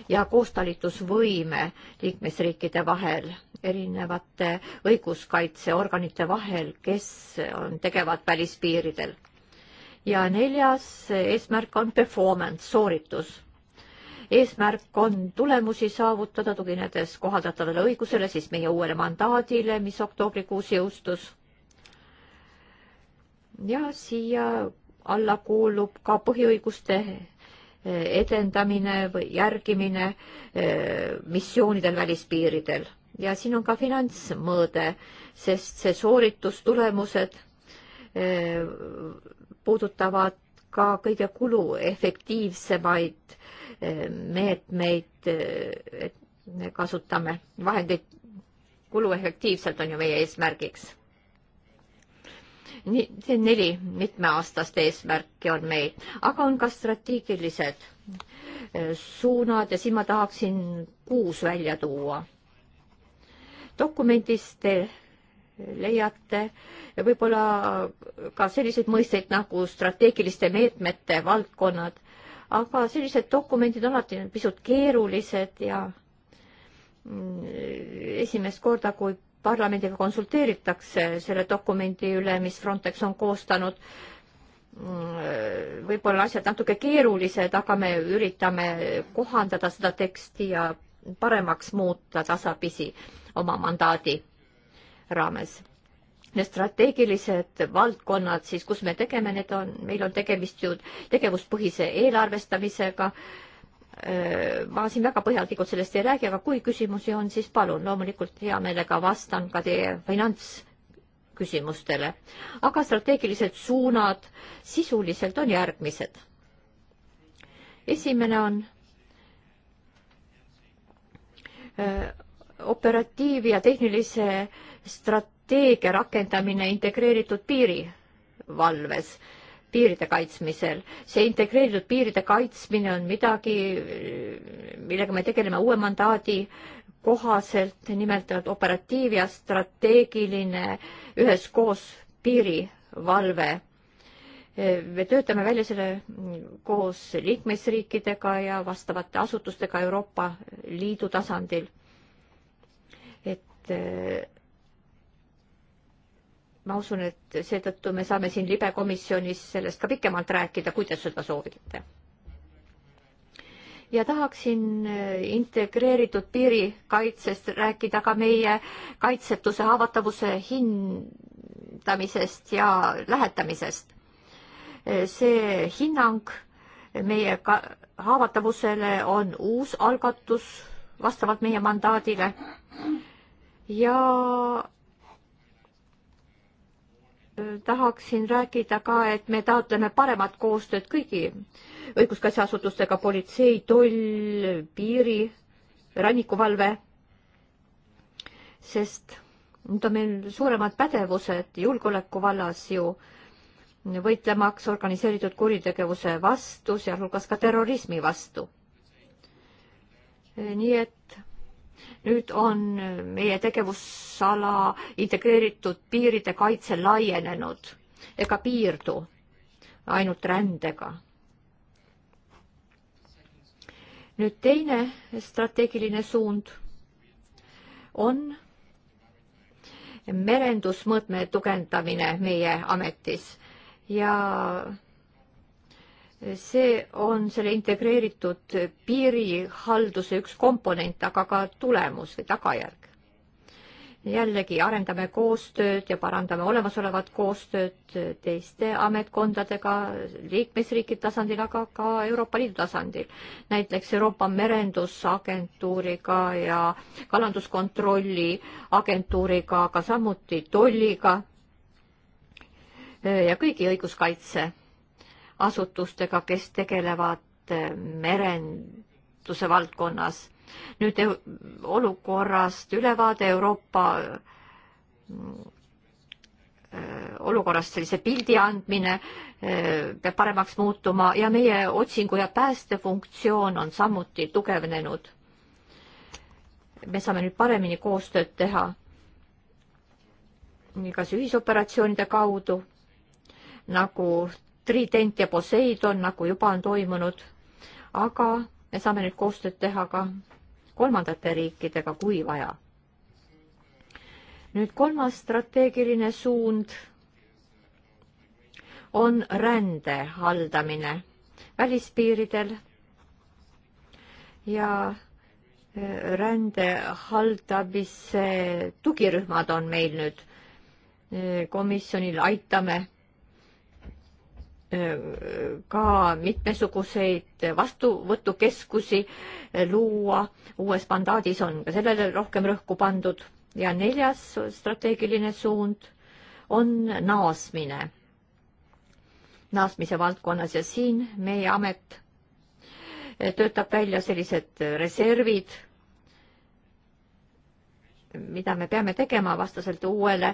ja koostalitusvõime liikmesriikide vahel, erinevate õiguskaitseorganite vahel, kes on, tegevad välispiiridel ja neljas eesmärk on performance, sooritus. eesmärk on tulemusi saavutada, tuginedes kohaldatavale õigusele, siis meie uuele mandaadile, mis oktoobrikuus jõustus. ja siia alla kuulub ka põhiõiguste eh, edendamine või järgimine eh, missioonidel välispiiridel ja siin on ka finantsmõõde, sest see sooritustulemused eh, puudutavad ka kõige kuluefektiivsemaid eh, meetmeid, eh, et me kasutame vahendeid kuluefektiivselt, on ju meie eesmärgiks. nii, see neli mitmeaastast eesmärki on meil, aga on ka strateegilised eh, suunad ja siin ma tahaksin kuus välja tuua. dokumendis te leiate võib-olla ka selliseid mõisteid nagu strateegiliste meetmete valdkonnad, aga sellised dokumendid on alati pisut keerulised ja mm, esimest korda, kui parlamendiga konsulteeritakse selle dokumendi üle, mis Frontex on koostanud, mm, võib-olla asjad natuke keerulised, aga me üritame kohandada seda teksti ja paremaks muuta tasapisi oma mandaadi raames. Need strateegilised valdkonnad siis, kus me tegeme, need on, meil on tegemist ju tegevuspõhise eelarvestamisega. Äh, ma siin väga põhjalikult sellest ei räägi, aga kui küsimusi on, siis palun, loomulikult hea meelega vastan ka teie finantsküsimustele. aga strateegilised suunad sisuliselt on järgmised. esimene on äh, operatiiv- ja tehnilise strateegia rakendamine integreeritud piirivalves, piiride kaitsmisel. see integreeritud piiride kaitsmine on midagi, millega me tegeleme uue mandaadi kohaselt, nimelt operatiiv ja strateegiline üheskoos piirivalve me töötame välja selle koos liikmesriikidega ja vastavate asutustega Euroopa Liidu tasandil. et ma usun, et seetõttu me saame siin libekomisjonis sellest ka pikemalt rääkida, kui te seda soovite. ja tahaksin äh, integreeritud piirikaitsest rääkida ka meie kaitsetuse haavatavuse hindamisest ja lähetamisest. Äh, see hinnang meie ka haavatavusele on uus algatus vastavalt meie mandaadile ja tahaksin rääkida ka, et me taotleme paremat koostööd kõigi õiguskaitseasutustega, politsei, toll, piiri, rannikuvalve, sest nüüd on meil suuremad pädevused julgeoleku vallas ju, võitlemaks organiseeritud kuritegevuse vastu, sealhulgas ka terrorismi vastu. nii et nüüd on meie tegevussala integreeritud piiride kaitse laienenud ega piirdu ainult rändega. nüüd teine strateegiline suund on merendusmõõtme tugevdamine meie ametis ja see on selle integreeritud piirihalduse üks komponent, aga ka tulemus või tagajärg. jällegi arendame koostööd ja parandame olemasolevat koostööd teiste ametkondadega liikmesriikide tasandil, aga ka Euroopa Liidu tasandil. näiteks Euroopa Merendusagentuuriga ja Kalanduskontrolli agentuuriga, aga samuti tolliga ja kõigi õiguskaitse asutustega, kes tegelevad eh, merenduse valdkonnas. nüüd eh, olukorrast ülevaade Euroopa mm, eh, olukorrast sellise pildi andmine peab paremaks muutuma ja meie otsingu- ja päästefunktsioon on samuti tugevnenud. me saame nüüd paremini koostööd teha kas ühisoperatsioonide kaudu, nagu Trident ja Poseidon, nagu juba on toimunud, aga me saame nüüd koostööd teha ka kolmandate riikidega, kui vaja. nüüd kolmas strateegiline suund on rände haldamine välispiiridel ja e, rände haldamise tugirühmad on meil nüüd e, komisjonil Aitame ka mitmesuguseid vastuvõtukeskusi luua, uues mandaadis on ka sellele rohkem rõhku pandud ja neljas strateegiline suund on naasmine, naasmise valdkonnas ja siin meie amet töötab välja sellised reservid, mida me peame tegema vastaselt uuele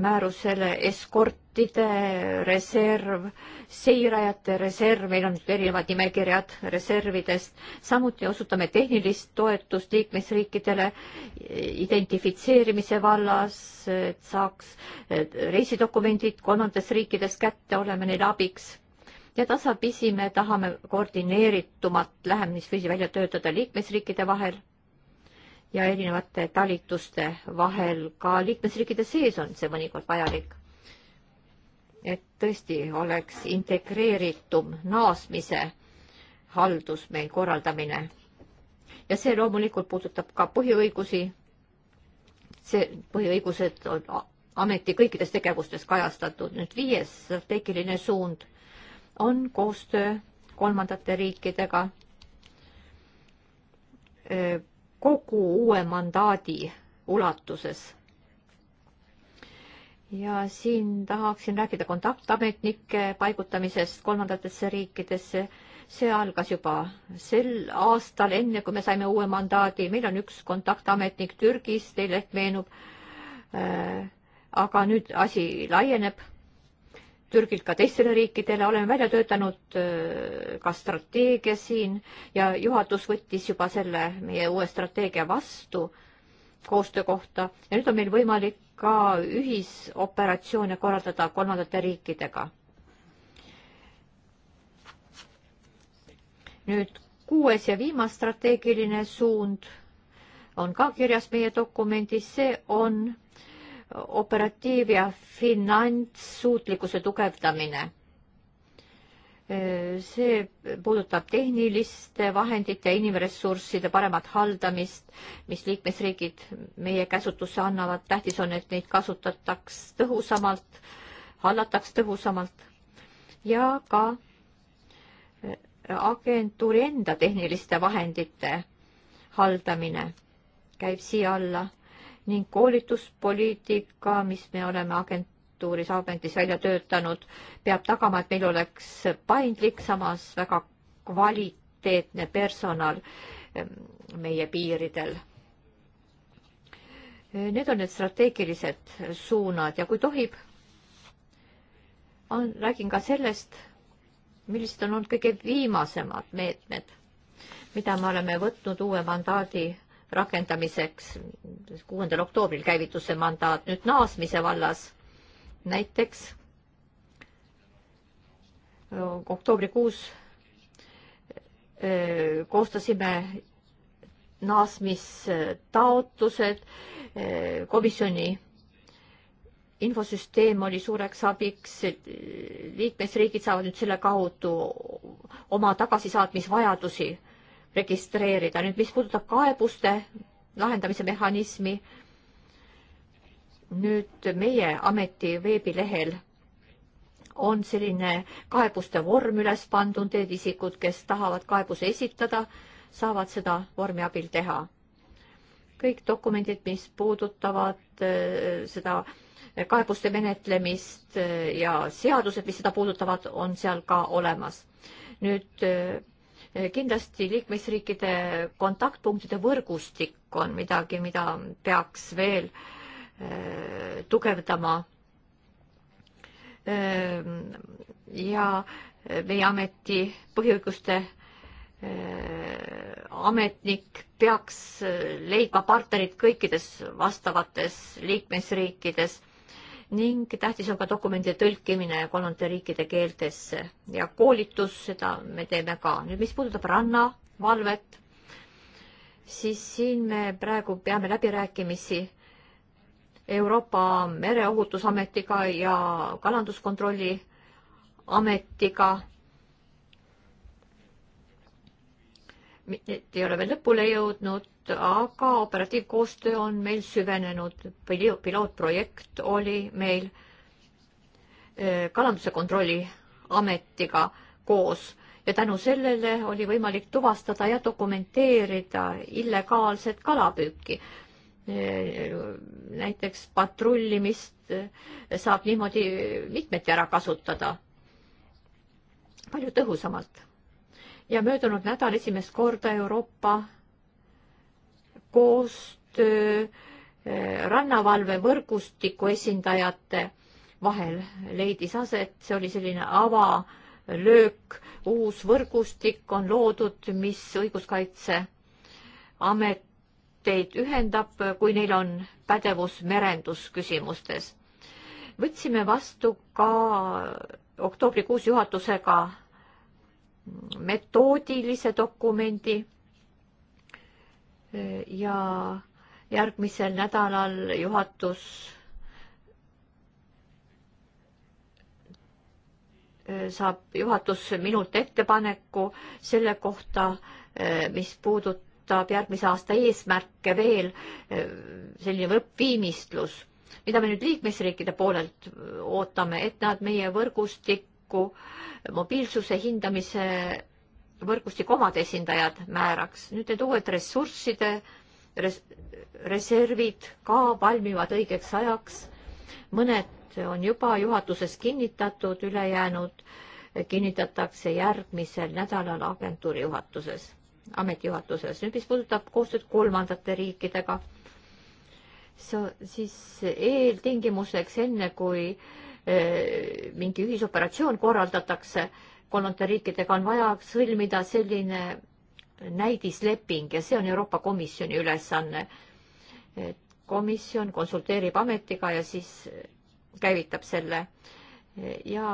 määrusele eskort juhtide reserv, seirajate reserv, meil on erinevad nimekirjad reservidest, samuti osutame tehnilist toetust liikmesriikidele identifitseerimise vallas, et saaks reisidokumendid kolmandatest riikidest kätte, oleme neile abiks ja tasapisi me tahame koordineeritumat lähenemisviisi välja töötada liikmesriikide vahel ja erinevate talituste vahel, ka liikmesriikide sees on see mõnikord vajalik et tõesti oleks integreeritum naasmise haldus meil korraldamine. ja see loomulikult puudutab ka põhiõigusi. see, põhiõigused on ameti kõikides tegevustes kajastatud. nüüd viies strateegiline suund on koostöö kolmandate riikidega kogu uue mandaadi ulatuses ja siin tahaksin rääkida kontaktametnike paigutamisest kolmandatesse riikidesse. see algas juba sel aastal, enne kui me saime uue mandaadi. meil on üks kontaktametnik Türgis, teile ehk meenub. Äh, aga nüüd asi laieneb Türgilt ka teistele riikidele, oleme välja töötanud äh, ka strateegia siin ja juhatus võttis juba selle meie uue strateegia vastu koostöö kohta ja nüüd on meil võimalik ka ühisoperatsioone korraldada kolmandate riikidega. nüüd kuues ja viimas strateegiline suund on ka kirjas meie dokumendis, see on operatiiv- ja finantssuutlikkuse tugevdamine see puudutab tehniliste vahendite, inimressursside paremat haldamist, mis liikmesriigid meie käsutusse annavad. tähtis on, et neid kasutataks tõhusamalt, hallataks tõhusamalt ja ka äh, agentuuri enda tehniliste vahendite haldamine käib siia alla ning koolituspoliitika, mis me oleme agent-, agentuuris Agentis välja töötanud, peab tagama, et meil oleks paindlik, samas väga kvaliteetne personal ehm, meie piiridel. Need on need strateegilised suunad ja kui tohib, on, räägin ka sellest, millised on olnud kõige viimasemad meetmed, mida me oleme võtnud uue mandaadi rakendamiseks. kuuendal oktoobril käivitus see mandaat nüüd naasmise vallas näiteks oktoobrikuus koostasime naasmistaotlused, komisjoni infosüsteem oli suureks abiks, liikmesriigid saavad nüüd selle kaudu oma tagasisaatmisvajadusi registreerida. nüüd, mis puudutab kaebuste lahendamise mehhanismi, nüüd meie ameti veebilehel on selline kaebuste vorm üles pandud, need isikud, kes tahavad kaebuse esitada, saavad seda vormi abil teha. kõik dokumendid, mis puudutavad äh, seda kaebuste menetlemist äh, ja seadused, mis seda puudutavad, on seal ka olemas. nüüd äh, kindlasti liikmesriikide kontaktpunktide võrgustik on midagi, mida peaks veel äh, Äh, tugevdama. Äh, ja meie ameti põhiõiguste äh, ametnik peaks leidma partnerid kõikides vastavates liikmesriikides ning tähtis on ka dokumentide tõlkimine kolmandate riikide keeltesse ja koolitus, seda me teeme ka. nüüd, mis puudutab rannavalvet, siis siin me praegu peame läbirääkimisi Euroopa Mereohutusametiga ja Kalanduskontrolli ametiga. Need ei ole veel lõpule jõudnud, aga operatiivkoostöö on meil süvenenud. pilootprojekt oli meil eh, kalanduse kontrolli ametiga koos ja tänu sellele oli võimalik tuvastada ja dokumenteerida illegaalset kalapüüki näiteks patrullimist saab niimoodi mitmeti ära kasutada, palju tõhusamalt. ja möödunud nädal esimest korda Euroopa koostöö eh, rannavalvevõrgustiku esindajate vahel leidis aset, see oli selline avalöök, uus võrgustik on loodud, mis õiguskaitseamet teid ühendab, kui neil on pädevus merendusküsimustes. võtsime vastu ka oktoobrikuus juhatusega metoodilise dokumendi ja järgmisel nädalal juhatus saab juhatus minult ettepaneku selle kohta, mis puudutab puudutab järgmise aasta eesmärke veel, selline võrkviimistlus, mida me nüüd liikmesriikide poolelt ootame, et nad meie võrgustikku mobiilsuse hindamise võrgustiku omad esindajad määraks. nüüd need uued ressursside res, reservid ka valmivad õigeks ajaks. mõned on juba juhatuses kinnitatud, ülejäänud kinnitatakse järgmisel nädalal agentuuri juhatuses ametijuhatuses. nüüd, mis puudutab koostööd kolmandate riikidega, siis eeltingimuseks, enne kui eh, mingi ühisoperatsioon korraldatakse kolmandate riikidega, on vaja sõlmida selline näidisleping ja see on Euroopa Komisjoni ülesanne. et komisjon konsulteerib ametiga ja siis käivitab selle ja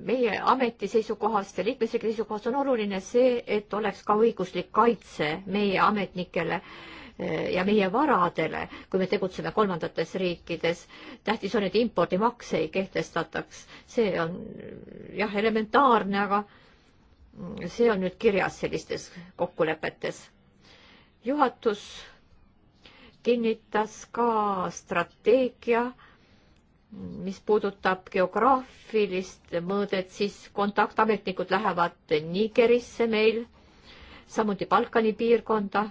meie ameti seisukohast ja liikmesriigi seisukohast on oluline see, et oleks ka õiguslik kaitse meie ametnikele eh, ja meie varadele, kui me tegutseme kolmandates riikides. tähtis on, et impordimakse ei kehtestataks. see on jah, elementaarne, aga see on nüüd kirjas sellistes kokkulepetes. juhatus kinnitas ka strateegia mis puudutab geograafilist mõõdet, siis kontaktametnikud lähevad Nigerisse meil, samuti Balkani piirkonda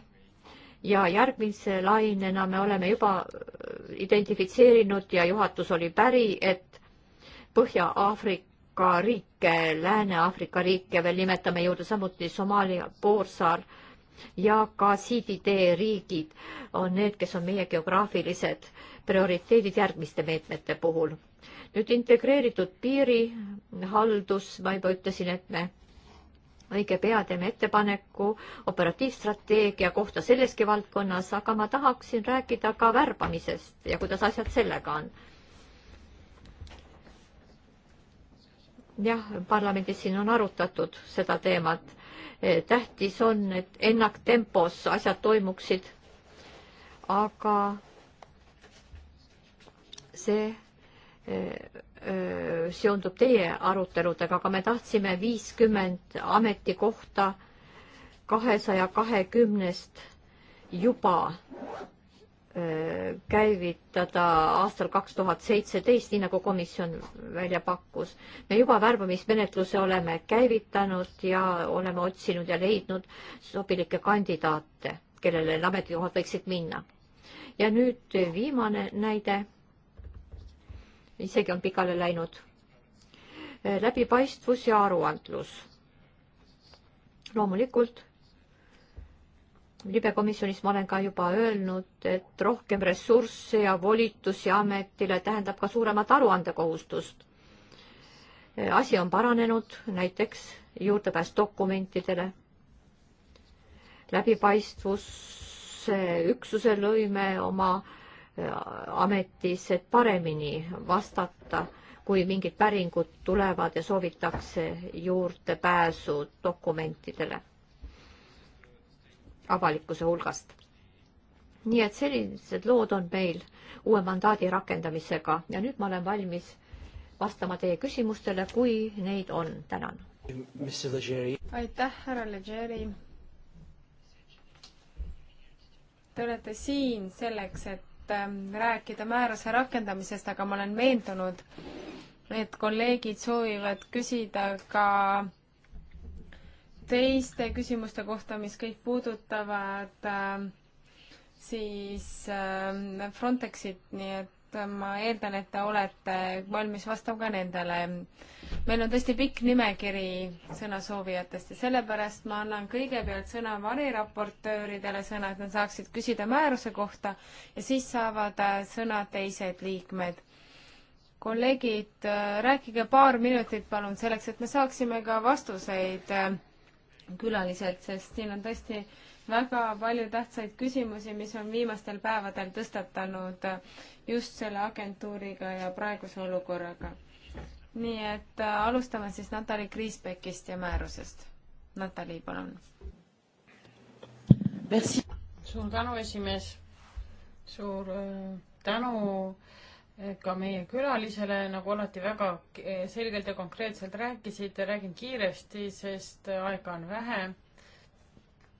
ja järgmise lainena me oleme juba äh, identifitseerinud ja juhatus oli päri, et Põhja-Aafrika riike, Lääne-Aafrika riike veel nimetame juurde, samuti Somaalia poolsaar ja ka siiditee riigid on need, kes on meie geograafilised äh, prioriteedid järgmiste meetmete puhul. nüüd integreeritud piirihaldus, ma juba ütlesin, et me õige pea teeme ettepaneku operatiivstrateegia kohta selleski valdkonnas, aga ma tahaksin rääkida ka värbamisest ja kuidas asjad sellega on. jah, parlamendis siin on arutatud seda teemat. tähtis on, et ennaktempos asjad toimuksid, aga see eh, eh, seondub teie aruteludega, aga me tahtsime viiskümmend ametikohta kahesaja kahekümnest juba eh, käivitada aastal kaks tuhat seitseteist, nii nagu komisjon välja pakkus. me juba värbamismenetluse oleme käivitanud ja oleme otsinud ja leidnud sobilikke kandidaate, kellele need ametikohad võiksid minna. ja nüüd viimane näide isegi on pikale läinud. läbipaistvus ja aruandlus. loomulikult libekomisjonis ma olen ka juba öelnud, et rohkem ressursse ja volitusi ametile tähendab ka suuremat aruandekohustust. asi on paranenud, näiteks juurdepääs dokumentidele, läbipaistvus, üksuse lõime oma äh, ametis, et paremini vastata, kui mingid päringud tulevad ja soovitakse juurdepääsu dokumentidele avalikkuse hulgast. nii et sellised lood on meil uue mandaadi rakendamisega ja nüüd ma olen valmis vastama teie küsimustele, kui neid on. tänan. aitäh, härra Legeri. Te olete siin selleks, et Ähm, rääkida määruse rakendamisest, aga ma olen veendunud, et kolleegid soovivad küsida ka teiste küsimuste kohta, mis kõik puudutavad äh, siis äh, Frontexit, nii et ma eeldan, et te olete valmis vastama ka nendele äh, meil on tõesti pikk nimekiri sõnasoovijatest ja sellepärast ma annan kõigepealt sõna variraportööridele sõna, et nad saaksid küsida määruse kohta ja siis saavad äh, sõna teised liikmed. kolleegid, äh, rääkige paar minutit palun selleks, et me saaksime ka vastuseid äh, külaliselt, sest siin on tõesti väga palju tähtsaid küsimusi, mis on viimastel päevadel tõstatanud just selle agentuuriga ja praeguse olukorraga nii et äh, alustame siis Natali Kriisbekist ja määrusest. Natali, palun. suur tänu, esimees. suur äh, tänu äh, ka meie külalisele, nagu alati väga selgelt ja konkreetselt rääkisid, räägin kiiresti, sest aega on vähe.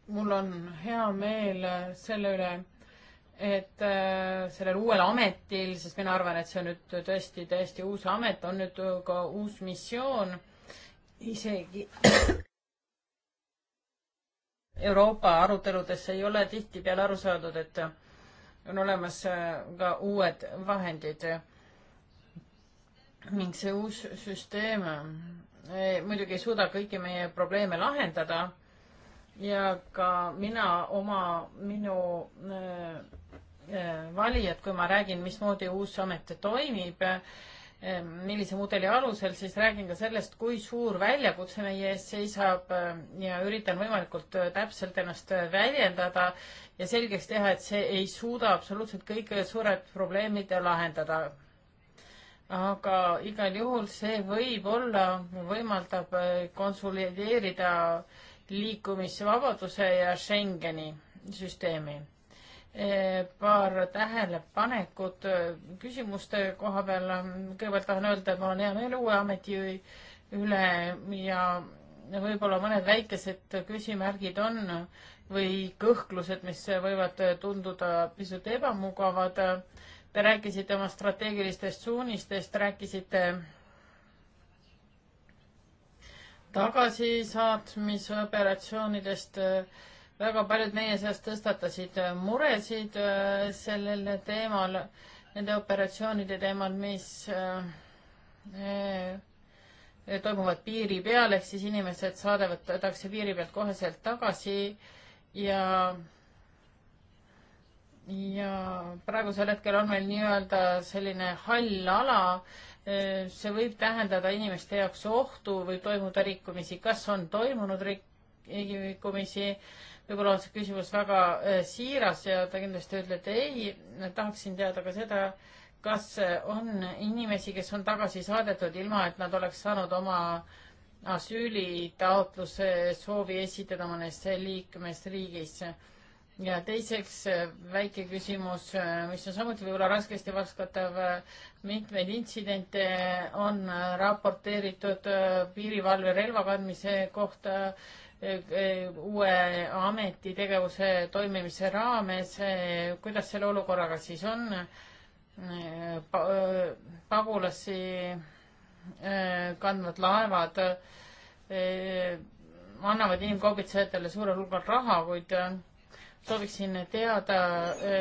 mul on hea meel selle üle et äh, sellel uuel ametil, sest mina arvan, et see on nüüd tõesti täiesti uus amet, on nüüd ka uus missioon isegi Euroopa aruteludes ei ole tihtipeale aru saadud, et on olemas äh, ka uued vahendid. ning see uus süsteem äh, muidugi ei suuda kõiki meie probleeme lahendada ja ka mina oma, minu äh, Äh, valijad, kui ma räägin, mismoodi uus amet toimib, äh, millise mudeli alusel, siis räägin ka sellest, kui suur väljakutse meie ees seisab äh, ja üritan võimalikult täpselt ennast väljendada ja selgeks teha, et see ei suuda absoluutselt kõik suured probleemid lahendada. aga igal juhul see võib-olla võimaldab konsolideerida liikumisvabaduse ja Schengeni süsteemi Eh, paar tähelepanekut eh, küsimuste koha peal. kõigepealt tahan öelda, et mul on hea meel uue ameti üle ja võib-olla mõned väikesed küsimärgid on või kõhklused, mis võivad tunduda pisut ebamugavad. Te rääkisite oma strateegilistest suunistest, rääkisite tagasisaatmisoperatsioonidest äh, väga paljud meie seast tõstatasid äh, muresid äh, sellel teemal, nende operatsioonide teemal, mis äh, toimuvad piiri peal, ehk siis inimesed saadavad, saadakse piiri pealt koheselt tagasi ja ja praegusel hetkel on meil nii-öelda selline hall ala, see võib tähendada inimeste jaoks ohtu, võib toimuda rikkumisi, kas on toimunud rikkumisi, võib-olla on see küsimus väga äh, siiras ja te kindlasti ütlete ei, tahaksin teada ka seda, kas äh, on inimesi, kes on tagasi saadetud ilma, et nad oleks saanud oma asüülitaotluse soovi esitada mõnes liikmesriigis. ja teiseks äh, väike küsimus, mis on samuti võib-olla raskesti vastatav, mitmeid intsidente on raporteeritud piirivalve relva kandmise kohta uue ameti tegevuse toimimise raames, kuidas selle olukorraga siis on pa,? pagulasi äh, kandvad laevad äh, annavad inimkaubitsejatele suurel hulgal raha, kuid äh, sooviksin teada,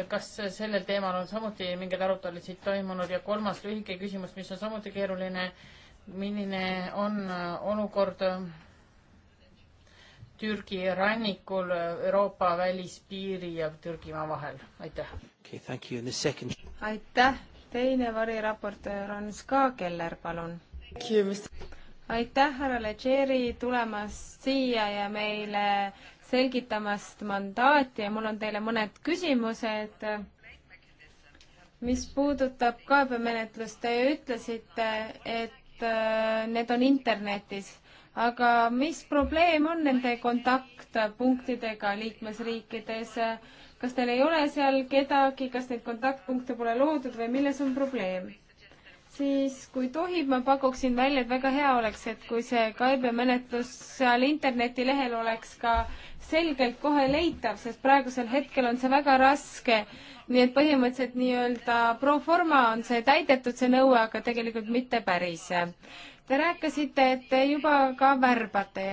kas sellel teemal on samuti mingeid arutelusid toimunud ja kolmas lühike küsimus, mis on samuti keeruline. milline on olukord Türgi rannikul Euroopa välispiiri ja Türgimaa vahel, aitäh okay,. Second... aitäh, teine variraportöör on Ska Keller, palun. aitäh, härra Leggeri, tulemast siia ja meile selgitamast mandaati ja mul on teile mõned küsimused mis puudutab kaebemenetlust, te ütlesite, et äh, need on internetis aga mis probleem on nende kontaktpunktidega liikmesriikides? kas teil ei ole seal kedagi, kas neid kontaktpunkte pole loodud või milles on probleem? siis kui tohib, ma pakuksin välja, et väga hea oleks, et kui see kaebemenetlus seal internetilehel oleks ka selgelt kohe leitav, sest praegusel hetkel on see väga raske. nii et põhimõtteliselt nii-öelda pro forma on see täidetud, see nõue, aga tegelikult mitte päris. Te rääkisite, et te juba ka värbate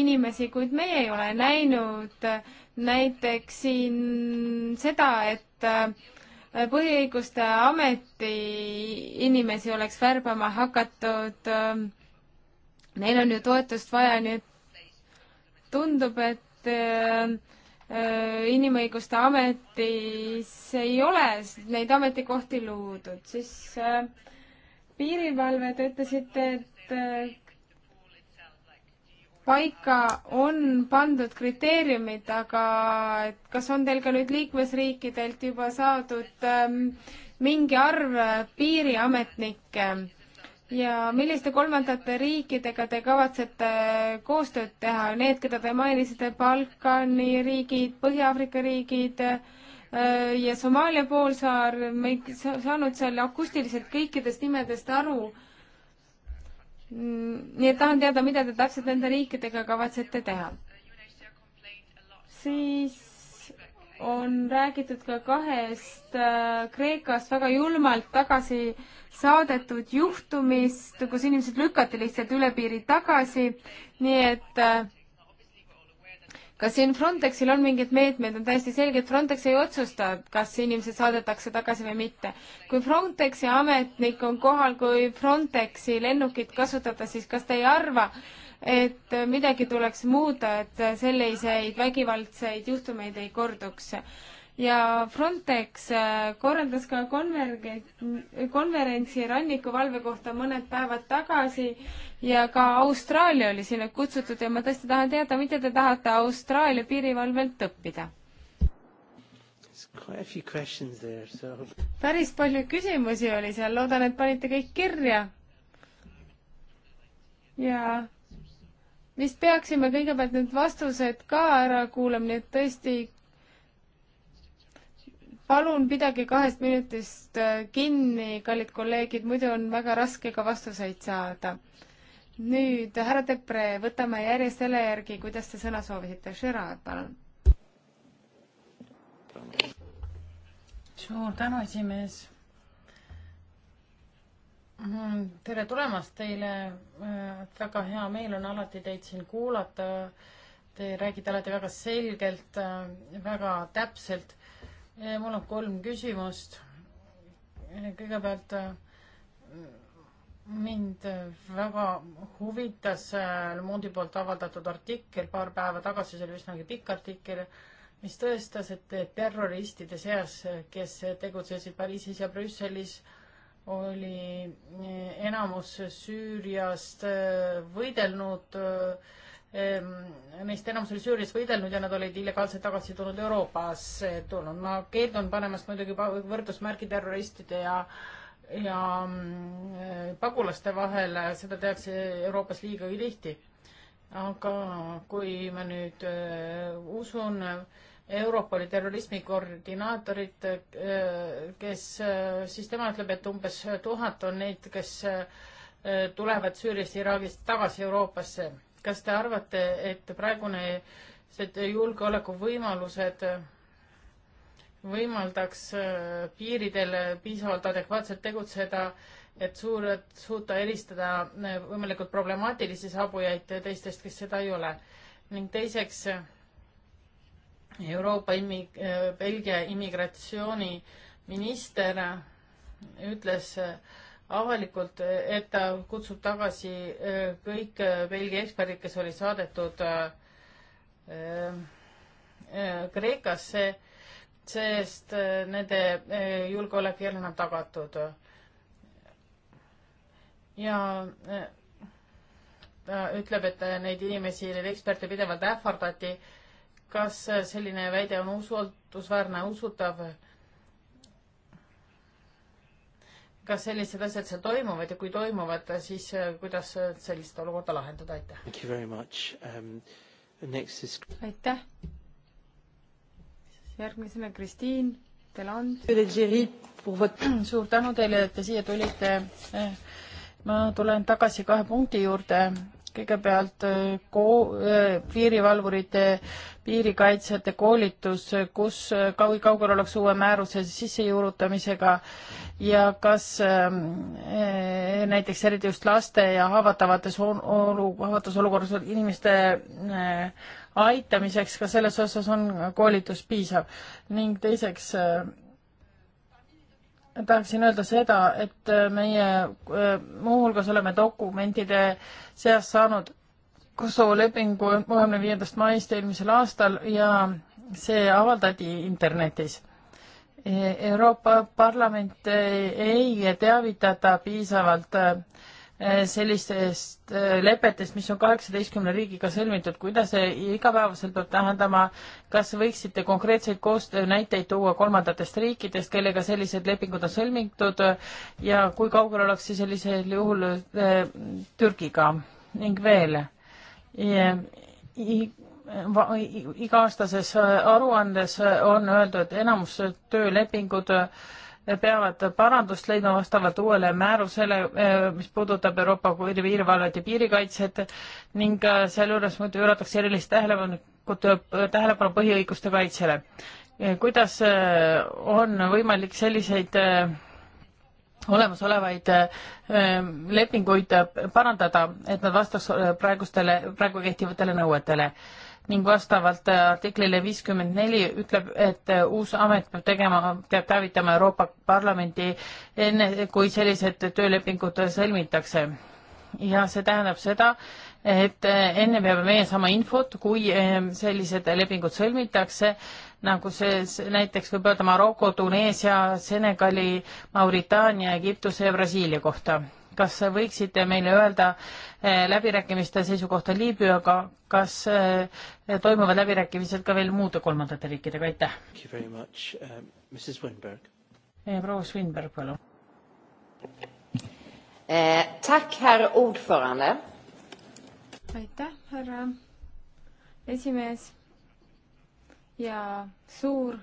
inimesi, kuid meie ei ole näinud näiteks siin seda, et äh, põhiõiguste ameti inimesi oleks värbama hakatud. Neil on ju toetust vaja, nii et tundub, et äh, äh, inimõiguste ametis ei ole neid ametikohti loodud, siis äh, piirivalve, te ütlesite, et äh, paika on pandud kriteeriumid, aga et kas on teil ka nüüd liikmesriikidelt juba saadud ähm, mingi arv äh, piiriametnikke ja milliste kolmandate riikidega te kavatsete äh, koostööd teha, need, keda te mainisite, Balkani riigid, Põhja-Aafrika riigid äh,, Äh, ja Somaalia poolsaar, me ei saanud seal akustiliselt kõikidest nimedest aru. Mm, nii et tahan teada, mida te täpselt nende riikidega kavatsete teha. siis on räägitud ka kahest äh, Kreekast väga julmalt tagasi saadetud juhtumist, kus inimesed lükati lihtsalt üle piiri tagasi, nii et äh, kas siin Frontexil on mingid meetmed, on täiesti selge, et Frontex ei otsusta, kas inimesed saadetakse tagasi või mitte. kui Frontexi ametnik on kohal, kui Frontexi lennukit kasutada, siis kas te ei arva, et midagi tuleks muuta, et selliseid vägivaldseid juhtumeid ei korduks? ja Frontex äh, korraldas ka konverentsi rannikuvalve kohta mõned päevad tagasi ja ka Austraalia oli sinna kutsutud ja ma tõesti tahan teada, mida te tahate Austraalia piirivalvelt õppida? päris palju küsimusi oli seal, loodan, et panite kõik kirja. ja vist peaksime kõigepealt need vastused ka ära kuulama, nii et tõesti palun pidage kahest minutist äh, kinni, kallid kolleegid, muidu on väga raske ka vastuseid saada nüüd härra Tepre, võtame järjest selle järgi, kuidas te sõna soovisite. Gerard, palun. suur tänu, esimees. Mm, tere tulemast teile. Äh, väga hea meel on alati teid siin kuulata. Te räägite alati väga selgelt, äh, väga täpselt. Äh, mul on kolm küsimust. kõigepealt mind äh, väga huvitas äh, Le Monde'i poolt avaldatud artikkel paar päeva tagasi, see oli üsnagi pikk artikkel, mis tõestas, et terroristide seas, kes tegutsesid Pariisis ja Brüsselis, oli äh, enamus Süüriast võidelnud, neist enamus oli Süürias võidelnud ja nad olid illegaalselt tagasi tulnud Euroopasse tulnud. ma keeldun panemast muidugi võrdusmärgi terroristide ja äh, ja mm, pagulaste vahel, seda tehakse Euroopas liiga tihti. aga kui ma nüüd äh, usun Europoli terrorismi koordinaatorit, äh, kes, äh, siis tema ütleb, et umbes tuhat on neid, kes tulevad Süüriast, Iraagist tagasi Euroopasse. kas te arvate, et praegune, see julgeolekuvõimalused võimaldaks äh, piiridel piisavalt adekvaatselt tegutseda, et suured, suuta eristada äh, võimalikult problemaatilisi saabujaid teistest, kes seda ei ole. ning teiseks, Euroopa immi-, äh, Belgia immigratsiooniminister ütles avalikult, et ta kutsub tagasi kõik Belgia eksperdid, kes olid saadetud Kreekasse sest äh, nende äh, julgeolek ei ole enam tagatud. ja äh, ta ütleb, et neid inimesi, neid eksperte pidevalt ähvardati. kas selline väide on usaldusväärne, usutav? kas sellised asjad seal toimuvad ja kui toimuvad, siis kuidas sellist olukorda lahendada, aitäh! Um, is... aitäh! järgmisena Kristiin Deland. suur tänu teile, et te siia tulite. Eh, ma tulen tagasi kahe punkti juurde. kõigepealt eh, koo-, eh, piirivalvurite, piirikaitsjate koolitus, kus, kui kaugel oleks uue määruse sissejuurutamisega ja kas äh, näiteks eriti just laste ja haavatavates olu-, haavatus olukorras inimeste äh, aitamiseks, ka selles osas on koolitus piisav. ning teiseks äh, tahaksin öelda seda, et äh, meie äh, muuhulgas oleme dokumentide seas saanud Kosovo lepingu kolmekümne viiendast maist eelmisel aastal ja see avaldati internetis. E-, Euroopa Parlament ei teavitata piisavalt äh, Äh, sellistest äh, lepetest, mis on kaheksateistkümne riigiga sõlmitud, kuidas see igapäevaselt peab tähendama, kas võiksite konkreetseid koostöönäiteid tuua kolmandatest riikidest, kellega sellised lepingud on sõlmitud äh, ja kui kaugel oleks see sellisel juhul Türgiga ning veel? iga-aastases aruandes on öeldud, enamus töölepingud peavad parandust leidma vastavalt uuele määrusele, eh, mis puudutab Euroopa piirivalvet ja piirikaitset ning eh, sealjuures muidu juuratakse erilist tähelepanu, eh, tähelepanu põhiõiguste kaitsele. kuidas on võimalik selliseid olemasolevaid lepinguid parandada, et nad vastaks praegustele, praegu kehtivatele nõuetele? ning vastavalt äh, artiklile viiskümmend neli ütleb, et äh, uus amet peab tegema, peab teavitama Euroopa Parlamenti enne, kui sellised töölepingud sõlmitakse. ja see tähendab seda, et äh, enne peame meie saama infot, kui sellised lepingud sõlmitakse, nagu see näiteks võib öelda Maroko, Tuneesia, Senegali, Mauritaania, Egiptuse ja Brasiilia kohta kas võiksite meile öelda eh, läbirääkimiste seisukohta Liibüaga, kas eh, toimuvad läbirääkimised ka veel muude kolmandate riikidega, aitäh! Um, eh, proua Swinberg, palun! aitäh, härra esimees ja suur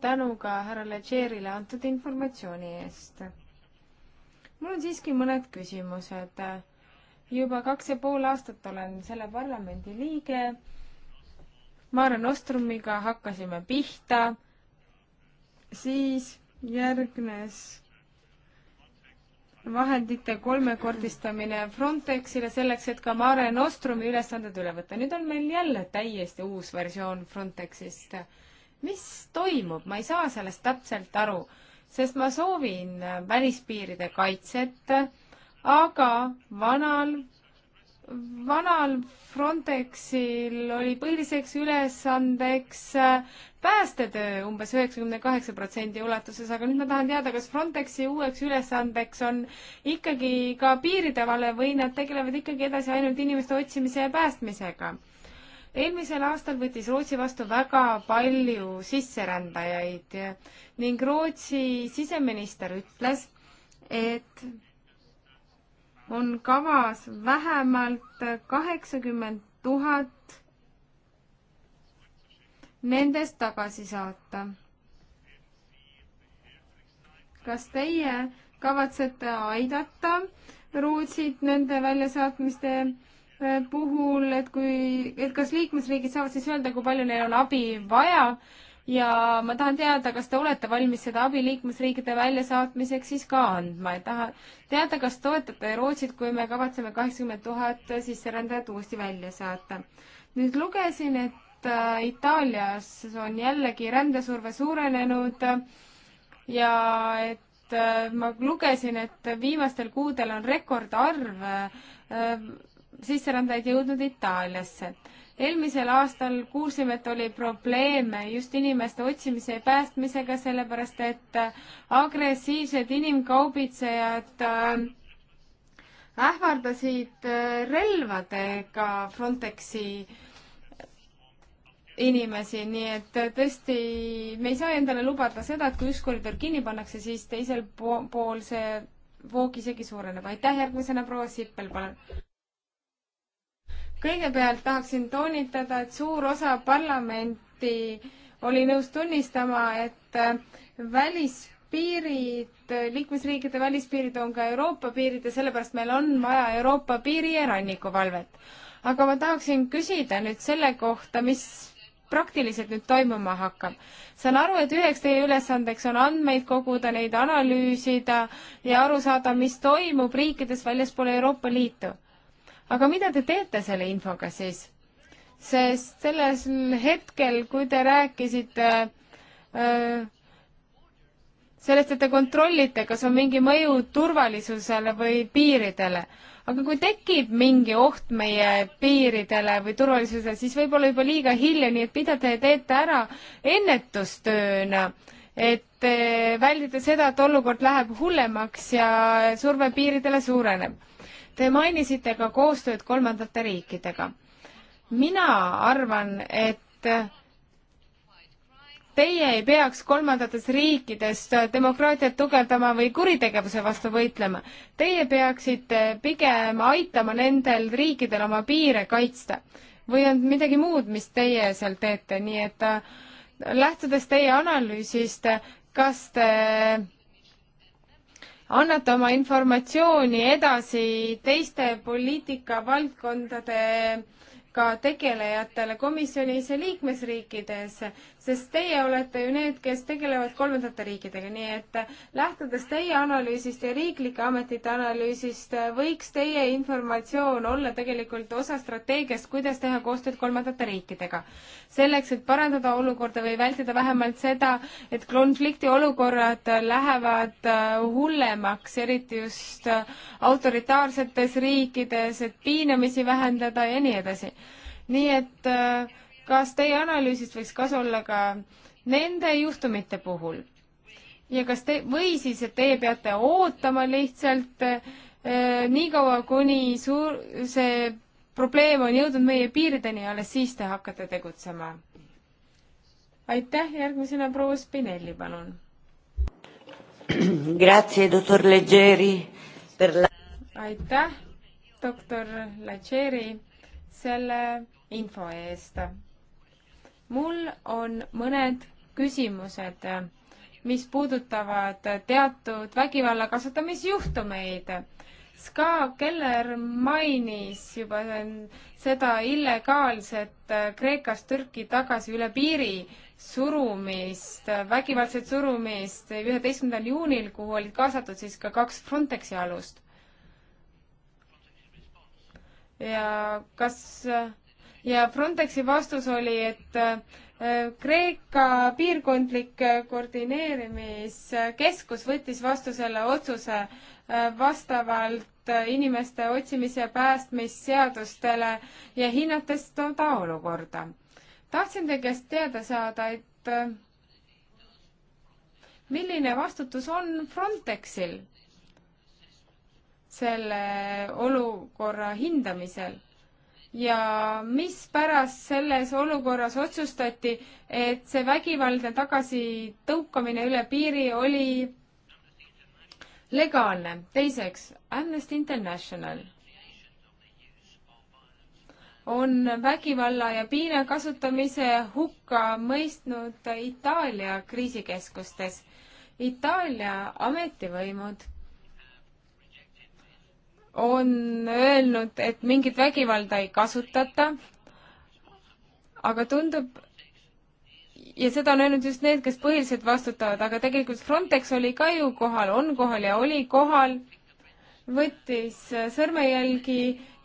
tänu ka härra Legerile antud informatsiooni eest mul on siiski mõned küsimused. juba kaks ja pool aastat olen selle parlamendi liige. Mare Nostrumiga hakkasime pihta, siis järgnes vahendite kolmekordistamine Frontexile selleks, et ka Mare Nostrumi ülesanded üle võtta. nüüd on meil jälle täiesti uus versioon Frontexist. mis toimub, ma ei saa sellest täpselt aru sest ma soovin välispiiride kaitset, aga vanal, vanal Frontexil oli põhiliseks ülesandeks äh, päästetöö umbes üheksakümne kaheksa protsendi ulatuses, aga nüüd ma tahan teada, kas Frontexi uueks ülesandeks on ikkagi ka piiridevalve või nad tegelevad ikkagi edasi ainult inimeste otsimise ja päästmisega? eelmisel aastal võttis Rootsi vastu väga palju sisserändajaid ning Rootsi siseminister ütles, et on kavas vähemalt kaheksakümmend tuhat nendest tagasi saata. kas teie kavatsete aidata Rootsit nende väljasaatmiste Äh, puhul, et kui, et kas liikmesriigid saavad siis öelda, kui palju neil on abi vaja ja ma tahan teada, kas te olete valmis seda abi liikmesriikide väljasaatmiseks siis ka andma, et tahan teada, kas toetate Rootsit, kui me kavatseme kaheksakümmend tuhat sisserändajat uuesti välja saata. nüüd lugesin, et äh, Itaalias on jällegi rändesurve suurenenud ja et äh, ma lugesin, et viimastel kuudel on rekordarv sisserändajaid jõudnud Itaaliasse. eelmisel aastal kuulsime, et oli probleeme just inimeste otsimise ja päästmisega, sellepärast et äh, agressiivsed inimkaubitsejad äh, ähvardasid äh, relvadega Frontexi inimesi, nii et tõesti, me ei saa endale lubada seda, et kui üks koridor kinni pannakse, siis teisel pool see voog isegi suureneb. aitäh, järgmisena proua Sippel, palun kõigepealt tahaksin toonitada, et suur osa parlamenti oli nõus tunnistama, et äh, välispiirid, liikmesriikide välispiirid on ka Euroopa piirid ja sellepärast meil on vaja Euroopa piiri ja rannikuvalvet. aga ma tahaksin küsida nüüd selle kohta, mis praktiliselt nüüd toimuma hakkab. saan aru, et üheks teie ülesandeks on andmeid koguda, neid analüüsida ja aru saada, mis toimub riikides väljaspool Euroopa Liitu aga mida te teete selle infoga siis? sest sellel hetkel, kui te rääkisite öö, äh, sellest, et te kontrollite, kas on mingi mõju turvalisusele või piiridele, aga kui tekib mingi oht meie piiridele või turvalisusele, siis võib-olla juba liiga hilja, nii et mida te teete ära ennetustööna, et väldida seda, et olukord läheb hullemaks ja surve piiridele suureneb Te mainisite ka koostööd kolmandate riikidega. mina arvan, et teie ei peaks kolmandatest riikidest demokraatiat tugevdama või kuritegevuse vastu võitlema. Teie peaksite pigem aitama nendel riikidel oma piire kaitsta või on midagi muud, mis teie seal teete, nii et äh, lähtudes teie analüüsist, kas te annate oma informatsiooni edasi teiste poliitikavaldkondade ka tegelejatele komisjonis ja liikmesriikides sest teie olete ju need, kes tegelevad kolmandate riikidega, nii et äh, lähtudes teie analüüsist ja riiklike ametite analüüsist, äh, võiks teie informatsioon olla tegelikult osa strateegiast, kuidas teha koostööd kolmandate riikidega. selleks, et parandada olukorda või vältida vähemalt seda, et konflikti olukorrad lähevad äh, hullemaks, eriti just autoritaarsetes riikides, et piinamisi vähendada ja nii edasi. nii et äh, kas teie analüüsist võiks kasu olla ka nende juhtumite puhul? ja kas te, või siis, et teie peate ootama lihtsalt äh, niikaua, kuni suur, see probleem on jõudnud meie piirideni ja alles siis te hakkate tegutsema? aitäh, järgmisena proua Spinelli, palun. Grazie, doktor Leggeri per la aitäh, doktor Lacheri, selle info eest mul on mõned küsimused, mis puudutavad teatud vägivalla kasutamisjuhtumeid. Ska Keller mainis juba seda illegaalset Kreekast Türki tagasi üle piiri surumist, vägivaldset surumist üheteistkümnendal juunil, kuhu olid kaasatud siis ka kaks Frontexi alust. ja kas ja Frontexi vastus oli, et äh, Kreeka piirkondlik koordineerimiskeskus võttis vastu selle otsuse äh, vastavalt äh, inimeste otsimise ja päästmisseadustele ja hinnates toda olukorda. tahtsin teie käest teada saada, et milline vastutus on Frontexil selle olukorra hindamisel ja mispärast selles olukorras otsustati, et see vägivaldne tagasitõukamine üle piiri oli legaalne. teiseks, Amnesty International on vägivalla ja piina kasutamise hukka mõistnud Itaalia kriisikeskustes. Itaalia ametivõimud on öelnud, et mingit vägivalda ei kasutata, aga tundub, ja seda on öelnud just need, kes põhiliselt vastutavad, aga tegelikult Frontex oli ka ju kohal, on kohal ja oli kohal, võttis äh, sõrmejälgi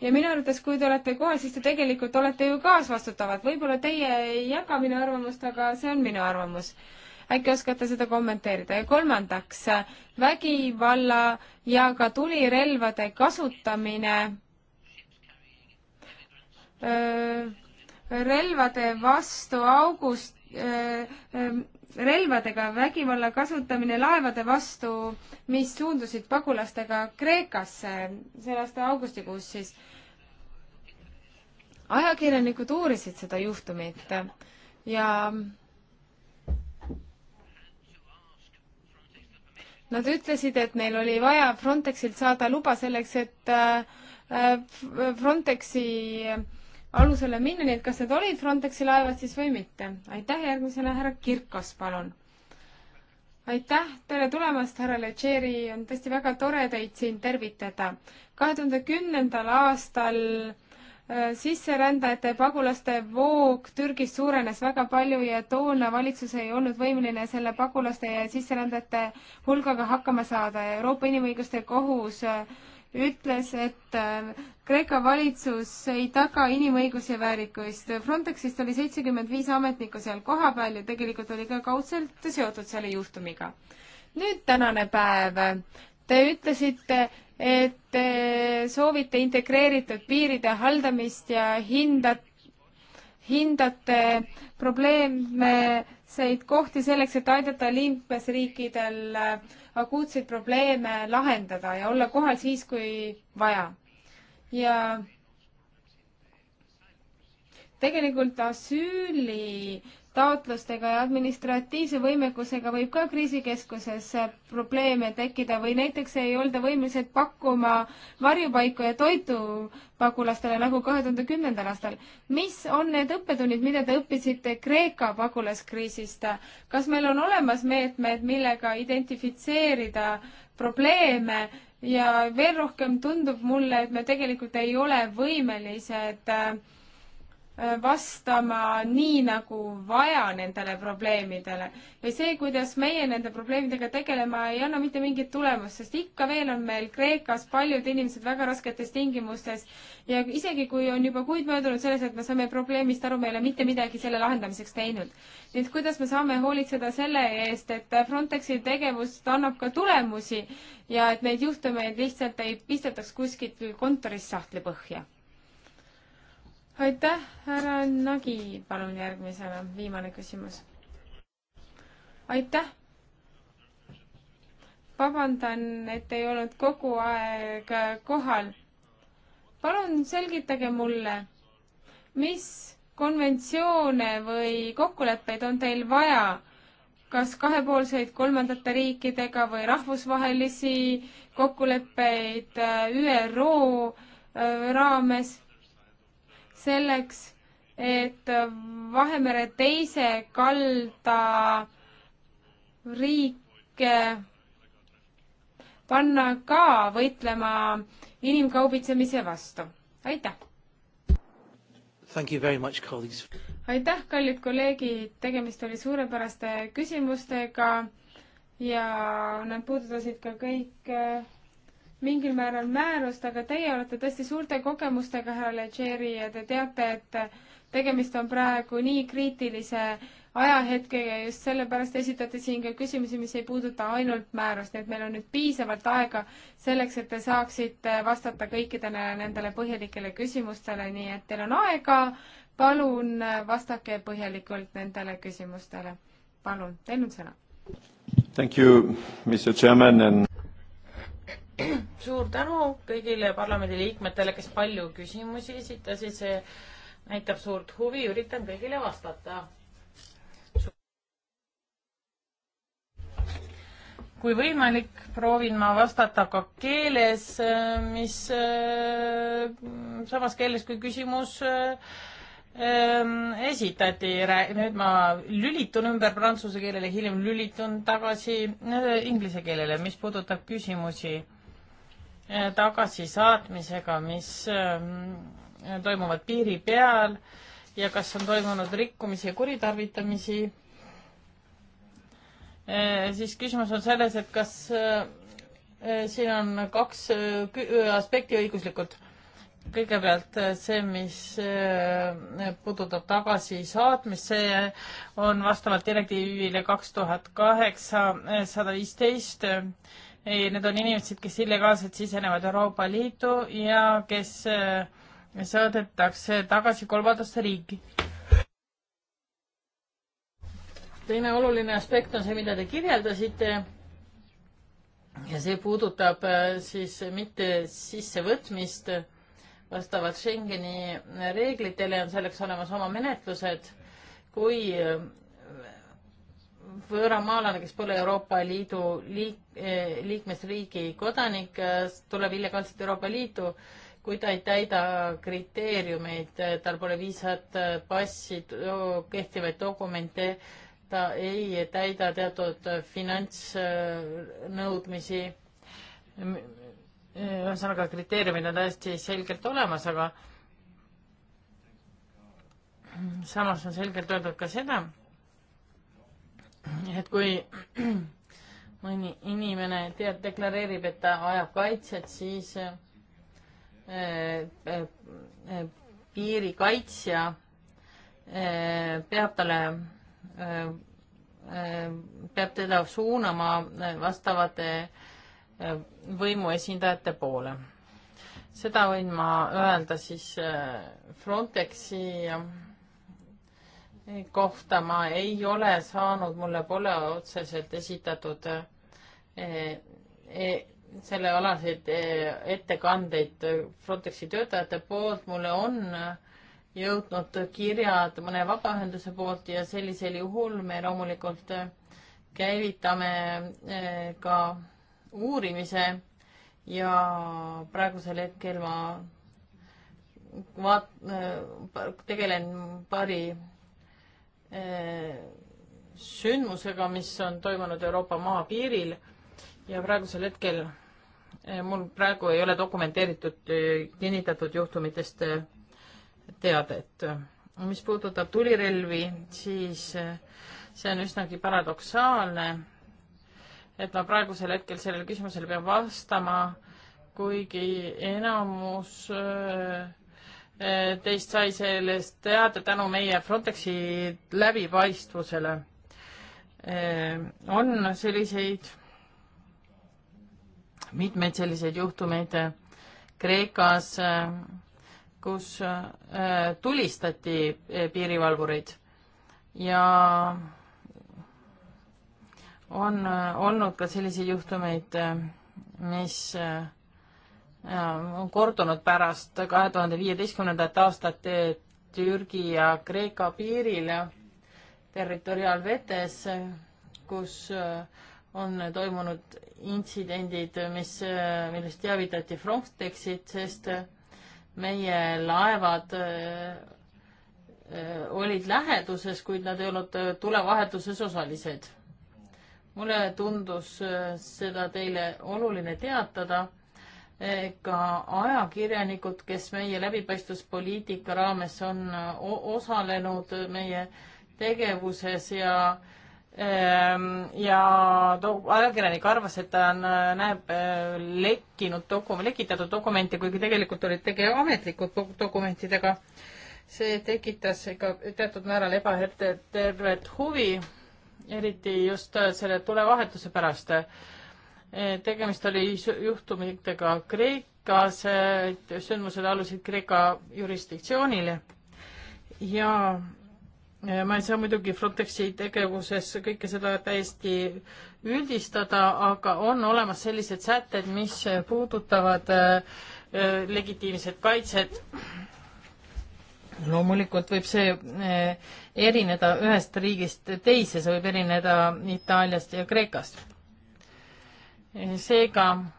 ja minu arvates, kui te olete kohal, siis te tegelikult olete ju kaasvastutavad. võib-olla teie ei jaga minu arvamust, aga see on minu arvamus äkki oskate seda kommenteerida ja kolmandaks, vägivalla ja ka tulirelvade kasutamine öö, relvade vastu august öö, öö, relvadega vägivalla kasutamine laevade vastu, mis suundusid pagulastega Kreekasse selle aasta augustikuus siis. ajakirjanikud uurisid seda juhtumit ja Nad ütlesid, et neil oli vaja Frontexilt saada luba selleks, et äh, äh, Frontexi alusele minna, nii et kas need olid Frontexi laevad siis või mitte. aitäh, järgmisena härra Kirkos, palun. aitäh, tere tulemast, härra Leggeri, on tõesti väga tore teid siin tervitada. kahe tuhande kümnendal aastal Äh, sisserändajate pagulaste voog Türgis suurenes väga palju ja toona valitsus ei olnud võimeline selle pagulaste ja sisserändajate hulgaga hakkama saada ja Euroopa Inimõiguste Kohus äh, ütles, et äh, Kreeka valitsus ei taga inimõigusi ja väärikust. Frontexist oli seitsekümmend viis ametnikku seal kohapeal ja tegelikult oli ka kaudselt seotud selle juhtumiga. nüüd tänane päev. Te ütlesite, et te soovite integreeritud piiride haldamist ja hindad, hindate probleemseid kohti selleks, et aidata liikmesriikidel akuutseid probleeme lahendada ja olla kohal siis, kui vaja. ja tegelikult asüüli äh, taotlustega ja administratiivse võimekusega võib ka kriisikeskuses probleeme tekkida või näiteks ei olda võimelised pakkuma varjupaiku ja toitu pagulastele nagu kahe tuhande kümnendal aastal. mis on need õppetunnid, mida te õppisite Kreeka pagulaskriisist? kas meil on olemas meetmed, millega identifitseerida probleeme ja veel rohkem tundub mulle, et me tegelikult ei ole võimelised äh, Äh, vastama nii, nagu vaja nendele probleemidele. ja see, kuidas meie nende probleemidega tegelema, ei anna mitte mingit tulemust, sest ikka veel on meil Kreekas paljud inimesed väga rasketes tingimustes ja isegi, kui on juba kuid möödunud selles, et me saame probleemist aru, me ei ole mitte midagi selle lahendamiseks teinud. nii et kuidas me saame hoolitseda selle eest, et Frontexi tegevus annab ka tulemusi ja et neid juhtumeid lihtsalt ei pistetaks kuskilt kontorist sahtli põhja aitäh, härra Nagi, palun järgmisena, viimane küsimus. aitäh vabandan, et ei olnud kogu aeg kohal. palun selgitage mulle, mis konventsioone või kokkuleppeid on teil vaja, kas kahepoolseid kolmandate riikidega või rahvusvahelisi kokkuleppeid äh, ÜRO äh, raames selleks, et Vahemere teise kalda riike panna ka võitlema inimkaubitsemise vastu. aitäh! Much, aitäh, kallid kolleegid, tegemist oli suurepäraste küsimustega ja nad puudutasid ka kõik äh, mingil määral määrust, aga teie olete tõesti suurte kogemustega, härra Leggeri, ja te teate, et tegemist on praegu nii kriitilise ajahetkega ja just sellepärast esitate siin ka küsimusi, mis ei puuduta ainult määrust, nii et meil on nüüd piisavalt aega selleks, et te saaksite vastata kõikidele nendele põhjalikele küsimustele, nii et teil on aega, palun vastake põhjalikult nendele küsimustele. palun, teil on sõna. Thank you, Mr Chairman and suur tänu kõigile parlamendiliikmetele, kes palju küsimusi esitasid, see näitab suurt huvi, üritan kõigile vastata. kui võimalik, proovin ma vastata ka keeles, mis samas keeles kui küsimus ehm, esitati, nüüd ma lülitun ümber prantsuse keelele, hiljem lülitun tagasi äh, inglise keelele, mis puudutab küsimusi Äh, tagasisaatmisega, mis ähm, toimuvad piiri peal ja kas on toimunud rikkumisi ja kuritarvitamisi, äh, siis küsimus on selles, et kas äh, siin on kaks aspekti õiguslikult. kõigepealt see, mis puudutab tagasisaatmist, see on vastavalt direktiivile kaks tuhat kaheksa sada viisteist Need on inimesed, kes illegaalselt sisenevad Euroopa Liitu ja kes äh, saadetakse tagasi kolmandasse riiki. teine oluline aspekt on see, mida te kirjeldasite ja see puudutab äh, siis mitte sissevõtmist, vastavalt Schengeni reeglitele on selleks olemas oma menetlused, kui äh, võõramaalane, kes pole Euroopa Liidu liik-, eh, liikmesriigi kodanik, eh, tuleb illegaalselt Euroopa Liitu, kui ta ei täida kriteeriumeid, eh, tal pole viisat, passi, kehtivaid dokumente, ta ei täida teatud finantsnõudmisi. ühesõnaga, kriteeriumid on täiesti selgelt olemas, aga samas on selgelt öeldud ka seda, et kui mõni inimene teab, deklareerib, et ta ajab kaitset, siis äh, äh, äh piirikaitsja äh, peab talle, äh, äh, peab teda suunama vastavate võimuesindajate poole. seda võin ma öelda siis Frontexi kohta ma ei ole saanud, mulle pole otseselt esitatud eh, eh, sellealaseid eh, ettekandeid Frontexi töötajate poolt, mulle on jõudnud kirjad mõne vabaühenduse poolt ja sellisel juhul me loomulikult käivitame ka uurimise ja praegusel hetkel ma vaat-, tegelen paari sündmusega, mis on toimunud Euroopa maapiiril ja praegusel hetkel eh, mul praegu ei ole dokumenteeritud eh, kinnitatud juhtumitest eh, teadet. mis puudutab tulirelvi, siis see on üsnagi paradoksaalne, et ma praegusel hetkel sellele küsimusele pean vastama, kuigi enamus äh, Teist sai sellest teada tänu meie Frontexi läbipaistvusele. on selliseid, mitmeid selliseid juhtumeid Kreekas, kus äh, tulistati piirivalvureid ja on olnud ka selliseid juhtumeid, mis äh, on kordunud pärast kahe tuhande viieteistkümnendat aastat Türgi ja Kreeka piiril territoriaalvetes, kus äh, on toimunud intsidendid, mis, äh, millest teavitati Frontexit, sest äh, meie laevad olid läheduses, kuid nad ei olnud tulevahetuses osalised. mulle tundus seda teile oluline teatada ka ajakirjanikud, kes meie läbipaistvuspoliitika raames on osalenud meie tegevuses ja ehm, ja too ajakirjanik arvas, et ta on, näeb eh, lekkinud dokum-, lekitatud dokumente, kuigi tegelikult olid tege-, ametlikud dokumentidega. see tekitas ka teatud määral ebatervet huvi, eriti just eh, selle tulevahetuse pärast Eh, tegemist oli juhtumitega Kreekas, sündmused allusid Kreeka jurisdiktsioonile ja eh, ma ei saa muidugi Frontexi tegevuses kõike seda täiesti üldistada, aga on olemas sellised sätted, mis puudutavad eh, legitiimset kaitset. loomulikult võib see erineda ühest riigist teise, see võib erineda Itaaliast ja Kreekast seega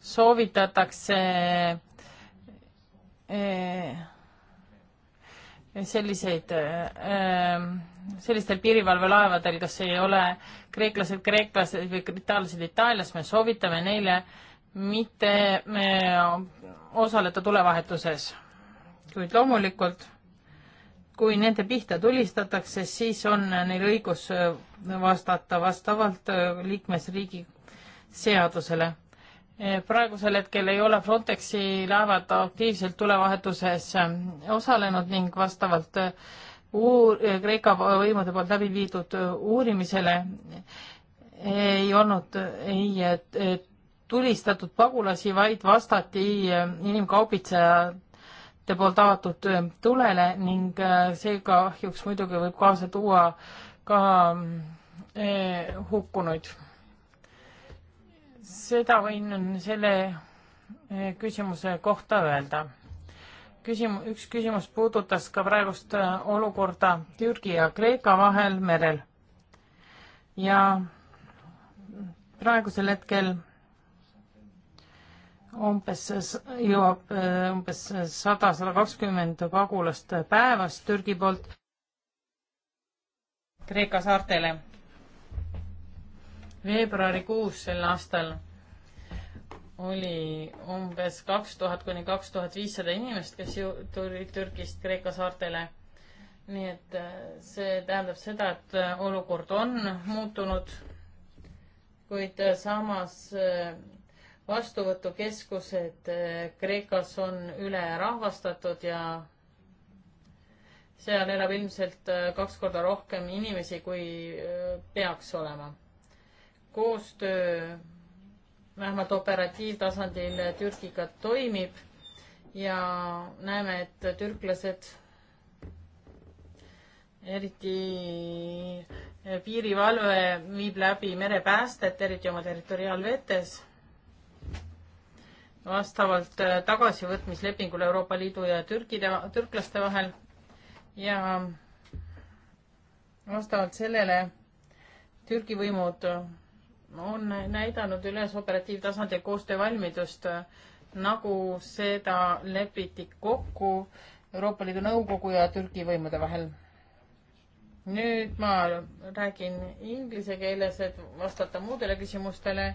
soovitatakse eh, selliseid, eh, sellistel piirivalvelaevadel, kas ei ole kreeklased, kreeklased või itaallased, itaallased, me soovitame neile mitte eh, osaleda tulevahetuses. kuid loomulikult kui nende pihta tulistatakse, siis on neil õigus äh, vastata vastavalt äh, liikmesriigi seadusele. Äh, praegusel hetkel ei ole Frontexi laevad aktiivselt tulevahetuses osalenud ning vastavalt uur-, Kreeka võimude poolt läbi viidud uurimisele ei olnud ei tulistatud pagulasi, vaid vastati inimkaubitseja te poolt avatud tulele ning äh, see kahjuks muidugi võib kaasa tuua ka eh, hukkunuid. seda võin selle eh, küsimuse kohta öelda. küsimus, üks küsimus puudutas ka praegust olukorda Türgi ja Kreeka vahel merel. ja praegusel hetkel umbes jõuab äh, umbes sada, sada kakskümmend pagulast päevas Türgi poolt Kreeka saartele. veebruarikuus sel aastal oli umbes kaks tuhat kuni kaks tuhat viissada inimest, kes ju tulid Türgist Kreeka saartele. nii et äh, see tähendab seda, et äh, olukord on muutunud, kuid samas vastuvõtukeskused eh, Kreekas on ülerahvastatud ja seal elab ilmselt eh, kaks korda rohkem inimesi, kui eh, peaks olema. koostöö vähemalt operatiivtasandil Türgiga toimib ja näeme, et türklased eriti piirivalve viib läbi merepäästet, eriti oma territoriaalvetes vastavalt äh, tagasivõtmislepingule Euroopa Liidu ja türkide, türklaste vahel ja vastavalt sellele Türgi võimud on näidanud üles operatiivtasandi koostöövalmidust, nagu seda lepiti kokku Euroopa Liidu Nõukogu ja Türgi võimude vahel. nüüd ma räägin inglise keeles, et vastata muudele küsimustele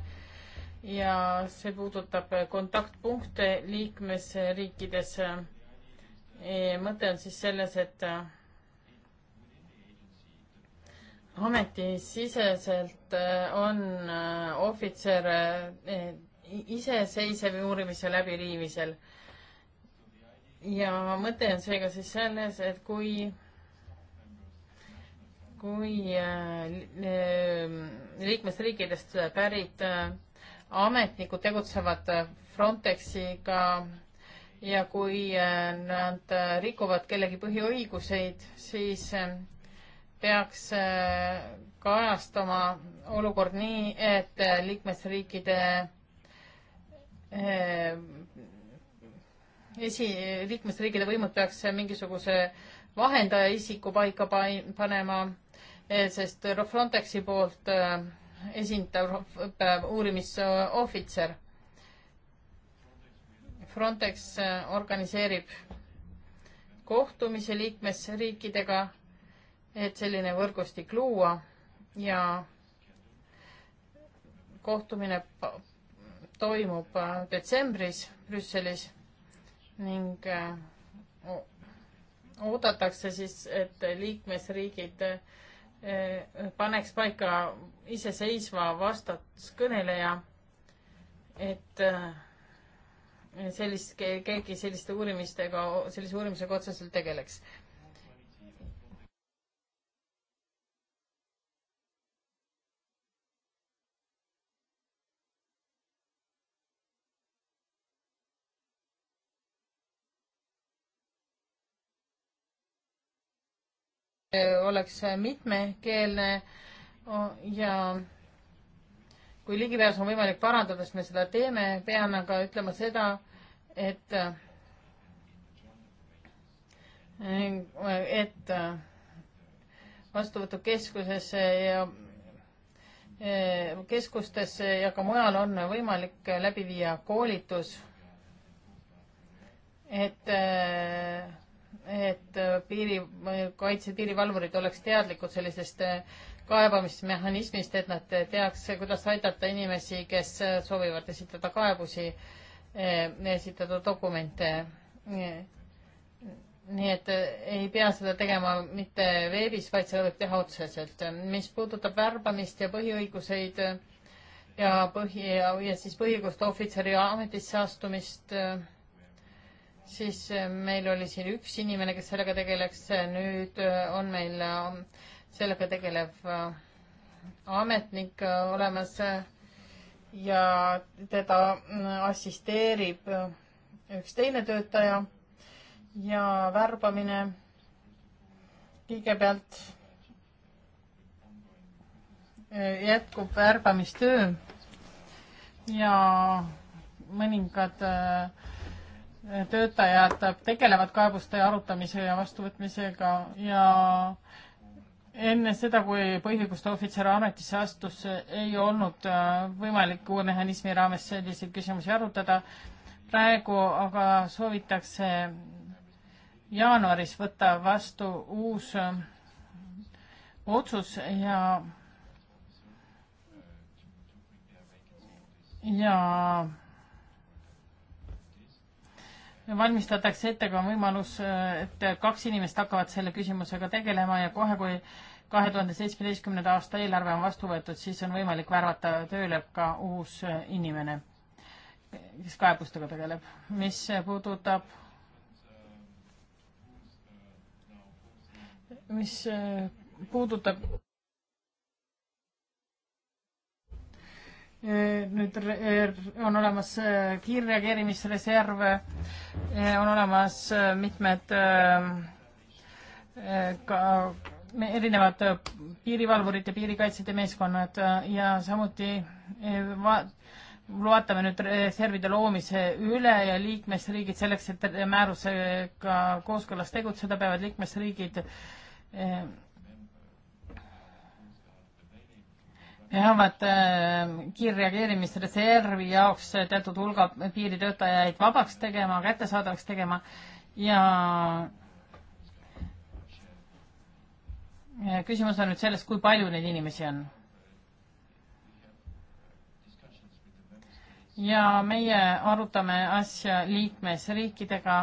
ja see puudutab kontaktpunkte liikmesriikides. E, mõte on siis selles, et äh, ametisiseselt äh, on äh, ohvitser iseseisev uurimise läbiviimisel. ja mõte on seega siis selles, et kui kui liikmesriikidest pärit ametnikud tegutsevad äh, Frontexiga ja kui äh, nad äh, rikuvad kellegi põhiõiguseid, siis peaks kajastama olukord nii, et liikmesriikide esi, liikmesriikide võimud peaks mingisuguse vahendaja isiku paika panema, sest Frontexi poolt äh, esindav uurimisohvitser. Frontex äh, organiseerib kohtumise liikmesriikidega, et selline võrgustik luua ja kohtumine toimub äh, detsembris Brüsselis ning äh, oodatakse siis, et liikmesriigid äh, Eh, paneks paika iseseisva vastutuskõneleja, et eh, sellist, keegi selliste uurimistega, sellise uurimisega otseselt tegeleks. oleks mitmekeelne ja kui ligipääs on võimalik parandada, siis me seda teeme, pean aga ütlema seda, et et vastuvõtukeskusesse ja e, keskustesse ja ka mujal on võimalik läbi viia koolitus, et et äh, piiri, äh, kaitse- ja piirivalvurid oleks teadlikud sellisest äh, kaebamismehhanismist, et nad teaks, kuidas aidata inimesi, kes soovivad esitada kaebusi, esitada dokumente. nii et ei pea seda tegema mitte veebis, vaid seda võib teha otseselt. mis puudutab värbamist ja põhiõiguseid ja põhi ja, ja siis põhiõiguste ohvitseri ametisse astumist siis eh, meil oli siin üks inimene, kes sellega tegeleks, nüüd eh, on meil eh, sellega tegelev ametnik olemas ja teda mm, assisteerib üks teine töötaja ja värbamine kõigepealt jätkub värbamistöö ja mõningad äh, töötajad tegelevad kaebuste arutamise ja vastuvõtmisega ja enne seda, kui põhiõiguste ohvitser ametisse astus, ei olnud äh, võimalik uue mehhanismi raames selliseid küsimusi arutada. praegu aga soovitakse jaanuaris võtta vastu uus äh, otsus ja ja valmistatakse ette ka võimalus, et kaks inimest hakkavad selle küsimusega tegelema ja kohe, kui kahe tuhande seitsmeteistkümnenda aasta eelarve on vastu võetud, siis on võimalik värvata tööle ka uus inimene, kes kaebustega tegeleb. mis puudutab mis puudutab nüüd er-, on olemas äh, kiirreageerimisreserv, äh, on olemas äh, mitmed ka erinevad piirivalvurid ja piirikaitsjate meeskonnad ja samuti vaatame nüüd reservide loomise üle ja liikmesriigid selleks, et määrusega kooskõlas tegutseda, peavad liikmesriigid peavad ähm, kiirreageerimisreservi jaoks teatud hulga piiritöötajaid vabaks tegema, kättesaadavaks tegema ja küsimus on nüüd selles, kui palju neid inimesi on. ja meie arutame asja liikmesriikidega,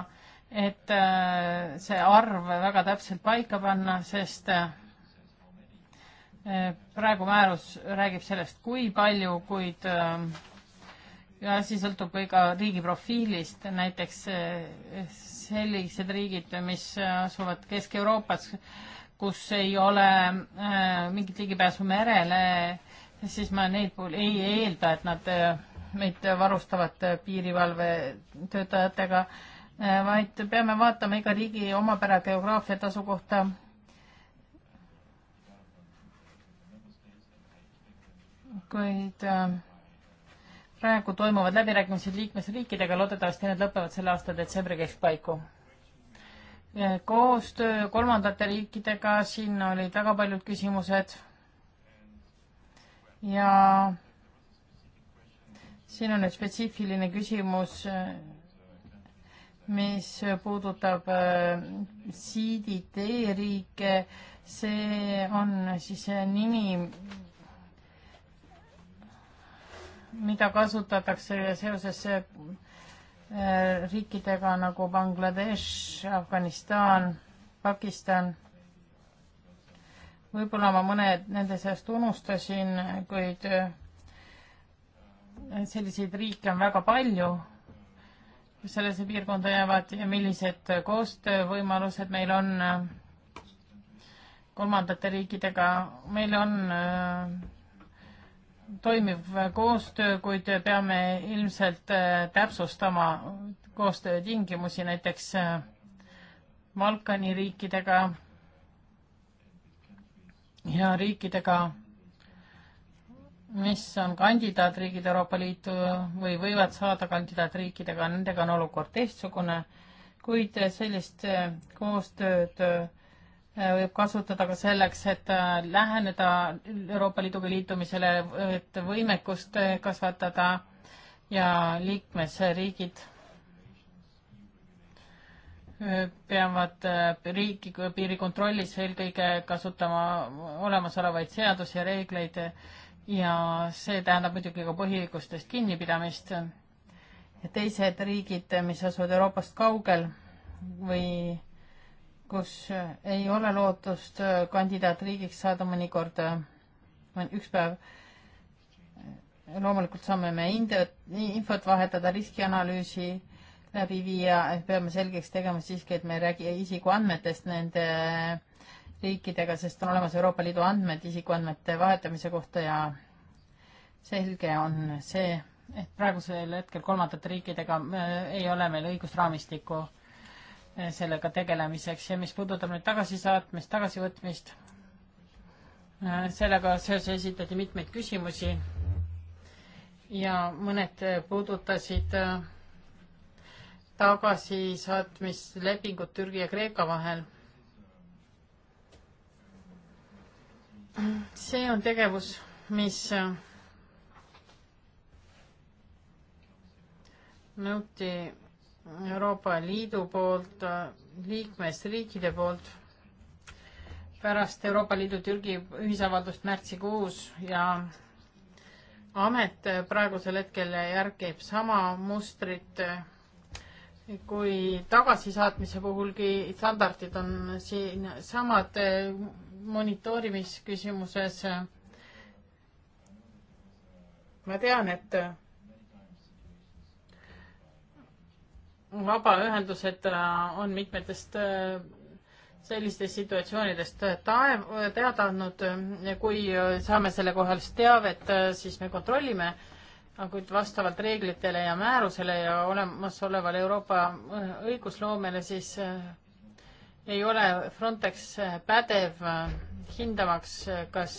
et äh, see arv väga täpselt paika panna, sest äh, praegu määrus räägib sellest, kui palju, kuid ähm, ja asi sõltub ka iga riigi profiilist, näiteks äh, sellised riigid, mis asuvad Kesk-Euroopas, kus ei ole äh, mingit ligipääsu merele, siis ma neid puhul ei eelda, et nad äh, meid varustavad piirivalvetöötajatega, vaid peame vaatama iga riigi omapära geograafia tasu kohta kuid äh, praegu toimuvad läbirääkimised liikmesriikidega, loodetavasti need lõpevad selle aasta detsembri keskpaiku. koostöö kolmandate riikidega, siin olid väga paljud küsimused ja siin on nüüd spetsiifiline küsimus, mis puudutab siidid äh, e-riike, see on siis äh, nimi mida kasutatakse seoses äh, riikidega nagu Bangladesh, Afganistan, Pakistan. võib-olla ma mõned nende seast unustasin, kuid äh, selliseid riike on väga palju, mis sellesse piirkonda jäävad ja millised koostöövõimalused meil on äh, kolmandate riikidega. meil on toimiv koostöö, kuid peame ilmselt äh, täpsustama koostöötingimusi näiteks äh, Balkani riikidega ja riikidega, mis on kandidaatriigid Euroopa Liitu või võivad saada kandidaatriikidega, nendega on olukord teistsugune, kuid sellist äh, koostööd Äh, võib kasutada ka selleks, et äh, läheneda Euroopa Liiduga liitumisele, et võimekust äh, kasvatada ja liikmesriigid peavad riigi piirikontrollis eelkõige kasutama olemasolevaid seadusi ja reegleid ja see tähendab muidugi ka põhiõigustest kinnipidamist. teised riigid, mis asuvad Euroopast kaugel või kus äh, ei ole lootust äh, kandidaatriigiks saada mõnikord, äh, üks päev. loomulikult saame me Indiat, infot vahetada, riskianalüüsi läbi viia, peame selgeks tegema siiski, et me ei räägi isikuandmetest nende riikidega, sest on olemas Euroopa Liidu andmed isikuandmete vahetamise kohta ja selge on see, et praegusel hetkel kolmandate riikidega ei ole meil õigusraamistikku Eh, sellega tegelemiseks ja mis puudutab nüüd tagasisaatmist, tagasivõtmist, eh, sellega seoses esitati mitmeid küsimusi ja mõned eh, puudutasid tagasisaatmislepingut Türgi ja Kreeka vahel. see on tegevus, mis nõuti Euroopa Liidu poolt, liikmesriikide poolt pärast Euroopa Liidu Türgi ühisavaldust märtsikuus ja amet praegusel hetkel järgib sama mustrit kui tagasisaatmise puhulgi standardid on siin samad monitoorimisküsimuses. ma tean, et vabaühendused äh, on mitmetest äh, sellistest situatsioonidest äh, taev-, teada andnud ja kui saame sellekohalist teavet, siis me kontrollime, kuid vastavalt reeglitele ja määrusele ja olemasolevale Euroopa õigusloomele, siis ei ole Frontex pädev hindamaks, kas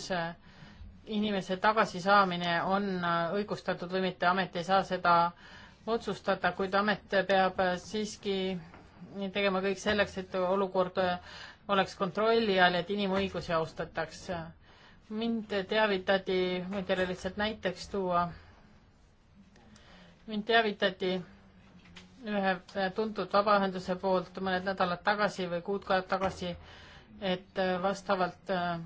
inimese tagasisaamine on õigustatud või mitte, amet ei saa seda äh, otsustada, kuid amet peab siiski tegema kõik selleks, et olukord oleks kontrolli all, et inimõigusi austataks. mind teavitati, võin teile lihtsalt näiteks tuua, mind teavitati ühe tuntud vabaühenduse poolt mõned nädalad tagasi või kuud tagasi, et vastavalt äh,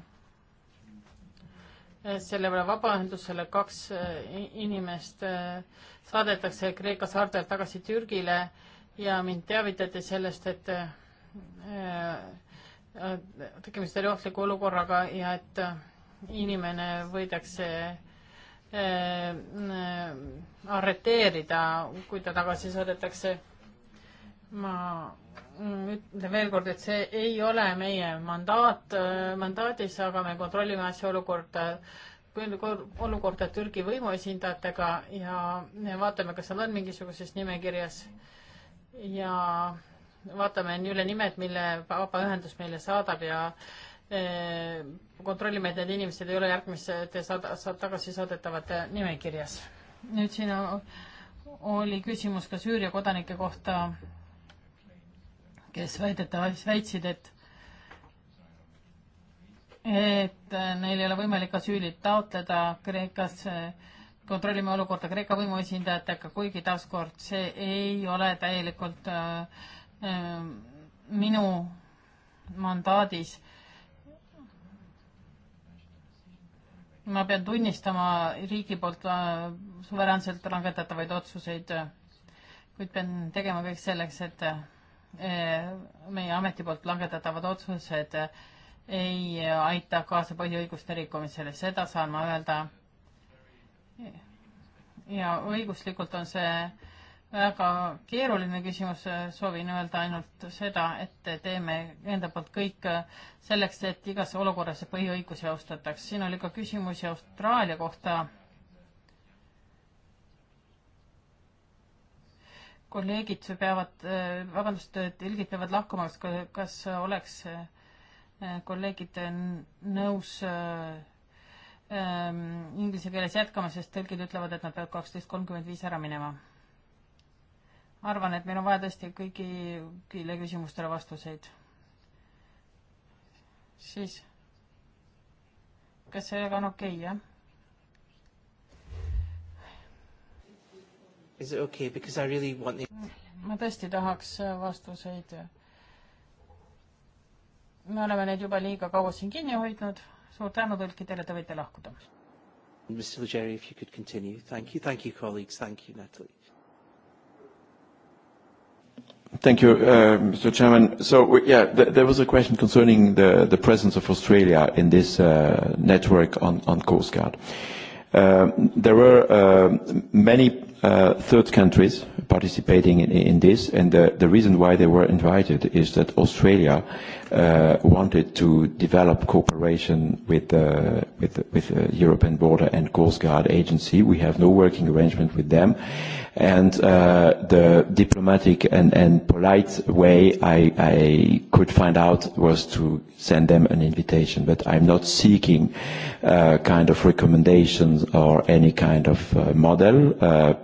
sellele vabaühendusele kaks äh, inimest äh, saadetakse Kreeka saartelt tagasi Türgile ja mind teavitati sellest, et äh, tegemist oli ohtliku olukorraga ja et inimene võidakse arreteerida, kui ta tagasi saadetakse. ma Mm, ütlen veel kord, et see ei ole meie mandaat, äh, mandaadis, aga me kontrollime asja olukorda, olukorda Türgi võimuesindajatega ja vaatame, kas nad on mingisuguses nimekirjas ja vaatame üle nimed, mille vabaühendus meile saadab ja äh, kontrollime, et need inimesed ei ole järgmiste saada, saada tagasisaadetavate nimekirjas. nüüd siin oli küsimus ka Süüria kodanike kohta kes väidetavalt väitsid, et et neil ei ole võimalik asüüli taotleda Kreekas. kontrollime olukorda Kreeka võimuesindajatega, kuigi taaskord see ei ole täielikult äh, äh, minu mandaadis. ma pean tunnistama riigi poolt äh, suveräänselt langetatavaid otsuseid, kuid pean tegema kõik selleks, et äh, Äh, meie ameti poolt langetatavad otsused ei aita kaasa põhiõiguste rikkumisele, seda saan ma öelda. ja õiguslikult on see väga keeruline küsimus, soovin öelda ainult seda, et teeme enda poolt kõik selleks, et igas olukorras põhiõigusi austataks. siin oli ka küsimusi Austraalia kohta kolleegid peavad, eh, vabandust, eh, tõlgid peavad lahkuma, kas, kas oleks eh, kolleegid nõus ähm, inglise keeles jätkama, sest tõlgid ütlevad, et nad peavad kaksteist kolmkümmend viis ära minema. arvan, et meil on vaja tõesti kõigi, kõigile küsimustele vastuseid. siis, kas sellega on okei okay,, jah? Is it okay? Because I really want the... ma tõesti tahaks äh, vastuseid. me oleme neid juba liiga kaua siin kinni hoidnud. suur tänu tõlkidele, te võite lahkuda. Mr Legeri, if you could continue. Thank you, thank you colleagues, thank you Natalie. Thank you, uh, Mr. Chairman. So, yeah, th there was a question concerning the, the presence of Australia in this uh, network on, on Coast Guard. Uh, there were uh, many uh, third countries participating in, in this, and the, the reason why they were invited is that Australia uh, wanted to develop cooperation with uh, with with uh, European Border and Coast Guard Agency. We have no working arrangement with them, and uh, the diplomatic and, and polite way I, I could find out was to send them an invitation. But I'm not seeking uh, kind of recommendations or any kind of uh, model. Uh,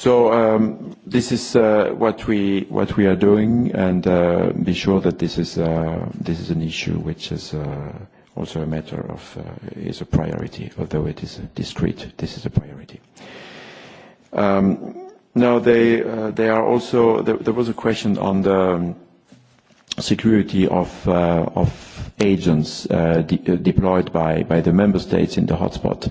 So um, this is uh, what we what we are doing, and uh, be sure that this is uh, this is an issue which is uh, also a matter of uh, is a priority, although it is discrete. This is a priority. Um, now they uh, they are also there, there was a question on the um, security of uh, of agents uh, de- uh, deployed by by the member states in the hotspot. Uh,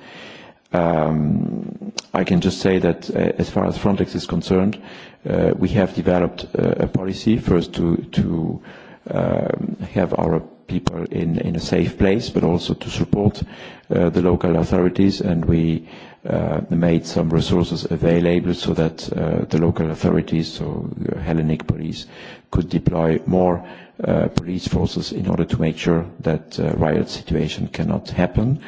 Um, I can just say that uh, as far as Frontex is concerned, uh, we have developed uh, a policy first to, to um, have our people in, in a safe place, but also to support uh, the local authorities. And we uh, made some resources available so that uh, the local authorities, so Hellenic police, could deploy more uh, police forces in order to make sure that uh, riot situation cannot happen. Uh,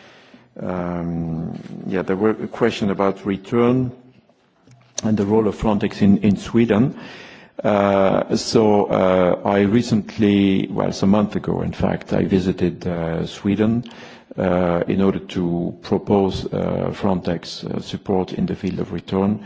Um, yeah, there were a question about return and the role of Frontex in, in Sweden. Uh, so uh, I recently, well, some month ago, in fact, I visited uh, Sweden uh, in order to propose uh, Frontex uh, support in the field of return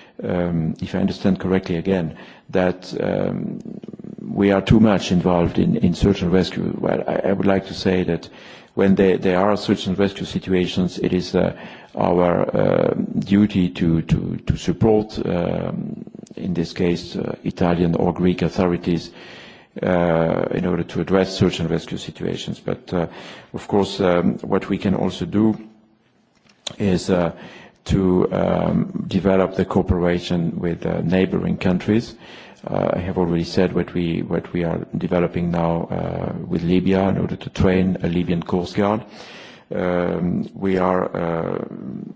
um, if I understand correctly again, that um, we are too much involved in, in search and rescue. Well, I, I would like to say that when there, there are search and rescue situations, it is uh, our uh, duty to, to, to support, um, in this case, uh, Italian or Greek authorities uh, in order to address search and rescue situations. But, uh, of course, um, what we can also do is uh, to um, develop the cooperation with uh, neighboring countries. Uh, I have already said what we, what we are developing now uh, with Libya in order to train a Libyan Coast Guard. Um, we are uh,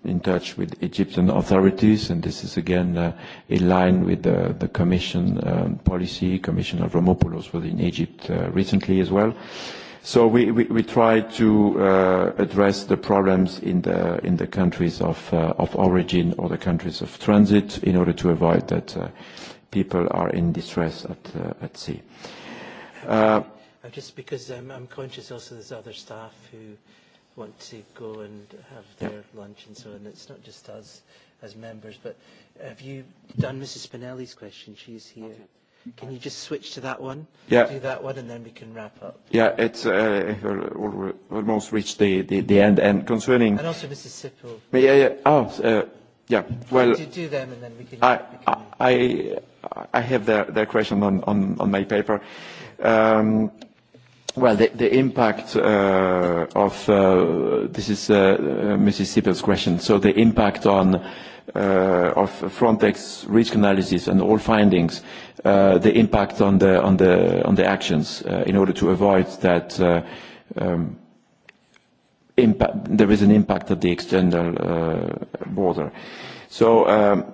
in touch with Egyptian authorities, and this is again uh, in line with the, the commission um, policy, Commissioner Avramopoulos was in Egypt uh, recently as well. Uh, So we, we, we try to uh, address the problems in the, in the countries of, uh, of origin or the countries of transit in order to avoid that uh, people are in distress at, uh, at sea. Uh, uh just because I'm, I'm conscious also there's other staff who want to go and have their yeah. lunch and so on. It's not just us as members, but have you done Mrs. Spinelli's question? She's here. Okay. Can you just switch to that one? Yeah. Do that one, and then we can wrap up. Yeah, it's uh, almost reached the, the, the end. And concerning- And also Mrs. Sippel. Yeah, uh, yeah. Oh, uh, yeah. Well- Do, do them, and then we can- I, we can... I, I have their, their question on, on, on my paper. Um, well, the, the impact uh, of... Uh, this is uh, Mrs. Sippel's question. So the impact on uh, of Frontex risk analysis and all findings, uh, the impact on the on the on the actions uh, in order to avoid that uh, um, impact. There is an impact at the external uh, border. So. Um,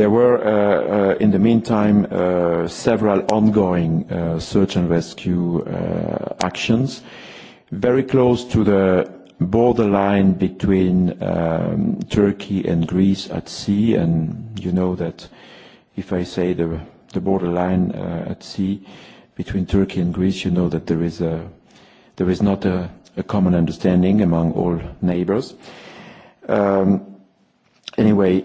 There were, uh, uh, in the meantime, uh, several ongoing search and rescue actions very close to the borderline between um, Turkey and Greece at sea, and you know that if I say the, the borderline uh, at sea between Turkey and Greece, you know that there is, a, there is not a, a common understanding among all neighbors. Um, anyway,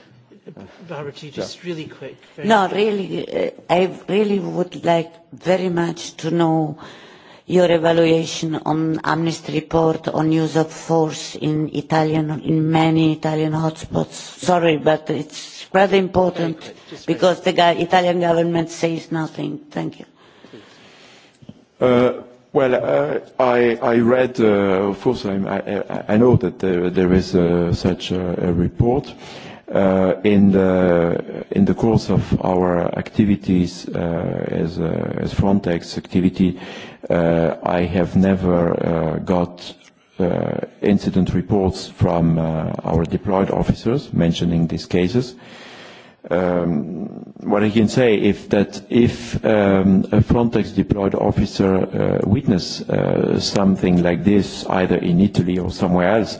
Baruti, just really quick. No, quick. really, uh, I really would like very much to know your evaluation on Amnesty report on use of force in Italian, in many Italian hotspots. Sorry, but it's rather important very quick, because quick. the Italian government says nothing. Thank you. Uh, Well, uh, I, I read, uh, of course, I, I, I know that there, there is uh, such a, a report. Uh, Uh, in the in the course of our activities uh, as a, uh, as Frontex activity, uh, I have never uh, got uh, incident reports from our deployed officers mentioning these cases. Um, what I can say is that if um, a Frontex deployed officer witness something like this, either in Italy or somewhere else,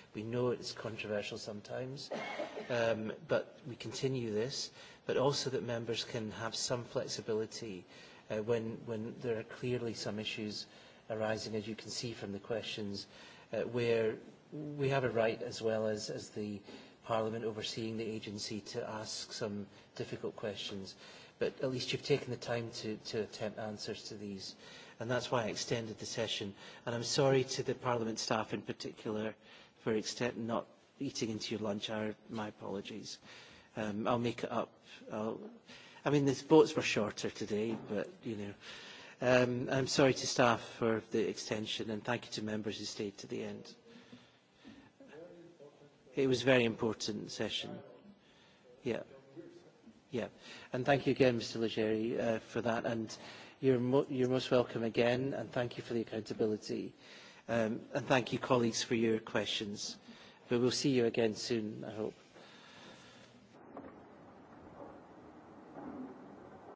We know it's controversial sometimes, um, but we continue this, but also that members can have some flexibility uh, when, when there are clearly some issues arising, as you can see from the questions, uh, where we have a right as well as, as the Parliament overseeing the agency to ask some difficult questions. But at least you've taken the time to, to attempt answers to these. And that's why I extended the session. And I'm sorry to the Parliament staff in particular for extent not eating into your lunch hour, my apologies. Um, I'll make it up. I'll, I mean, the votes were shorter today, but, you know. Um, I'm sorry to staff for the extension, and thank you to members who stayed to the end. It was a very important session. Yeah. Yeah. And thank you again, Mr. Legeri, uh, for that. And you're, mo you're most welcome again, and thank you for the accountability. Uh, Um, and thank you, colleagues, for your questions. But we'll see you again soon, I hope.